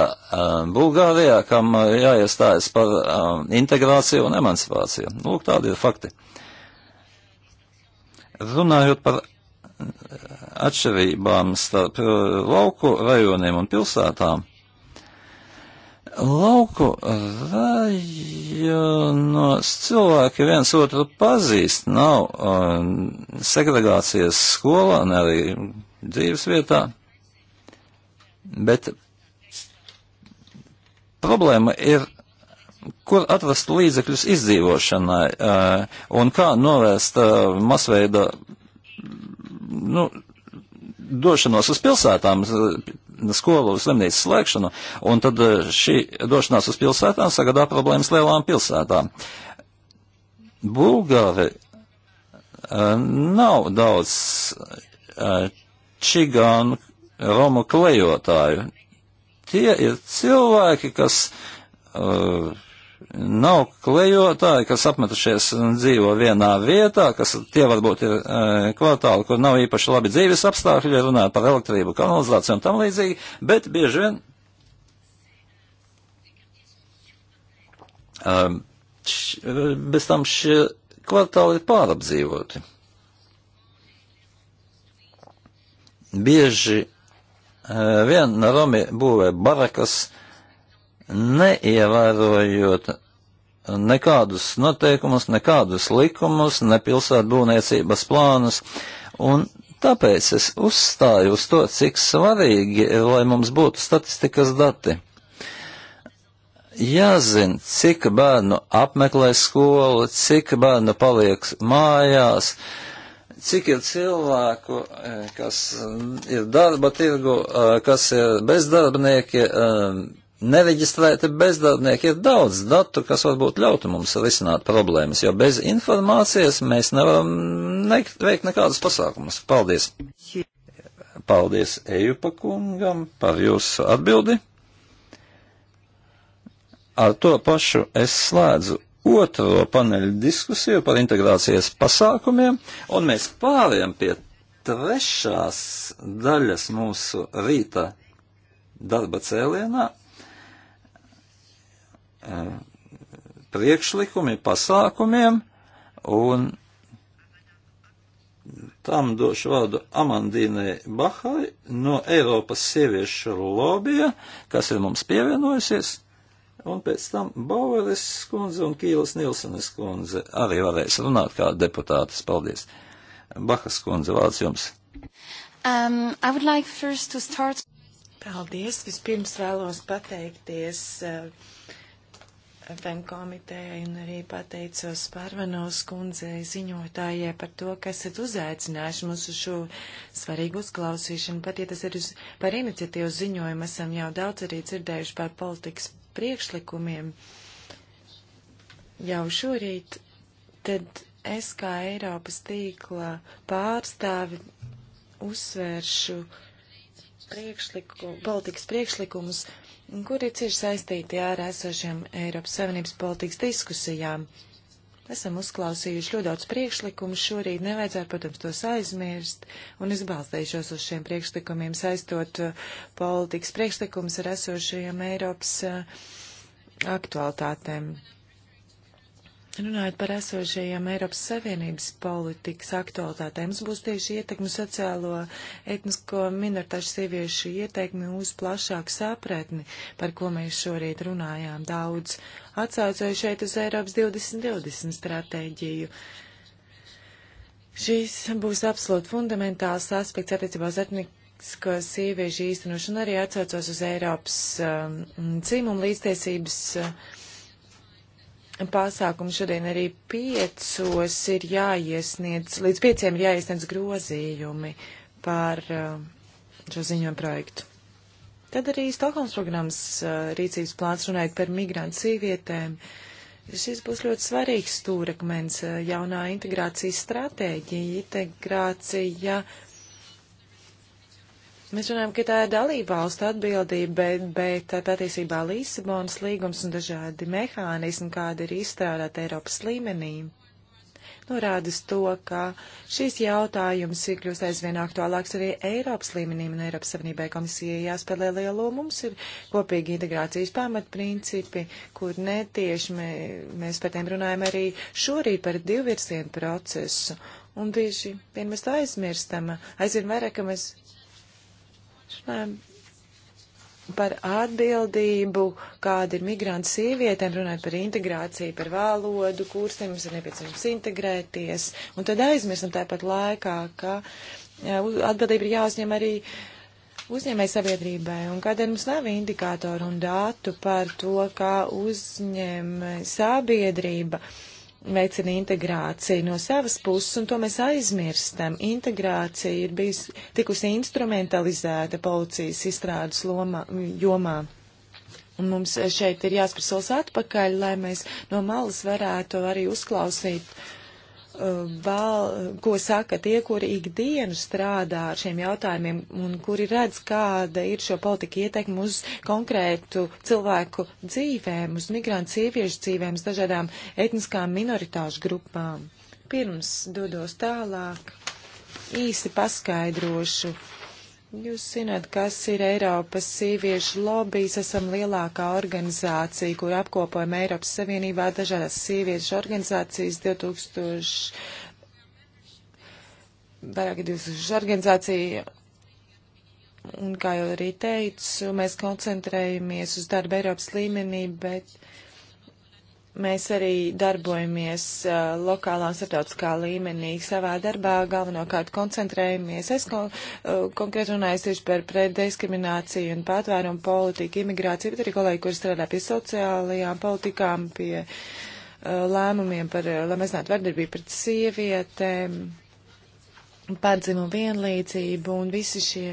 Bulgārijā, kam jāiestājas par integrāciju un emancipāciju. Lūk, tādi ir fakti. Runājot par atšķirībām starp lauku rajoniem un pilsētām, Lauku rajonos cilvēki viens otru pazīst, nav um, segregācijas skolā, ne arī dzīves vietā, bet problēma ir kur atrast līdzekļus izdzīvošanai uh, un kā novērst uh, masveida nu, došanos uz pilsētām, skolu slimnīcu slēgšanu, un tad e, šī došanās uz pilsētām sagadā problēmas lielām pilsētām. Bulgāri e, nav daudz e, čigānu romu klejotāju. Tie ir cilvēki, kas uh, Nav klejotāji, kas apmetušies un dzīvo vienā vietā, kas tie varbūt ir e, kvartāli, kur nav īpaši labi dzīves apstākļi, runājot par elektrību, kanalizāciju un tam līdzīgi, bet bieži vien Um, š, bez tam šie kvartāli ir pārapdzīvoti. Bieži uh, vien Romi būvē barakas, neievērojot nekādus noteikumus, nekādus likumus, ne pilsētbūvniecības plānus, un tāpēc es uzstāju uz to, cik svarīgi, lai mums būtu statistikas dati. Jāzina, cik bērnu apmeklē skolu, cik bērnu paliek mājās, cik ir cilvēku, eh, kas mm, ir darba tirgu, eh, kas ir bezdarbnieki, eh, Nereģistrēti bezdarbnieki ir daudz datu, kas varbūt ļautu mums risināt problēmas, jo bez informācijas mēs nevaram ne veikt nekādus pasākumus. Paldies! Paldies Ejupa kungam par jūsu atbildi. Ar to pašu es slēdzu otro paneļu diskusiju par integrācijas pasākumiem, un mēs pārējām pie trešās daļas mūsu rīta darba cēlienā priekšlikumi pasākumiem, un tam došu vārdu Amandīnai Bahai no Eiropas sieviešu lobija, kas ir mums pievienojusies, un pēc tam Baueris skundze un Kīlas Nilsenes skundze arī varēs runāt kā deputātas. Paldies! Bahas skundze, vārds jums! Um, I would like first to start. Paldies! Vispirms vēlos pateikties uh, FM komitejai un arī pateicos Pārvanos kundzei ziņotājai par to, kas ir uzaicinājuši mums uz šo svarīgu uzklausīšanu. Pat ja tas ir uz, par iniciatīvu ziņojumu, esam jau daudz arī dzirdējuši par politikas priekšlikumiem jau šorīt, tad es kā Eiropas tīkla pārstāvi uzsvēršu priekšliku, politikas priekšlikumus kuri cieši saistīti ar esošiem Eiropas Savienības politikas diskusijām. Esam uzklausījuši ļoti daudz priekšlikumu šorīt, nevajadzētu, protams, tos aizmirst, un es balstīšos uz šiem priekšlikumiem, saistot uh, politikas priekšlikumus ar esošajiem Eiropas uh, aktualitātēm. Runājot par esošajām Eiropas Savienības politikas aktualitātēm, mums būs tieši ietekmi sociālo etnisko minoritāšu sieviešu ieteikmi uz plašāku sapratni, par ko mēs šorīt runājām daudz, atsaucoju šeit uz Eiropas 2020 stratēģiju. Šis būs absolūti fundamentāls aspekts attiecībā uz etniku ko sieviešu īstenošana arī atcaucos uz Eiropas um, dzimumu līdztiesības uh, pasākumu šodien arī piecos ir jāiesniedz, līdz pieciem ir jāiesniedz grozījumi par eh, šo ziņojumu projektu. Tad arī Stokholmas programmas eh, rīcības plāns runājot par migrantu sīvietēm. Šis būs ļoti svarīgs stūrakmens eh, jaunā integrācijas stratēģija, integrācija Mēs runājam, ka tā ir dalībvalstu atbildība, bet, bet patiesībā Lisabonas līgums un dažādi mehānismi, kādi ir izstrādāti Eiropas līmenī, norādas to, ka šīs jautājums ir kļūst aizvien aktuālāks arī Eiropas līmenī un Eiropas Savienībai komisijai jāspēlē lielo lomu. Mums ir kopīgi integrācijas pamatprincipi, kur netieši mē, mēs par tiem runājam arī šorīt par divvirsienu procesu. Un bieži vien mēs tā aizmirstam, aizvien vairāk, ka mēs Runājam par atbildību, kāda ir migrāntu sievietēm, runājot par integrāciju, par valodu, kursiem mums ir nepieciešams integrēties. Un tad aizmirstam tāpat laikā, ka atbildība ir jāuzņem arī uzņēmēji sabiedrībai. Un kādēļ mums nav indikātoru un datu par to, kā uzņēmē sabiedrība. Uh, veicina integrāciju no savas puses, un to mēs aizmirstam. Integrācija ir bijusi tikusi instrumentalizēta policijas izstrādes loma, jomā. Un mums šeit ir jāspēr solis atpakaļ, lai mēs no malas varētu arī uzklausīt uh, vēl, ko saka tie, kuri ikdienu strādā ar šiem jautājumiem un kuri redz, kāda ir šo politiku ietekme uz konkrētu cilvēku dzīvēm, uz migrantu sieviešu dzīvēm, uz dažādām etniskām minoritāšu grupām. Pirms dodos tālāk, īsi paskaidrošu Jūs zināt, kas ir Eiropas sieviešu lobbyis. Esam lielākā organizācija, kur apkopojam Eiropas Savienībā dažādas sieviešu organizācijas 2000, vairāk 2000 organizāciju. Un kā jau arī teicu, mēs koncentrējamies uz darbu Eiropas līmenī, bet. Uh, Mēs arī darbojamies uh, lokālā un starptautiskā līmenī. Savā darbā galvenokārt koncentrējamies. Es ko, uh, konkrēti runāju tieši par preddiskrimināciju un patvērumu politiku, imigrāciju, bet arī kolēģi, kuri strādā pie sociālajām politikām, pie uh, lēmumiem par, uh, lai mēs zinātu, vardarbību pret sievietēm. Um, pārdzimumu vienlīdzību un visi šie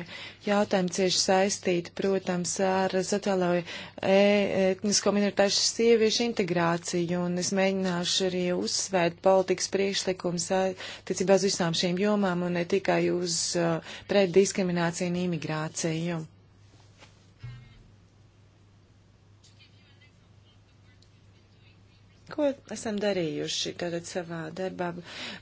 jautājumi cieši saistīti, protams, ar sociālo e, etnisko minoritāšu sieviešu integrāciju. Un es mēģināšu arī uzsvērt politikas priekšlikums attiecībā uz visām šīm jomām un ne tikai uz uh, e, pret diskrimināciju un imigrāciju. Ko esam darījuši tātad savā darbā?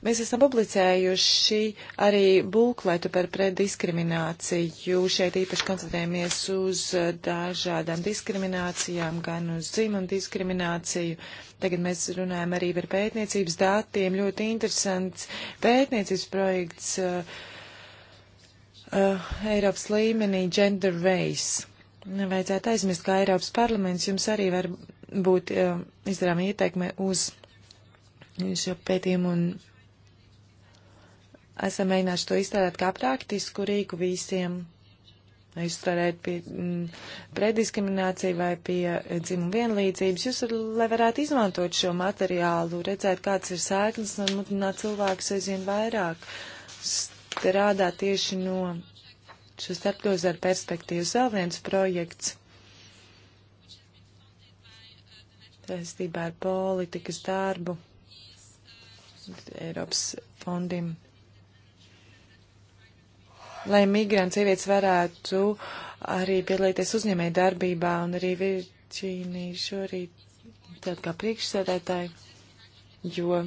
Mēs esam publicējuši arī būkletu par preddiskrimināciju. Šeit īpaši koncentrējamies uz dažādām diskriminācijām, gan uz dzimumu diskrimināciju. Tagad mēs runājam arī par pētniecības datiem. Ļoti interesants pētniecības projekts uh, uh, Eiropas līmenī Gender Race. Nevajadzētu aizmirst, ka Eiropas parlaments jums arī var būt uh, izdarām ieteikme uz šo pētījumu un esam mēģinājuši to izstrādāt kā praktisku rīku visiem. Izstrādāt pie m, mm, prediskrimināciju vai pie eh, dzimumu vienlīdzības. Jūs, ar, lai varētu izmantot šo materiālu, redzēt, kāds ir sēklis un mutināt cilvēkus aizvien vairāk strādāt tieši no šo starptozaru perspektīvas. Vēl viens projekts saistībā ar politikas darbu Eiropas fondiem. Lai migrants sievietes varētu arī piedalīties uzņēmēju darbībā un arī Virģīnija šorīt tāda kā priekšsēdētāja, jo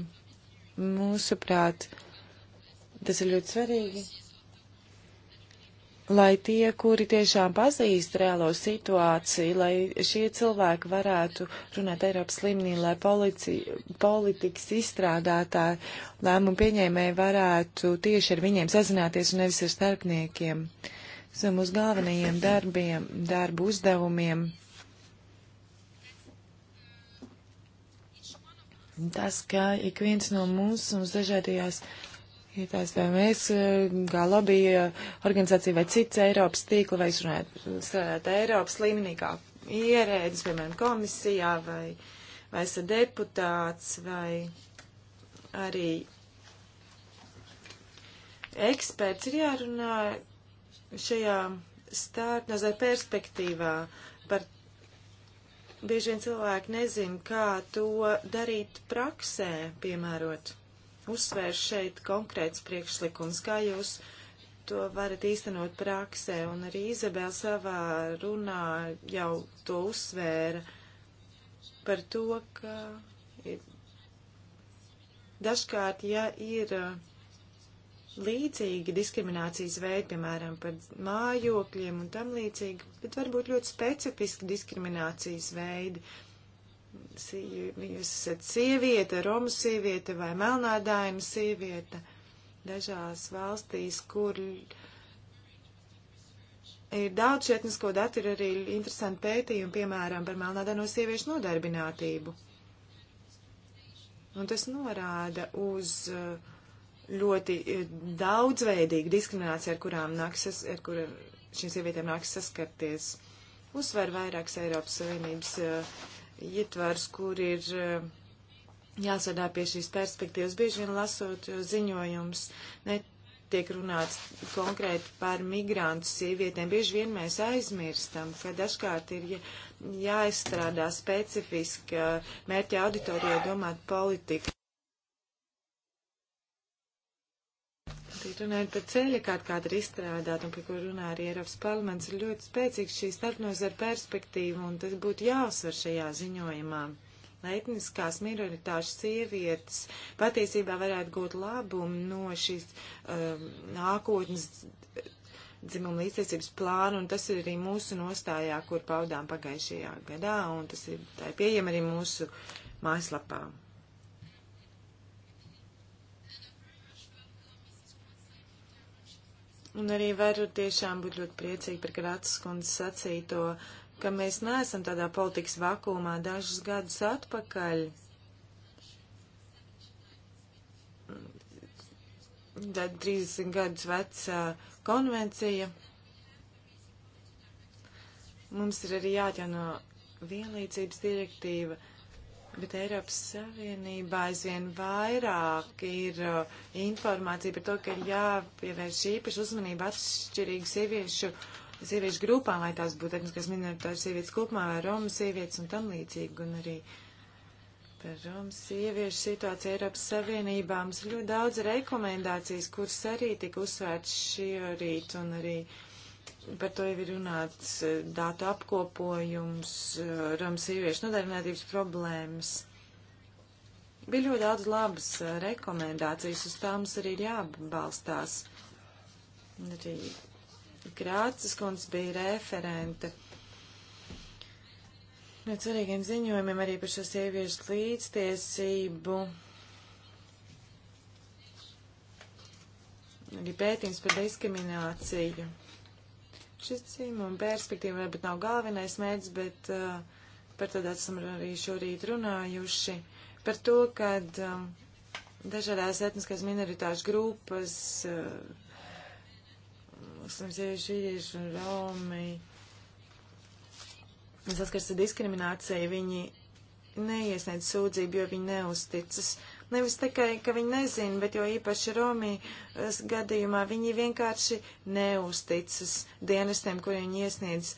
mūsuprāt tas ir ļoti svarīgi lai tie, kuri tiešām pazīst reālo situāciju, lai šie cilvēki varētu runāt Eiropas līmenī, lai policija, politikas izstrādātāji, lēmumu pieņēmēji varētu tieši ar viņiem sazināties un nevis ar starpniekiem. Esam uz galvenajiem darbiem, darbu uzdevumiem. Tas, ka ik viens no mums uz dažādajās Ir tās vai mēs, kā eh, lobija eh, organizācija vai cits Eiropas tīkla, vai jūs runājat, strādājat Eiropas līmenī kā ierēdis, piemēram, komisijā, vai, vai esat deputāts, vai arī eksperts ir jārunā šajā stārtnozē perspektīvā par. Bieži vien cilvēki nezin, kā to darīt praksē, piemērot uzsvērs šeit konkrēts priekšlikums, kā jūs to varat īstenot praksē, un arī Izabela savā runā jau to uzsvēra par to, ka dažkārt, ja ir uh, līdzīgi diskriminācijas veidi, piemēram, par mājokļiem un tam līdzīgi, bet varbūt ļoti specifiski diskriminācijas veidi, jūs esat sieviete, romu sieviete vai melnādājuma sieviete. Dažās valstīs, kur ir daudz šetnisko datu, ir arī interesanti pētījumi, piemēram, par melnādāno sieviešu nodarbinātību. Un tas norāda uz eh, ļoti eh, daudzveidīgu diskrimināciju, ar kurām nāks, ar kura šīm sievietēm nāks saskarties. Uzsver vairākas Eiropas Savienības uh, ietvars, kur ir eh, jāsadā pie šīs perspektīvas. Bieži vien lasot ziņojums, netiek runāts konkrēti par migrantu sievietēm. Bieži vien mēs aizmirstam, ka dažkārt ir jāizstrādā specifiska mērķa auditorija domāt politiku Tad runājot par ceļa, kāda, kāda ir izstrādāta un par ko runā arī Eiropas parlaments, ir ļoti spēcīgs šī starpnozara perspektīva un tas būtu jāuzsver šajā ziņojumā. Lai etniskās minoritāšu sievietes patiesībā varētu gūt labumu no šīs um, nākotnes dzimuma līdztiesības plānu, un tas ir arī mūsu nostājā, kur paudām pagājušajā gadā, un tas ir, tā ir pieejama arī mūsu mājaslapām. Un arī varu tiešām būt ļoti priecīgi par Kratas kundzes sacīto, ka mēs neesam tādā politikas vakumā dažus gadus atpakaļ. Tad 30 gadus vecā konvencija. Mums ir arī jāatjauno vienlīdzības direktīva. Bet Eiropas Savienībā aizvien vairāk ir uh, informācija par to, ka ir jāpievērš īpaši uzmanība atšķirīgu sieviešu, sieviešu grupām, lai tās būtu etniskās minoritāras sievietes kopumā vai Romu sievietes un tam līdzīgi. Un arī par Romu sieviešu situāciju Eiropas Savienībā mums ir ļoti daudz rekomendācijas, kuras arī tika uzsvērts šī rīt un arī. Uh, par to jau ir runāts eh, dātu apkopojums, eh, Romas sieviešu nodarbinātības problēmas. Bija ļoti daudz labas eh, rekomendācijas, uz tām mums arī ir jābalstās. Arī Krācis kundze bija referente. No cerīgiem ziņojumiem arī par šo sieviešu līdztiesību. Arī pētījums par diskrimināciju. Šis dzimuma perspektīva varbūt nav galvenais mērķis, bet uh, par to esam arī šorīt runājuši. Par to, kad um, dažādās etniskās minoritāšu grupas, uh, muslimsieši, vīrieši un romi, saskars ar diskrimināciju, viņi neiesniedz sūdzību, jo viņi neusticas uh, Nevis tikai, ka viņi nezina, bet jo īpaši Romijas gadījumā viņi vienkārši neusticas dienestiem, kuriem viņi iesniedz,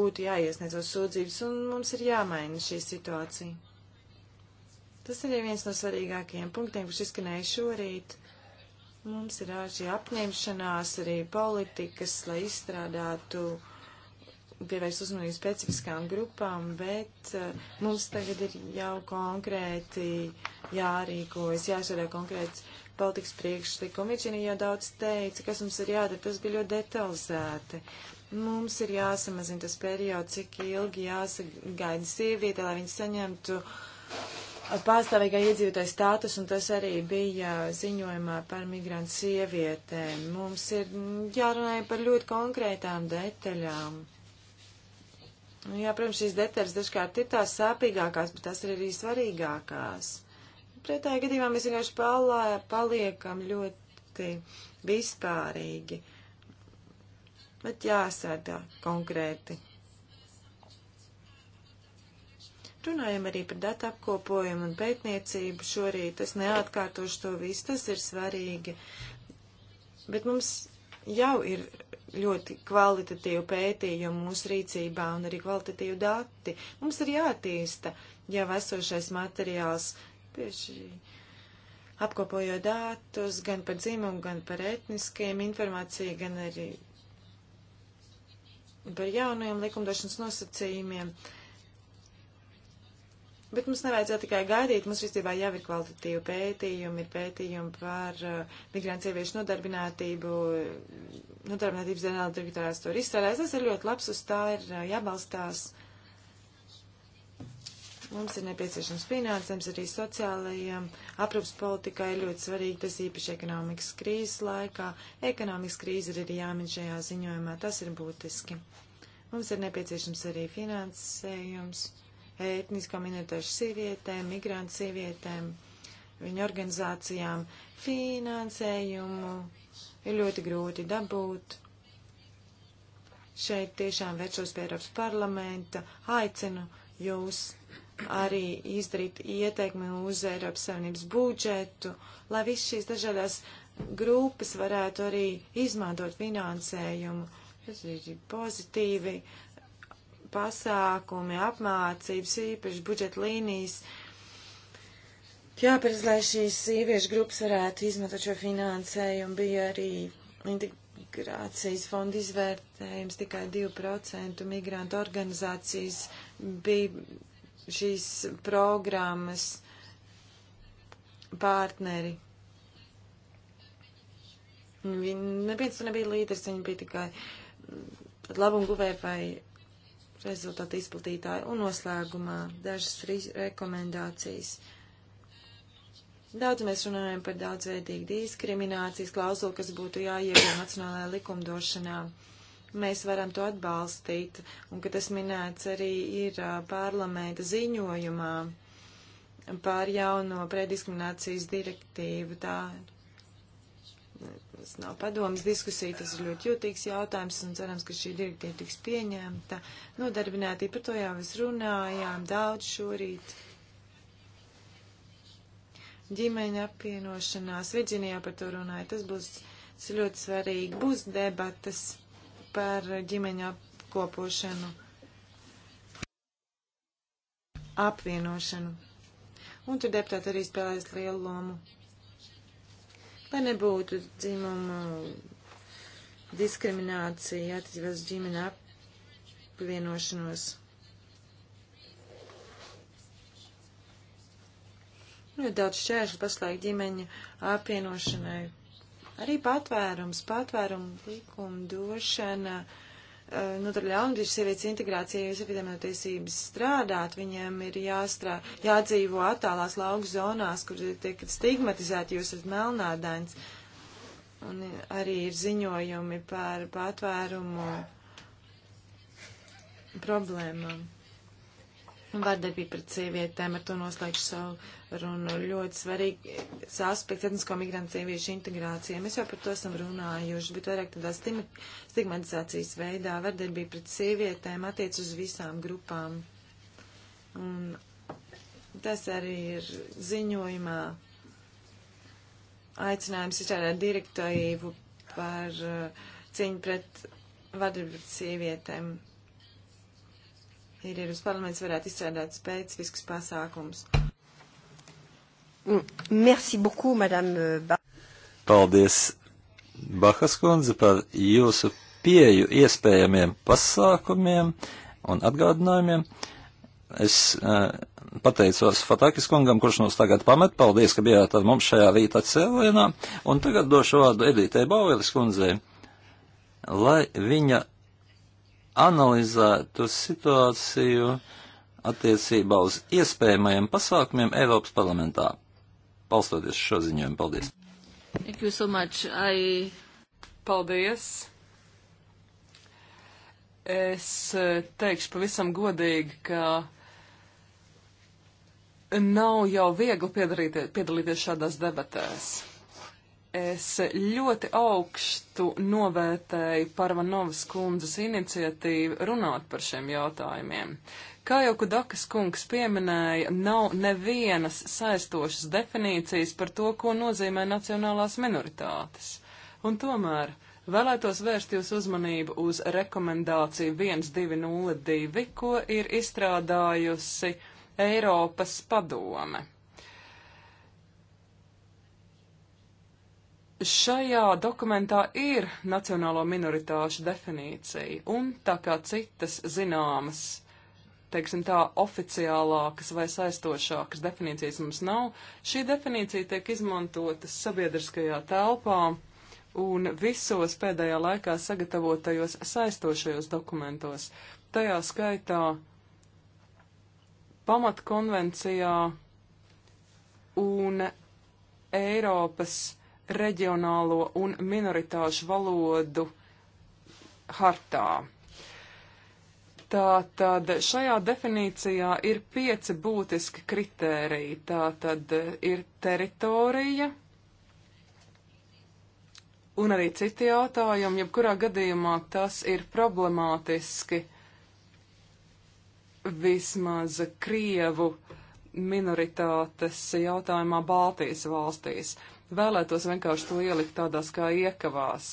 būtu jāiesniedz uz sūdzības, un mums ir jāmaina šī situācija. Tas ir viens no svarīgākajiem punktiem, kurš izskanēja šorīt. Mums ir šī apņemšanās arī politikas, lai izstrādātu uh, pievērst uzmanību specifiskām grupām, bet uh, mums tagad ir jau konkrēti jārīkojas, jāsvarē konkrēts politikas priekšlikumi. Virģīnija jau daudz teica, kas mums ir jādara, tas bija ļoti detalizēti. Mums ir jāsamazina tas periods, cik ilgi jāsagaida sieviete, lai viņa saņemtu pārstāvīgā iedzīvotāja status, un tas arī bija ziņojumā par migrantu sievietēm. Mums ir jārunāja par ļoti konkrētām detaļām. Nu jā, protams, šīs detaļas dažkārt ir tās sāpīgākās, bet tās ir arī svarīgākās. Pretējā gadījumā mēs vienkārši palā, paliekam ļoti vispārīgi, bet jāsardā konkrēti. Runājam arī par datu apkopojumu un pētniecību šorīt. Es neatkārtošu to visu, tas ir svarīgi. Bet mums jau ir ļoti kvalitatīvu pētījumu mūsu rīcībā un arī kvalitatīvu dati. Mums ir jātīsta jau esošais materiāls, pieši apkopojot datus gan par dzimumu, gan par etniskiem informāciju, gan arī par jaunajiem likumdošanas nosacījumiem. Uh, Bet mums nevajadzētu tikai gaidīt, mums visībā jau ir kvalitatīva pētījuma, ir pētījumi par uh, migrāntu sieviešu nodarbinātību, nodarbinātības ģenerāla direktorās tur izstrādājas. Tas ir ļoti labs, uz tā ir uh, jābalstās. Mums ir nepieciešams finansējums arī sociālajiem, um, aprūpas politikai ļoti svarīgi, tas īpaši ekonomikas krīzes laikā. Ekonomikas krīze ir arī jāmin šajā ziņojumā, tas ir būtiski. Mums ir nepieciešams arī finansējums etnisko minoritāšu sievietēm, migrantu sievietēm, viņu organizācijām. Finansējumu ir ļoti grūti dabūt. Šeit tiešām vēršos pie Eiropas parlamenta, aicinu jūs arī izdarīt ieteikmi uz Eiropas Savienības budžetu, lai viss šīs dažādās grupas varētu arī izmantot finansējumu. Tas ir pozitīvi, pasākumi, apmācības, īpaši budžeta līnijas. Jāpēc, lai šīs sieviešu grupas varētu izmantot šo finansējumu, bija arī integrācijas fonda izvērtējums tikai 2% migrantu organizācijas bija šīs programmas partneri. Viņi neviens nebija līderis, viņi bija tikai labumguvēji vai rezultātu izplatītāju un noslēgumā dažas rekomendācijas. Daudz mēs runājam par daudzveidīgu diskriminācijas klauzulu, kas būtu jāiegūst nacionālajā likumdošanā. Mēs varam to atbalstīt, un ka tas minēts arī ir parlamenta ziņojumā par jauno prediskriminācijas direktīvu. Tā Tas nav padomas diskusija, tas ir ļoti jūtīgs jautājums un cerams, ka šī direktīva tiks pieņemta. Nodarbinātī par to jau mēs runājām daudz šorīt. Ģimeņa apvienošanās, Virģinijā par to runāja, tas būs tas ļoti svarīgi. Būs debatas par ģimeņa apkopošanu, apvienošanu. Un tur deputāti arī spēlēs lielu lomu lai nebūtu dzimuma diskriminācija attiecībā uz ģimeni apvienošanos. Ļoti nu, daudz šķēršļu paslēg ģimeņa apvienošanai. Arī patvērums, patvērumu likuma došana. Uh, Eh, nodaļa nu, jaundiešu sievietes integrācija, jūs epidēmiju tiesības strādāt, viņiem ir jāstrā, jādzīvo attālās lauku zonās, kur tiek stigmatizēti, jūs esat melnādains. Un arī ir ziņojumi par patvērumu problēmām vardarbība pret sievietēm, ar to noslēgšu savu runu. Ļoti svarīgs aspekts etnisko migrantu sieviešu integrācija. Mēs jau par to esam runājuši, bet vairāk tādā stigmatizācijas veidā vardarbība pret sievietēm attiec uz visām grupām. Un tas arī ir ziņojumā aicinājums izstrādāt direktīvu par uh, cīņu pret vardarbību pret sievietēm ir Eiropas parlaments varētu izstrādāt spēcīgus pasākumus. Merci beaucoup, madame euh, Bach. Paldies, Bahas kundze, par jūsu pieju iespējamiem pasākumiem un atgādinājumiem. Es uh, pateicos Fatakis kungam, kurš mums tagad pamet. Paldies, ka bijāt ar mums šajā rīta cēlienā. Un tagad došu vārdu Edītei Bauvelis kundzei, lai viņa analizētu situāciju attiecībā uz iespējamajiem pasākumiem Eiropas parlamentā. Palstoties šo ziņojumu, paldies! Thank you so much. I... Paldies! Es e, teikšu pavisam godīgi, ka nav jau viegli piedalīties šādās debatēs. Es ļoti augstu novērtēju Parvanovas kundzes iniciatīvu runāt par šiem jautājumiem. Kā jau Kudakas kungs pieminēja, nav nevienas saistošas definīcijas par to, ko nozīmē nacionālās minoritātes. Un tomēr vēlētos vērst jūs uzmanību uz rekomendāciju 1202, ko ir izstrādājusi Eiropas padome. Šajā dokumentā ir nacionālo minoritāšu definīcija, un tā kā citas zināmas, teiksim tā, oficiālākas vai saistošākas definīcijas mums nav, šī definīcija tiek izmantota sabiedriskajā telpā un visos pēdējā laikā sagatavotajos saistošajos dokumentos, tajā skaitā pamatkonvencijā un Eiropas reģionālo un minoritāšu valodu hartā. Tātad šajā definīcijā ir pieci būtiski kritēriji. Tātad ir teritorija un arī citi jautājumi, jebkurā gadījumā tas ir problemātiski vismaz Krievu minoritātes jautājumā Baltijas valstīs vēlētos vienkārši to ielikt tādās kā iekavās.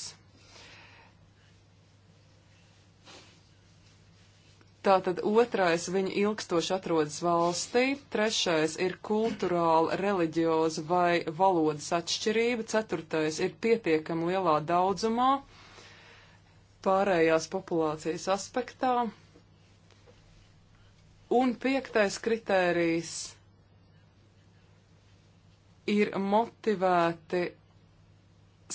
Tātad otrais viņa ilgstoši atrodas valstī, trešais ir kulturāla, reliģioza vai valodas atšķirība, ceturtais ir pietiekami lielā daudzumā pārējās populācijas aspektā, un piektais kritērijs ir motivēti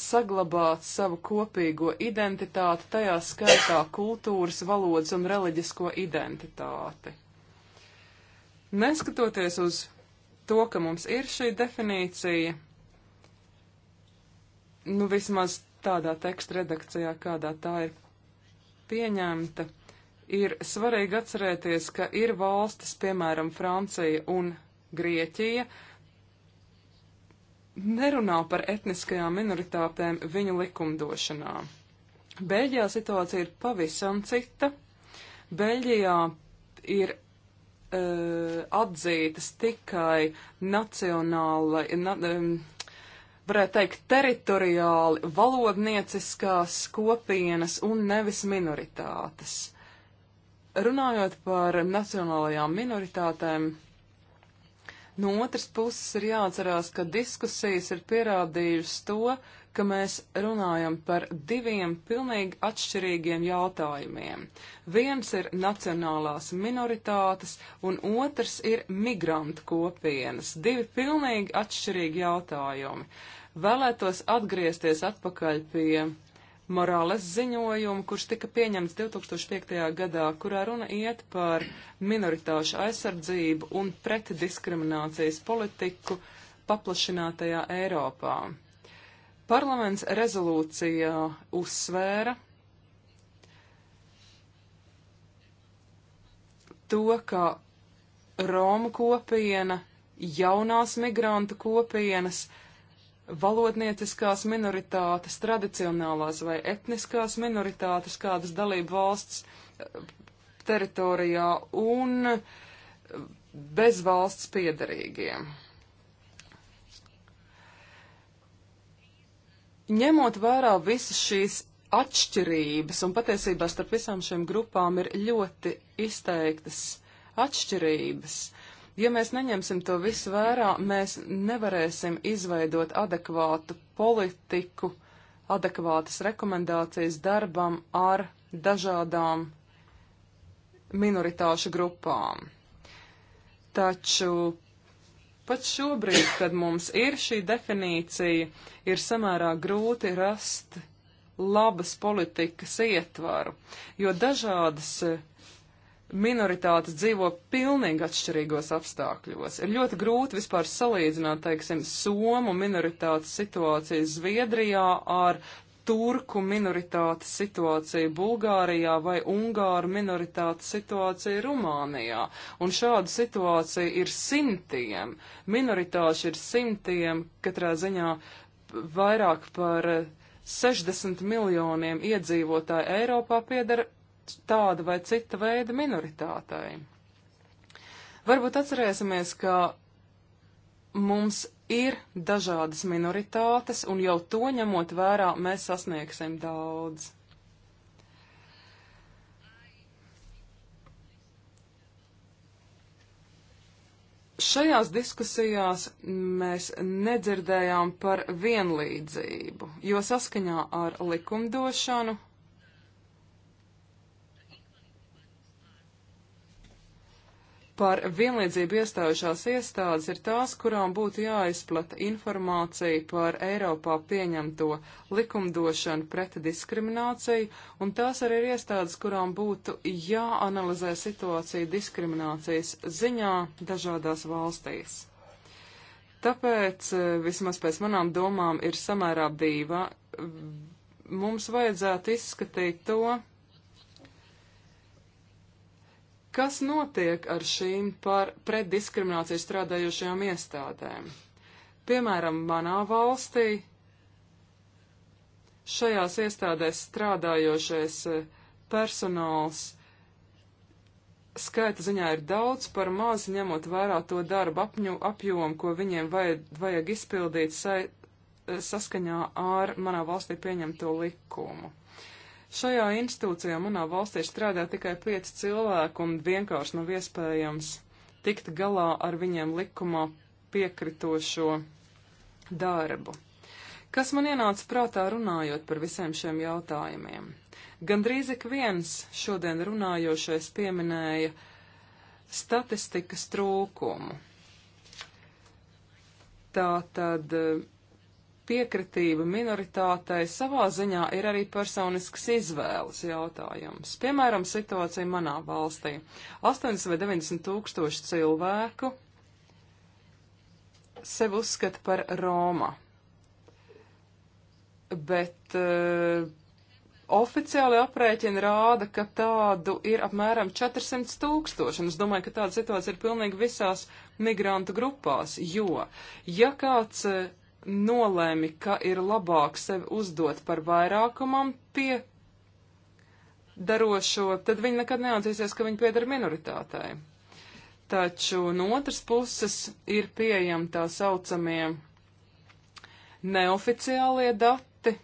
saglabāt savu kopīgo identitāti, tajā skaitā kultūras, valodas un reliģisko identitāti. Neskatoties uz to, ka mums ir šī definīcija, nu vismaz tādā teksta redakcijā, kādā tā ir pieņemta, ir svarīgi atcerēties, ka ir valstis, piemēram, Francija un Grieķija, uh, nerunā par etniskajām minoritātēm viņu likumdošanā. Beļģijā situācija ir pavisam cita. Beļģijā ir uh, atzītas tikai nacionāla, na, um, varētu teikt, teritoriāli valodnieciskās kopienas un nevis minoritātes. Runājot par nacionālajām minoritātēm, No otras puses ir jāatcerās, ka diskusijas ir pierādījušas to, ka mēs runājam par diviem pilnīgi atšķirīgiem jautājumiem. Viens ir nacionālās minoritātes, un otrs ir migrantu kopienas. Divi pilnīgi atšķirīgi jautājumi. Vēlētos atgriezties atpakaļ pie Morales ziņojumu, kurš tika pieņemts 2005. gadā, kurā runa iet par minoritāšu aizsardzību un pretdiskriminācijas politiku paplašinātajā Eiropā. Parlaments rezolūcijā uzsvēra to, ka Roma kopiena, jaunās migrantu kopienas, uh, valodnieciskās minoritātes, tradicionālās vai etniskās minoritātes kādas dalību valsts eh, teritorijā un eh, bez valsts piedarīgiem. Ņemot vērā visas šīs atšķirības, un patiesībā starp visām šīm grupām ir ļoti izteiktas atšķirības, uh, Ja mēs neņemsim to visu vērā, mēs nevarēsim izveidot adekvātu politiku, adekvātas rekomendācijas darbam ar dažādām minoritāšu grupām. Taču pat šobrīd, kad mums ir šī definīcija, ir samērā grūti rast labas politikas ietvaru, jo dažādas minoritātes dzīvo pilnīgi atšķirīgos apstākļos. Ir ļoti grūti vispār salīdzināt, teiksim, somu minoritātes situāciju Zviedrijā ar turku minoritātes situācija Bulgārijā vai ungāru minoritātes situācija Rumānijā. Un šādu situāciju ir simtiem. Minoritāšu ir simtiem, katrā ziņā vairāk par 60 miljoniem iedzīvotāju Eiropā piedara tāda vai cita veida minoritātei. Varbūt atcerēsimies, ka mums ir dažādas minoritātes, un jau to ņemot vērā, mēs sasniegsim daudz. Šajās diskusijās mēs nedzirdējām par vienlīdzību, jo saskaņā ar likumdošanu par vienlīdzību iestājušās iestādes ir tās, kurām būtu jāizplata informācija par Eiropā pieņemto likumdošanu pret diskrimināciju, un tās arī ir iestādes, kurām būtu jāanalizē situācija diskriminācijas ziņā dažādās valstīs. Tāpēc, eh, vismaz pēc manām domām, ir samērā dīva. Mums vajadzētu izskatīt to, Kas notiek ar šīm par preddiskrimināciju strādājošajām iestādēm? Piemēram, manā valstī šajās iestādēs strādājošais eh, personāls skaita ziņā ir daudz par maz, ņemot vērā to darbu apņu, apjomu, ko viņiem vajag, vajag izpildīt sai, eh, saskaņā ar manā valstī pieņemto likumu. Šajā institūcijā manā valstī strādā tikai pieci cilvēki un vienkārši nav iespējams tikt galā ar viņiem likumā piekritošo darbu. Kas man ienāca prātā runājot par visiem šiem jautājumiem? Gandrīz ik viens šodien runājošais pieminēja statistikas trūkumu. Tā tad piekritība minoritātei savā ziņā ir arī personisks izvēles jautājums. Piemēram, situācija manā valstī. 80 vai 90 tūkstoši cilvēku sev uzskata par Roma. Bet uh, oficiāli aprēķini rāda, ka tādu ir apmēram 400 tūkstoši. Un es domāju, ka tāda situācija ir pilnīgi visās migrantu grupās, jo ja kāds uh, nolēmi, ka ir labāk sevi uzdot par vairākumam pie darošo, tad viņi nekad neatzīsies, ka viņi pieder minoritātei. Taču no otras puses ir pieejami tā saucamie neoficiālie dati,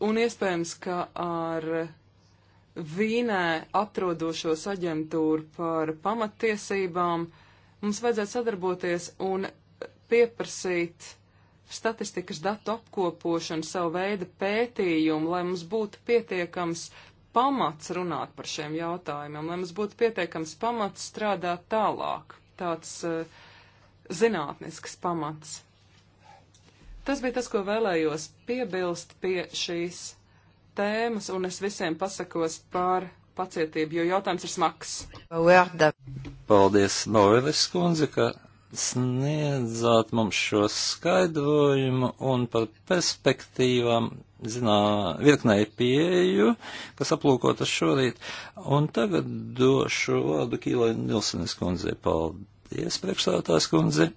un iespējams, ka ar Vīnē atrodošos aģentūru par pamattiesībām uh, Mums vajadzētu sadarboties un pieprasīt statistikas datu apkopošanu, savu veidu pētījumu, lai mums būtu pietiekams pamats runāt par šiem jautājumiem, lai mums būtu pietiekams pamats strādāt tālāk, tāds uh, zinātnisks pamats. Tas bija tas, ko vēlējos piebilst pie šīs tēmas, un es visiem pasakos par pacietību, jo jautājums ir smags. Paldies, Novelis kundze, ka sniedzāt mums šo skaidrojumu un par perspektīvām, zinā, virknēji pieeju, kas aplūkota šorīt. Un tagad došu vārdu Kīlai Nilsenes kundzei. Paldies, priekšstādātājs kundze.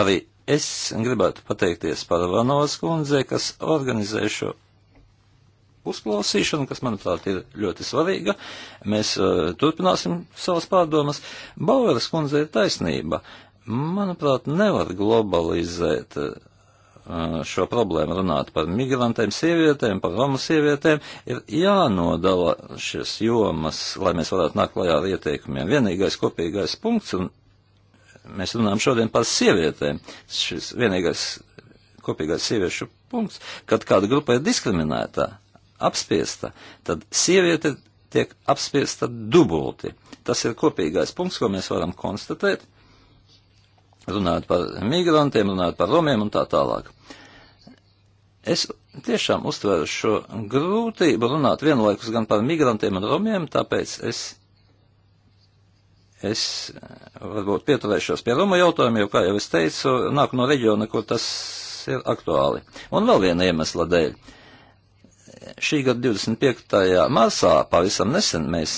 Arī es gribētu pateikties par Vanovas kundzei, kas organizē šo uzklausīšanu, kas, manuprāt, ir ļoti svarīga. Mēs uh, turpināsim savas pārdomas. Baueras kundze ir taisnība. Manuprāt, nevar globalizēt uh, šo problēmu runāt par migrantiem, sievietēm, par romu sievietēm, ir jānodala šis jomas, lai mēs varētu nākt klajā ar ieteikumiem. Vienīgais kopīgais punkts, un mēs runājam šodien par sievietēm, šis vienīgais kopīgais sieviešu punkts, kad kāda grupa ir diskriminētā, apspiesta, tad sieviete tiek apspiesta dubulti. Tas ir kopīgais punkts, ko mēs varam konstatēt, runājot par migrantiem, runājot par romiem un tā tālāk. Es tiešām uztveru šo grūtību runāt vienlaikus gan par migrantiem un romiem, tāpēc es, es varbūt pieturēšos pie Roma jautājumiem, jo, kā jau es teicu, nāku no reģiona, kur tas ir aktuāli. Un vēl viena iemesla dēļ šī gada 25. marsā pavisam nesen mēs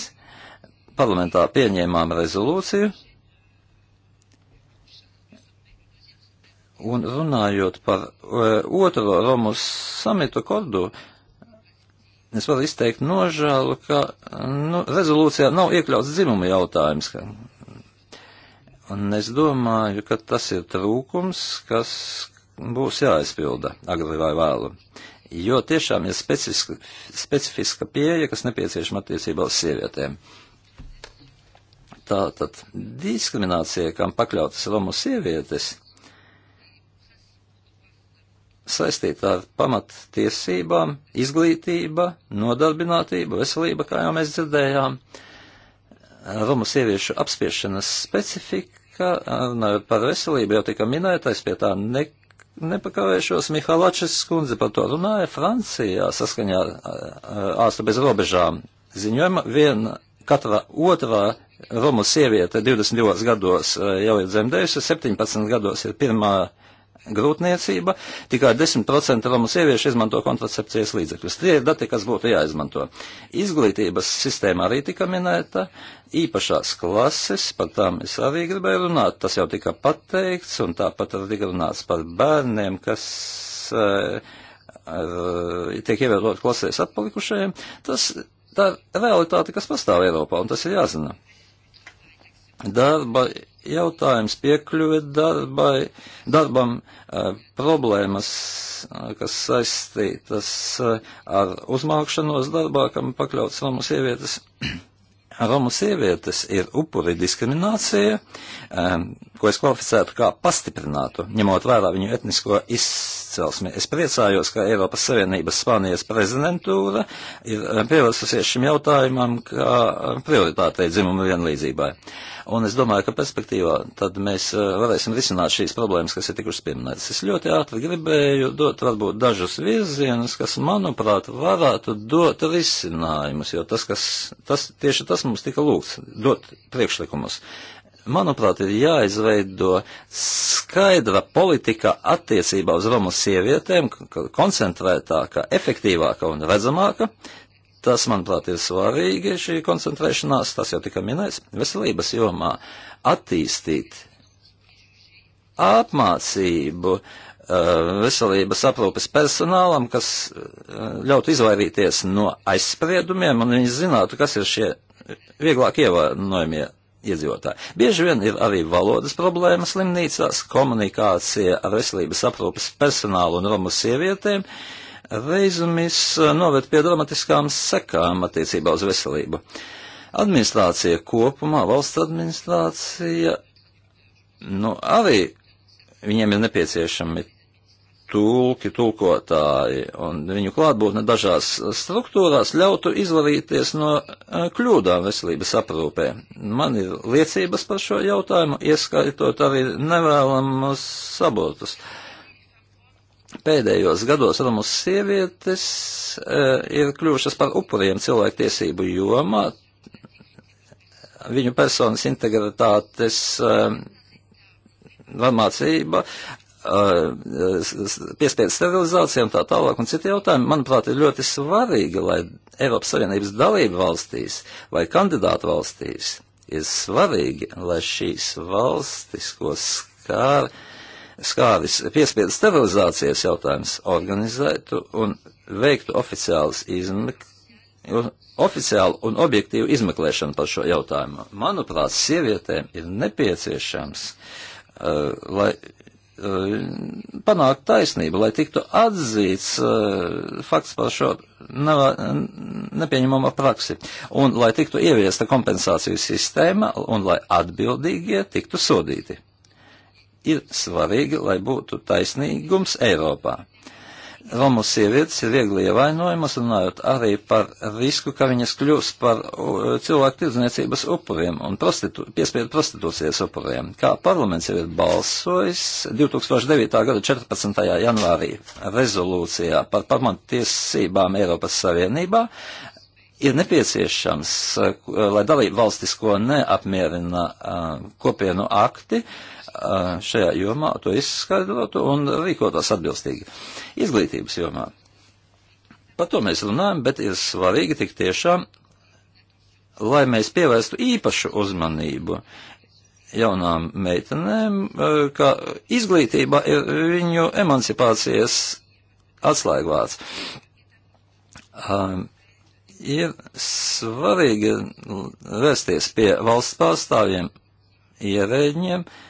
parlamentā pieņēmām rezolūciju, un runājot par uh, otro Romas samitu kordu, es varu izteikt nožēlu, ka nu, rezolūcijā nav iekļauts dzimuma jautājums. Ka, un es domāju, ka tas ir trūkums, kas būs jāaizpilda agri vai vēlu. Uh, jo tiešām ir specifiska, specifiska pieeja, kas nepieciešama attiecībā uz sievietēm. Tātad diskriminācija, kam pakļautas Romu sievietes, saistīta ar pamattiesībām, izglītība, nodarbinātība, veselība, kā jau mēs dzirdējām, Romu sieviešu apspiešanas specifika, runājot par veselību, jau tika minētais, pie tā ne, Nepakavēšos, Mihaločes skundze par to runāja Francijā saskaņā ārsta bez robežām. Ziņojuma viena, katra otrā Romu sieviete 22 gados jau ir dzemdējusi, 17 gados ir pirmā grūtniecība, tikai 10% Romu sieviešu izmanto kontracepcijas līdzekļus. Tie ir dati, kas būtu jāizmanto. Izglītības sistēma arī tika minēta, īpašās klases, par tām es arī gribēju runāt, tas jau tika pateikts, un tāpat arī runāts par bērniem, kas uh, uh, tiek ievērot klasēs atpalikušajiem. Tas tā realitāte, kas pastāv Eiropā, un tas ir jāzina darba jautājums piekļuve darbai, darbam eh, problēmas, eh, kas saistītas eh, ar uzmākšanos darbā, kam pakļauts Romu sievietes. Romu sievietes ir upuri diskriminācija, um, ko es kvalificētu kā pastiprinātu, ņemot vērā viņu etnisko izcelsmi. Es priecājos, ka Eiropas Savienības Spānijas prezidentūra ir pievērsusies šim jautājumam kā prioritātei dzimumu vienlīdzībai. Uh, Un es domāju, ka perspektīvā tad mēs eh, varēsim risināt šīs problēmas, kas ir tikušas pieminētas. Es ļoti ātri gribēju dot varbūt dažus virzienus, kas, manuprāt, varētu dot risinājumus, jo tas, kas, tas, tieši tas mums tika lūgts, dot priekšlikumus. Manuprāt, ir jāizveido skaidra politika attiecībā uz Romu sievietēm, koncentrētāka, efektīvāka un redzamāka, uh, Tas, manuprāt, ir svarīgi šī koncentrēšanās, tas jau tika minēts, veselības jomā attīstīt apmācību eh, veselības aprūpes personālam, kas eh, ļautu izvairīties no aizspriedumiem un viņi zinātu, kas ir šie vieglāk ievainojamie iedzīvotāji. Bieži vien ir arī valodas problēmas slimnīcās, komunikācija ar veselības aprūpes personālu un romu sievietēm. Uh, reizumis eh, noved pie dramatiskām sekām attiecībā uz veselību. Administrācija kopumā, valsts administrācija, nu arī viņiem ir nepieciešami tulki, tulkotāji un viņu klātbūtne dažās struktūrās ļautu izvarīties no eh, kļūdām veselības aprūpē. Man ir liecības par šo jautājumu, ieskaitot arī nevēlamus sabotus. Uh, Pēdējos gados Romas sievietes uh, ir kļuvušas par upuriem cilvēktiesību jomā, viņu personas integritātes uh, e, mācība, e, piespiedu sterilizācija un tā tālāk un citi jautājumi, manuprāt, ir ļoti svarīgi, lai Eiropas Savienības dalība valstīs vai kandidātu valstīs ir svarīgi, lai šīs valstis, ko skār skāvis piespiedu sterilizācijas jautājums organizētu un veiktu oficiālas izmeklēšanas. Oficiāli un objektīvi izmeklēšana par šo jautājumu. Manuprāt, sievietēm ir nepieciešams, uh, lai eh, panākt taisnību, lai tiktu atzīts uh, fakts par šo neva, nepieņemamo praksi, un lai tiktu ieviesta kompensāciju sistēma, un lai atbildīgie tiktu sodīti ir svarīgi, lai būtu taisnīgums Eiropā. Romu sievietes ir viegli ievainojamas, runājot arī par risku, ka viņas kļūs par cilvēku tirdzniecības upuriem un prostitū, piespiedu prostitūcijas upuriem. Kā parlaments jau ir balsojis 2009. gada 14. janvārī rezolūcijā par pamatiesībām Eiropas Savienībā, ir nepieciešams, eh, eh, lai dalību valstis, ko neapmierina eh, kopienu akti, uh, šajā jomā, to izskaidrotu un rīkotos atbilstīgi. Izglītības jomā. Par to mēs runājam, bet ir svarīgi tik tiešām, lai mēs pievērstu īpašu uzmanību jaunām meitenēm, ka izglītība ir viņu emancipācijas atslēgvārds. Um, ir svarīgi vērsties pie valsts pārstāvjiem, ierēģiem, uh,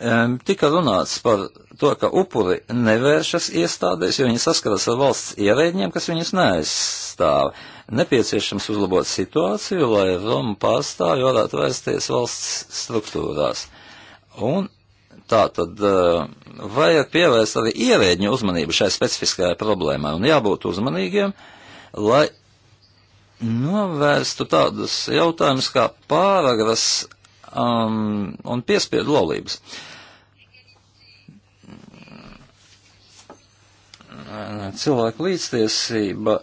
um, tika runāts par to, ka upuri nevēršas iestādēs, jo viņi saskaras ar valsts ierēģiem, kas viņus neaizstāv. Nepieciešams uzlabot situāciju, lai Roma pārstāvi varētu vērsties valsts struktūrās. Un tā tad uh, vajag pievērst arī ierēģņu uzmanību šai specifiskajai problēmai un jābūt uzmanīgiem, lai novērstu tādus jautājumus kā pāragras um, un piespiedu laulības. Uh, cilvēku līdztiesība,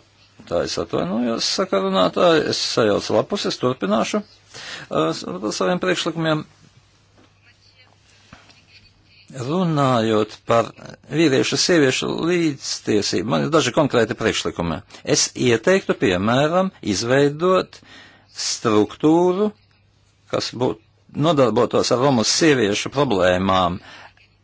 tā es atvainojos, nu, saka runātāji, es sajaucu lapus, es turpināšu ar saviem priekšlikumiem. Runājot par vīriešu sieviešu līdztiesību, man ir daži konkrēti priekšlikumi. Es ieteiktu, piemēram, izveidot struktūru, kas būtu nodarbotos ar Romas sieviešu problēmām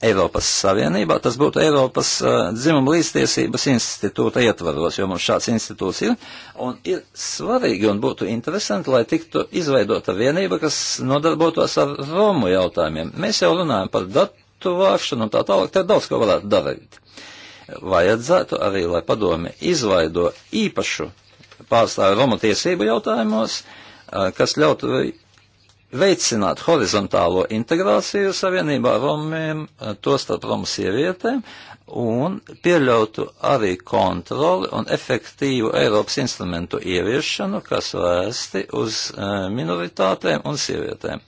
Eiropas Savienībā, tas būtu Eiropas uh, dzimuma līdztiesības institūta ietvaros, jo mums šāds institūts ir, un ir svarīgi un būtu interesanti, lai tiktu izveidota vienība, kas nodarbotos ar Romu jautājumiem. Mēs jau runājam par datu vākšanu un tā tālāk, te daudz ko varētu darīt. Vajadzētu arī, lai padomi izveido īpašu pārstāvi Romu tiesību jautājumos, uh, kas ļautu veicināt horizontālo integrāciju savienībā ar romiem, to starp romu sievietēm, un pieļautu arī kontroli un efektīvu Eiropas instrumentu ieviešanu, kas vērsti uz eh, minoritātēm un sievietēm.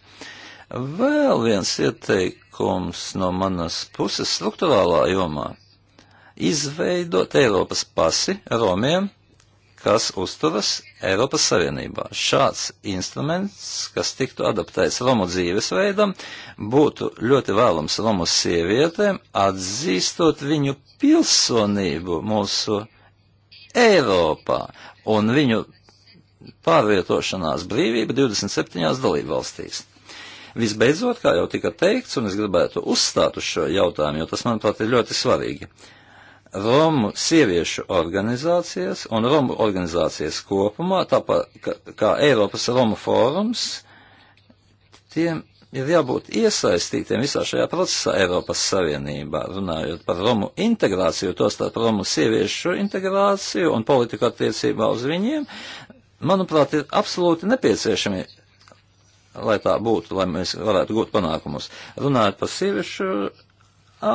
Vēl viens ieteikums no manas puses struktūrālā jomā - izveidot Eiropas pasi Romiem, kas uzturas Eiropas Savienībā. Šāds instruments, kas tiktu adaptēts Romu dzīvesveidam, būtu ļoti vēlams Romu sievietēm, atzīstot viņu pilsonību mūsu Eiropā un viņu pārvietošanās brīvību 27. dalību valstīs. Visbeidzot, kā jau tika teikts, un es gribētu uzstāt uz šo jautājumu, jo tas, manuprāt, ir ļoti svarīgi, Romu sieviešu organizācijas un Romu organizācijas kopumā, tāpat kā, kā Eiropas Romu fórums, tiem ir jābūt iesaistītiem visā šajā procesā Eiropas Savienībā, runājot par Romu integrāciju, tostarp Romu sieviešu integrāciju un politiku attiecībā uz viņiem, manuprāt, ir absolūti nepieciešami, lai tā būtu, lai mēs varētu gūt panākumus. Runājot par sieviešu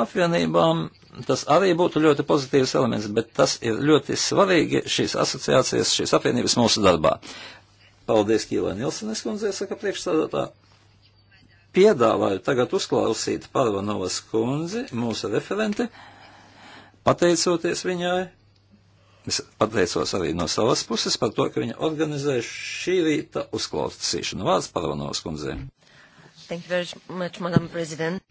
apvienībām, Tas arī būtu ļoti pozitīvs elements, bet tas ir ļoti svarīgi šīs asociācijas, šīs apvienības mūsu darbā. Paldies, Kīlē Nilsenes kundzei, saka priekšstādātā. Piedāvāju tagad uzklausīt Parvanovas kundzi, mūsu referenti, pateicoties viņai. Es pateicos arī no savas puses par to, ka viņa organizēja šī rīta uzklausīšanu. Vārds Parvanovas kundzei. Thank you very much, Madam President.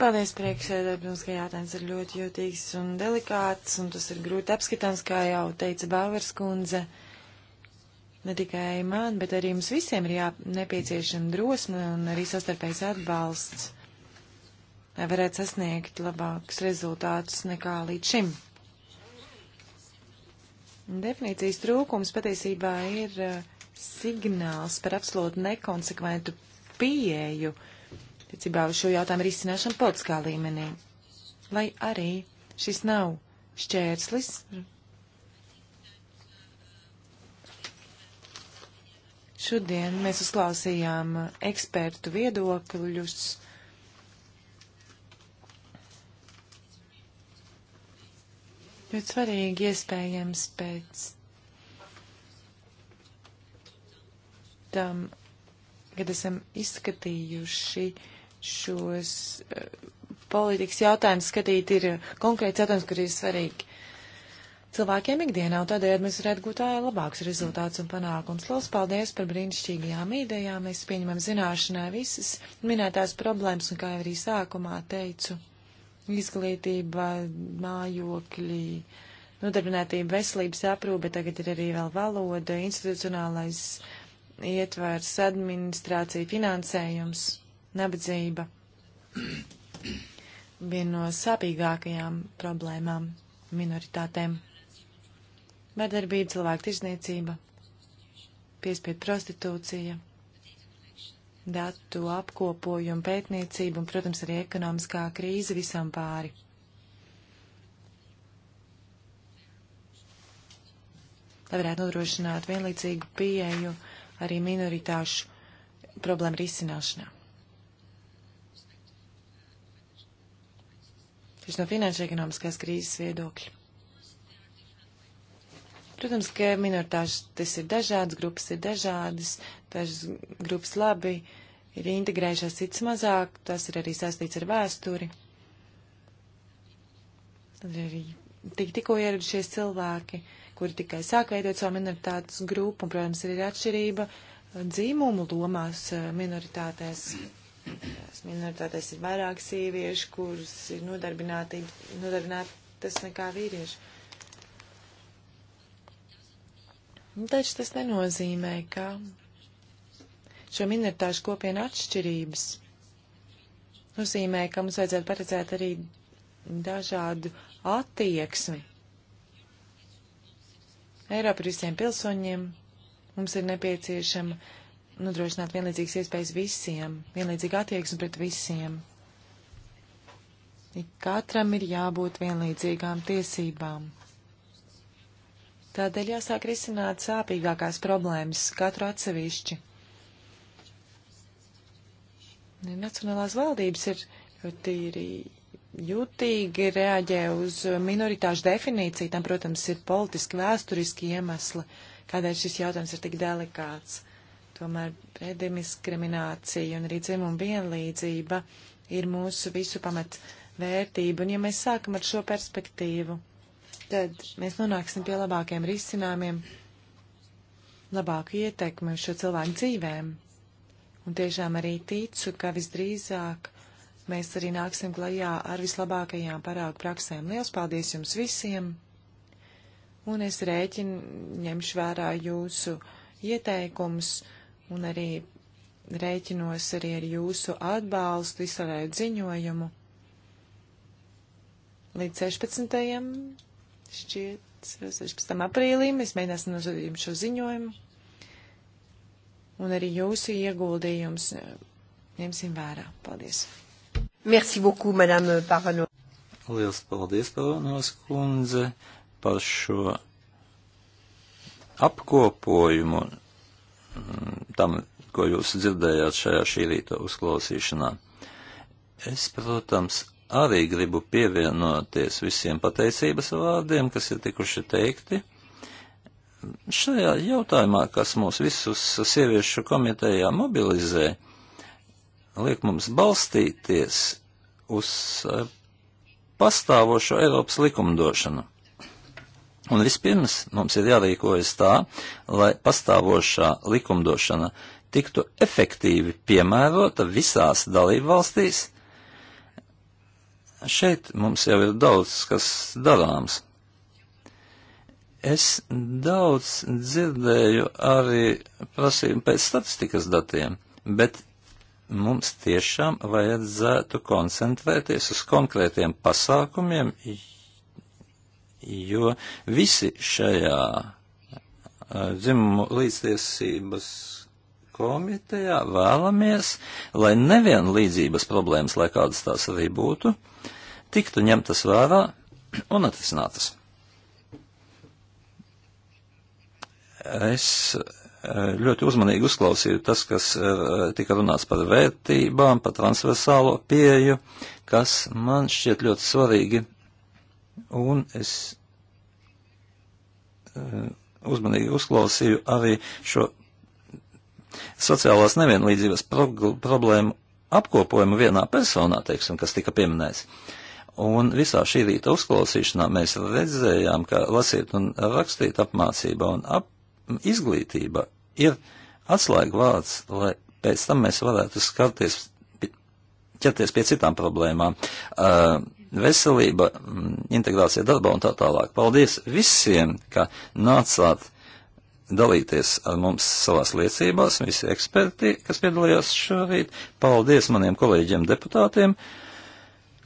Paldies, priekšsēdētāji. Mums, ka jautājums ir ļoti jūtīgs un delikāts, un tas ir grūti apskatāms, kā jau teica Bauer skundze. Ne tikai man, bet arī mums visiem ir jā, nepieciešama drosme un arī sastarpējs atbalsts, lai varētu sasniegt labākus rezultātus nekā līdz šim. Definīcijas trūkums patiesībā ir eh, signāls par absolūti nekonsekventu pieeju uh, attiecībā uz šo jautājumu risināšanu politiskā līmenī, lai arī šis nav šķērslis. Šodien mēs uzklausījām ekspertu viedokļus. Ļoti svarīgi iespējams pēc tam, kad esam izskatījuši uh, šos eh, politikas jautājumus skatīt, ir konkrēts jautājums, kur ir svarīgi cilvēkiem ikdienā, un tādēļ mēs varētu gūt eh, labākus rezultātus un panākums. Lielas paldies par brīnišķīgajām idejām, mēs pieņemam zināšanā visas minētās problēmas, un kā jau arī sākumā teicu, izglītība, mājokļi, nodarbinātība, veselības aprūpe, tagad ir arī vēl valoda, institucionālais ietvers, administrācija, finansējums nabadzība viena no sāpīgākajām problēmām minoritātēm. Bedarbība, cilvēku tirzniecība, piespiedu prostitūcija, datu apkopojuma pētniecība un, protams, arī ekonomiskā krīze visam pāri. Lai varētu nodrošināt vienlīdzīgu pieeju arī minoritāšu problēmu risināšanā. Tieši no finanšu ekonomiskās krīzes viedokļa. Protams, ka minoritātes ir dažādas, grupas ir dažādas, dažas grupas labi ir integrējušās, citas mazāk, tas ir arī saistīts ar vēsturi. Tad ir arī tik, tikko ieradušies cilvēki, kuri tikai sāk veidot savu minoritātes grupu, un, protams, ir atšķirība dzīmumu lomās eh, minoritātēs. Tās minoritātēs ir vairāk sieviešu, kuras ir nodarbinātas nekā vīrieši. Nu, taču tas nenozīmē, ka šo minoritāšu kopienu atšķirības nozīmē, ka mums vajadzētu paredzēt arī dažādu attieksmi. Eiropa ir visiem pilsoņiem, mums ir nepieciešama nodrošināt vienlīdzīgas iespējas visiem, vienlīdzīgu attieksmi pret visiem. Ik katram ir jābūt vienlīdzīgām tiesībām. Tādēļ jāsāk risināt sāpīgākās problēmas katru atsevišķi. Nacionālās valdības ir ļoti jūtīgi reaģē uz minoritāšu definīciju, tam, protams, ir politiski vēsturiski iemesli, kādēļ šis jautājums ir tik delikāts. Tomēr rediskriminācija un arī dzimuma vienlīdzība ir mūsu visu pamat vērtība. Un ja mēs sākam ar šo perspektīvu, tad mēs nonāksim pie labākiem risinājumiem, labāku ietekmi uz šo cilvēku dzīvēm. Un tiešām arī ticu, ka visdrīzāk mēs arī nāksim klajā ar vislabākajām parāgu praksēm. Lielas paldies jums visiem! Un es rēķinu ņemšu vērā jūsu ieteikumus un arī rēķinos arī ar jūsu atbalstu, izsvarēju ziņojumu. Līdz 16. šķiet, 16. aprīlī mēs mēģināsim nosūtīt šo ziņojumu, un arī jūsu ieguldījums ņemsim vērā. Paldies! Merci beaucoup, Madame Parano. Liels paldies, Pavanos kundze, par šo apkopojumu tam, ko jūs dzirdējāt šajā šī rīta uzklausīšanā. Es, protams, arī gribu pievienoties visiem pateicības vārdiem, kas ir tikuši teikti. Šajā jautājumā, kas mūs visus sieviešu komitejā mobilizē, liek mums balstīties uz eh, pastāvošo Eiropas likumdošanu. Un vispirms mums ir jārīkojas tā, lai pastāvošā likumdošana tiktu efektīvi piemērota visās dalību valstīs. Šeit mums jau ir daudz, kas darāms. Es daudz dzirdēju arī prasību pēc statistikas datiem, bet mums tiešām vajadzētu koncentrēties uz konkrētiem pasākumiem, jo visi šajā dzimumu līdztiesības komitejā vēlamies, lai nevienlīdzības problēmas, lai kādas tās arī būtu, tiktu ņemtas vērā un atrisinātas. Es ļoti uzmanīgi uzklausīju tas, kas tika runāts par vērtībām, par transversālo pieju, kas man šķiet ļoti svarīgi Un es eh, uzmanīgi uzklausīju arī šo sociālās nevienlīdzības problēmu apkopojumu vienā personā, teiksim, kas tika pieminēts. Un visā šī rīta uzklausīšanā mēs redzējām, ka lasīt un rakstīt apmācība un ap, izglītība ir atslēga vārds, lai pēc tam mēs varētu skarties, ķerties pie citām problēmām. Uh, veselība, mm, integrācija darbā un tā tālāk. Paldies visiem, ka nācāt dalīties ar mums savās liecībās, visi eksperti, kas piedalījās šorīt. Paldies maniem kolēģiem deputātiem,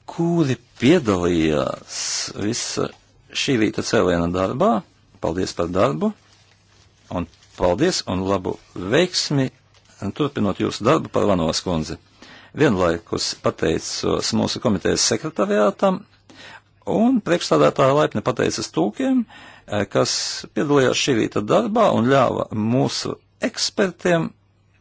kuri piedalījās visa šī rīta cēliena darbā. Paldies par darbu un paldies un labu veiksmi, un turpinot jūsu darbu par Vanovas kundzi. Vienlaikus pateicos mūsu komitejas sekretariātam un priekšstādātāja laipni pateicas tūkiem, eh, kas piedalījās šī rīta darbā un ļāva mūsu ekspertiem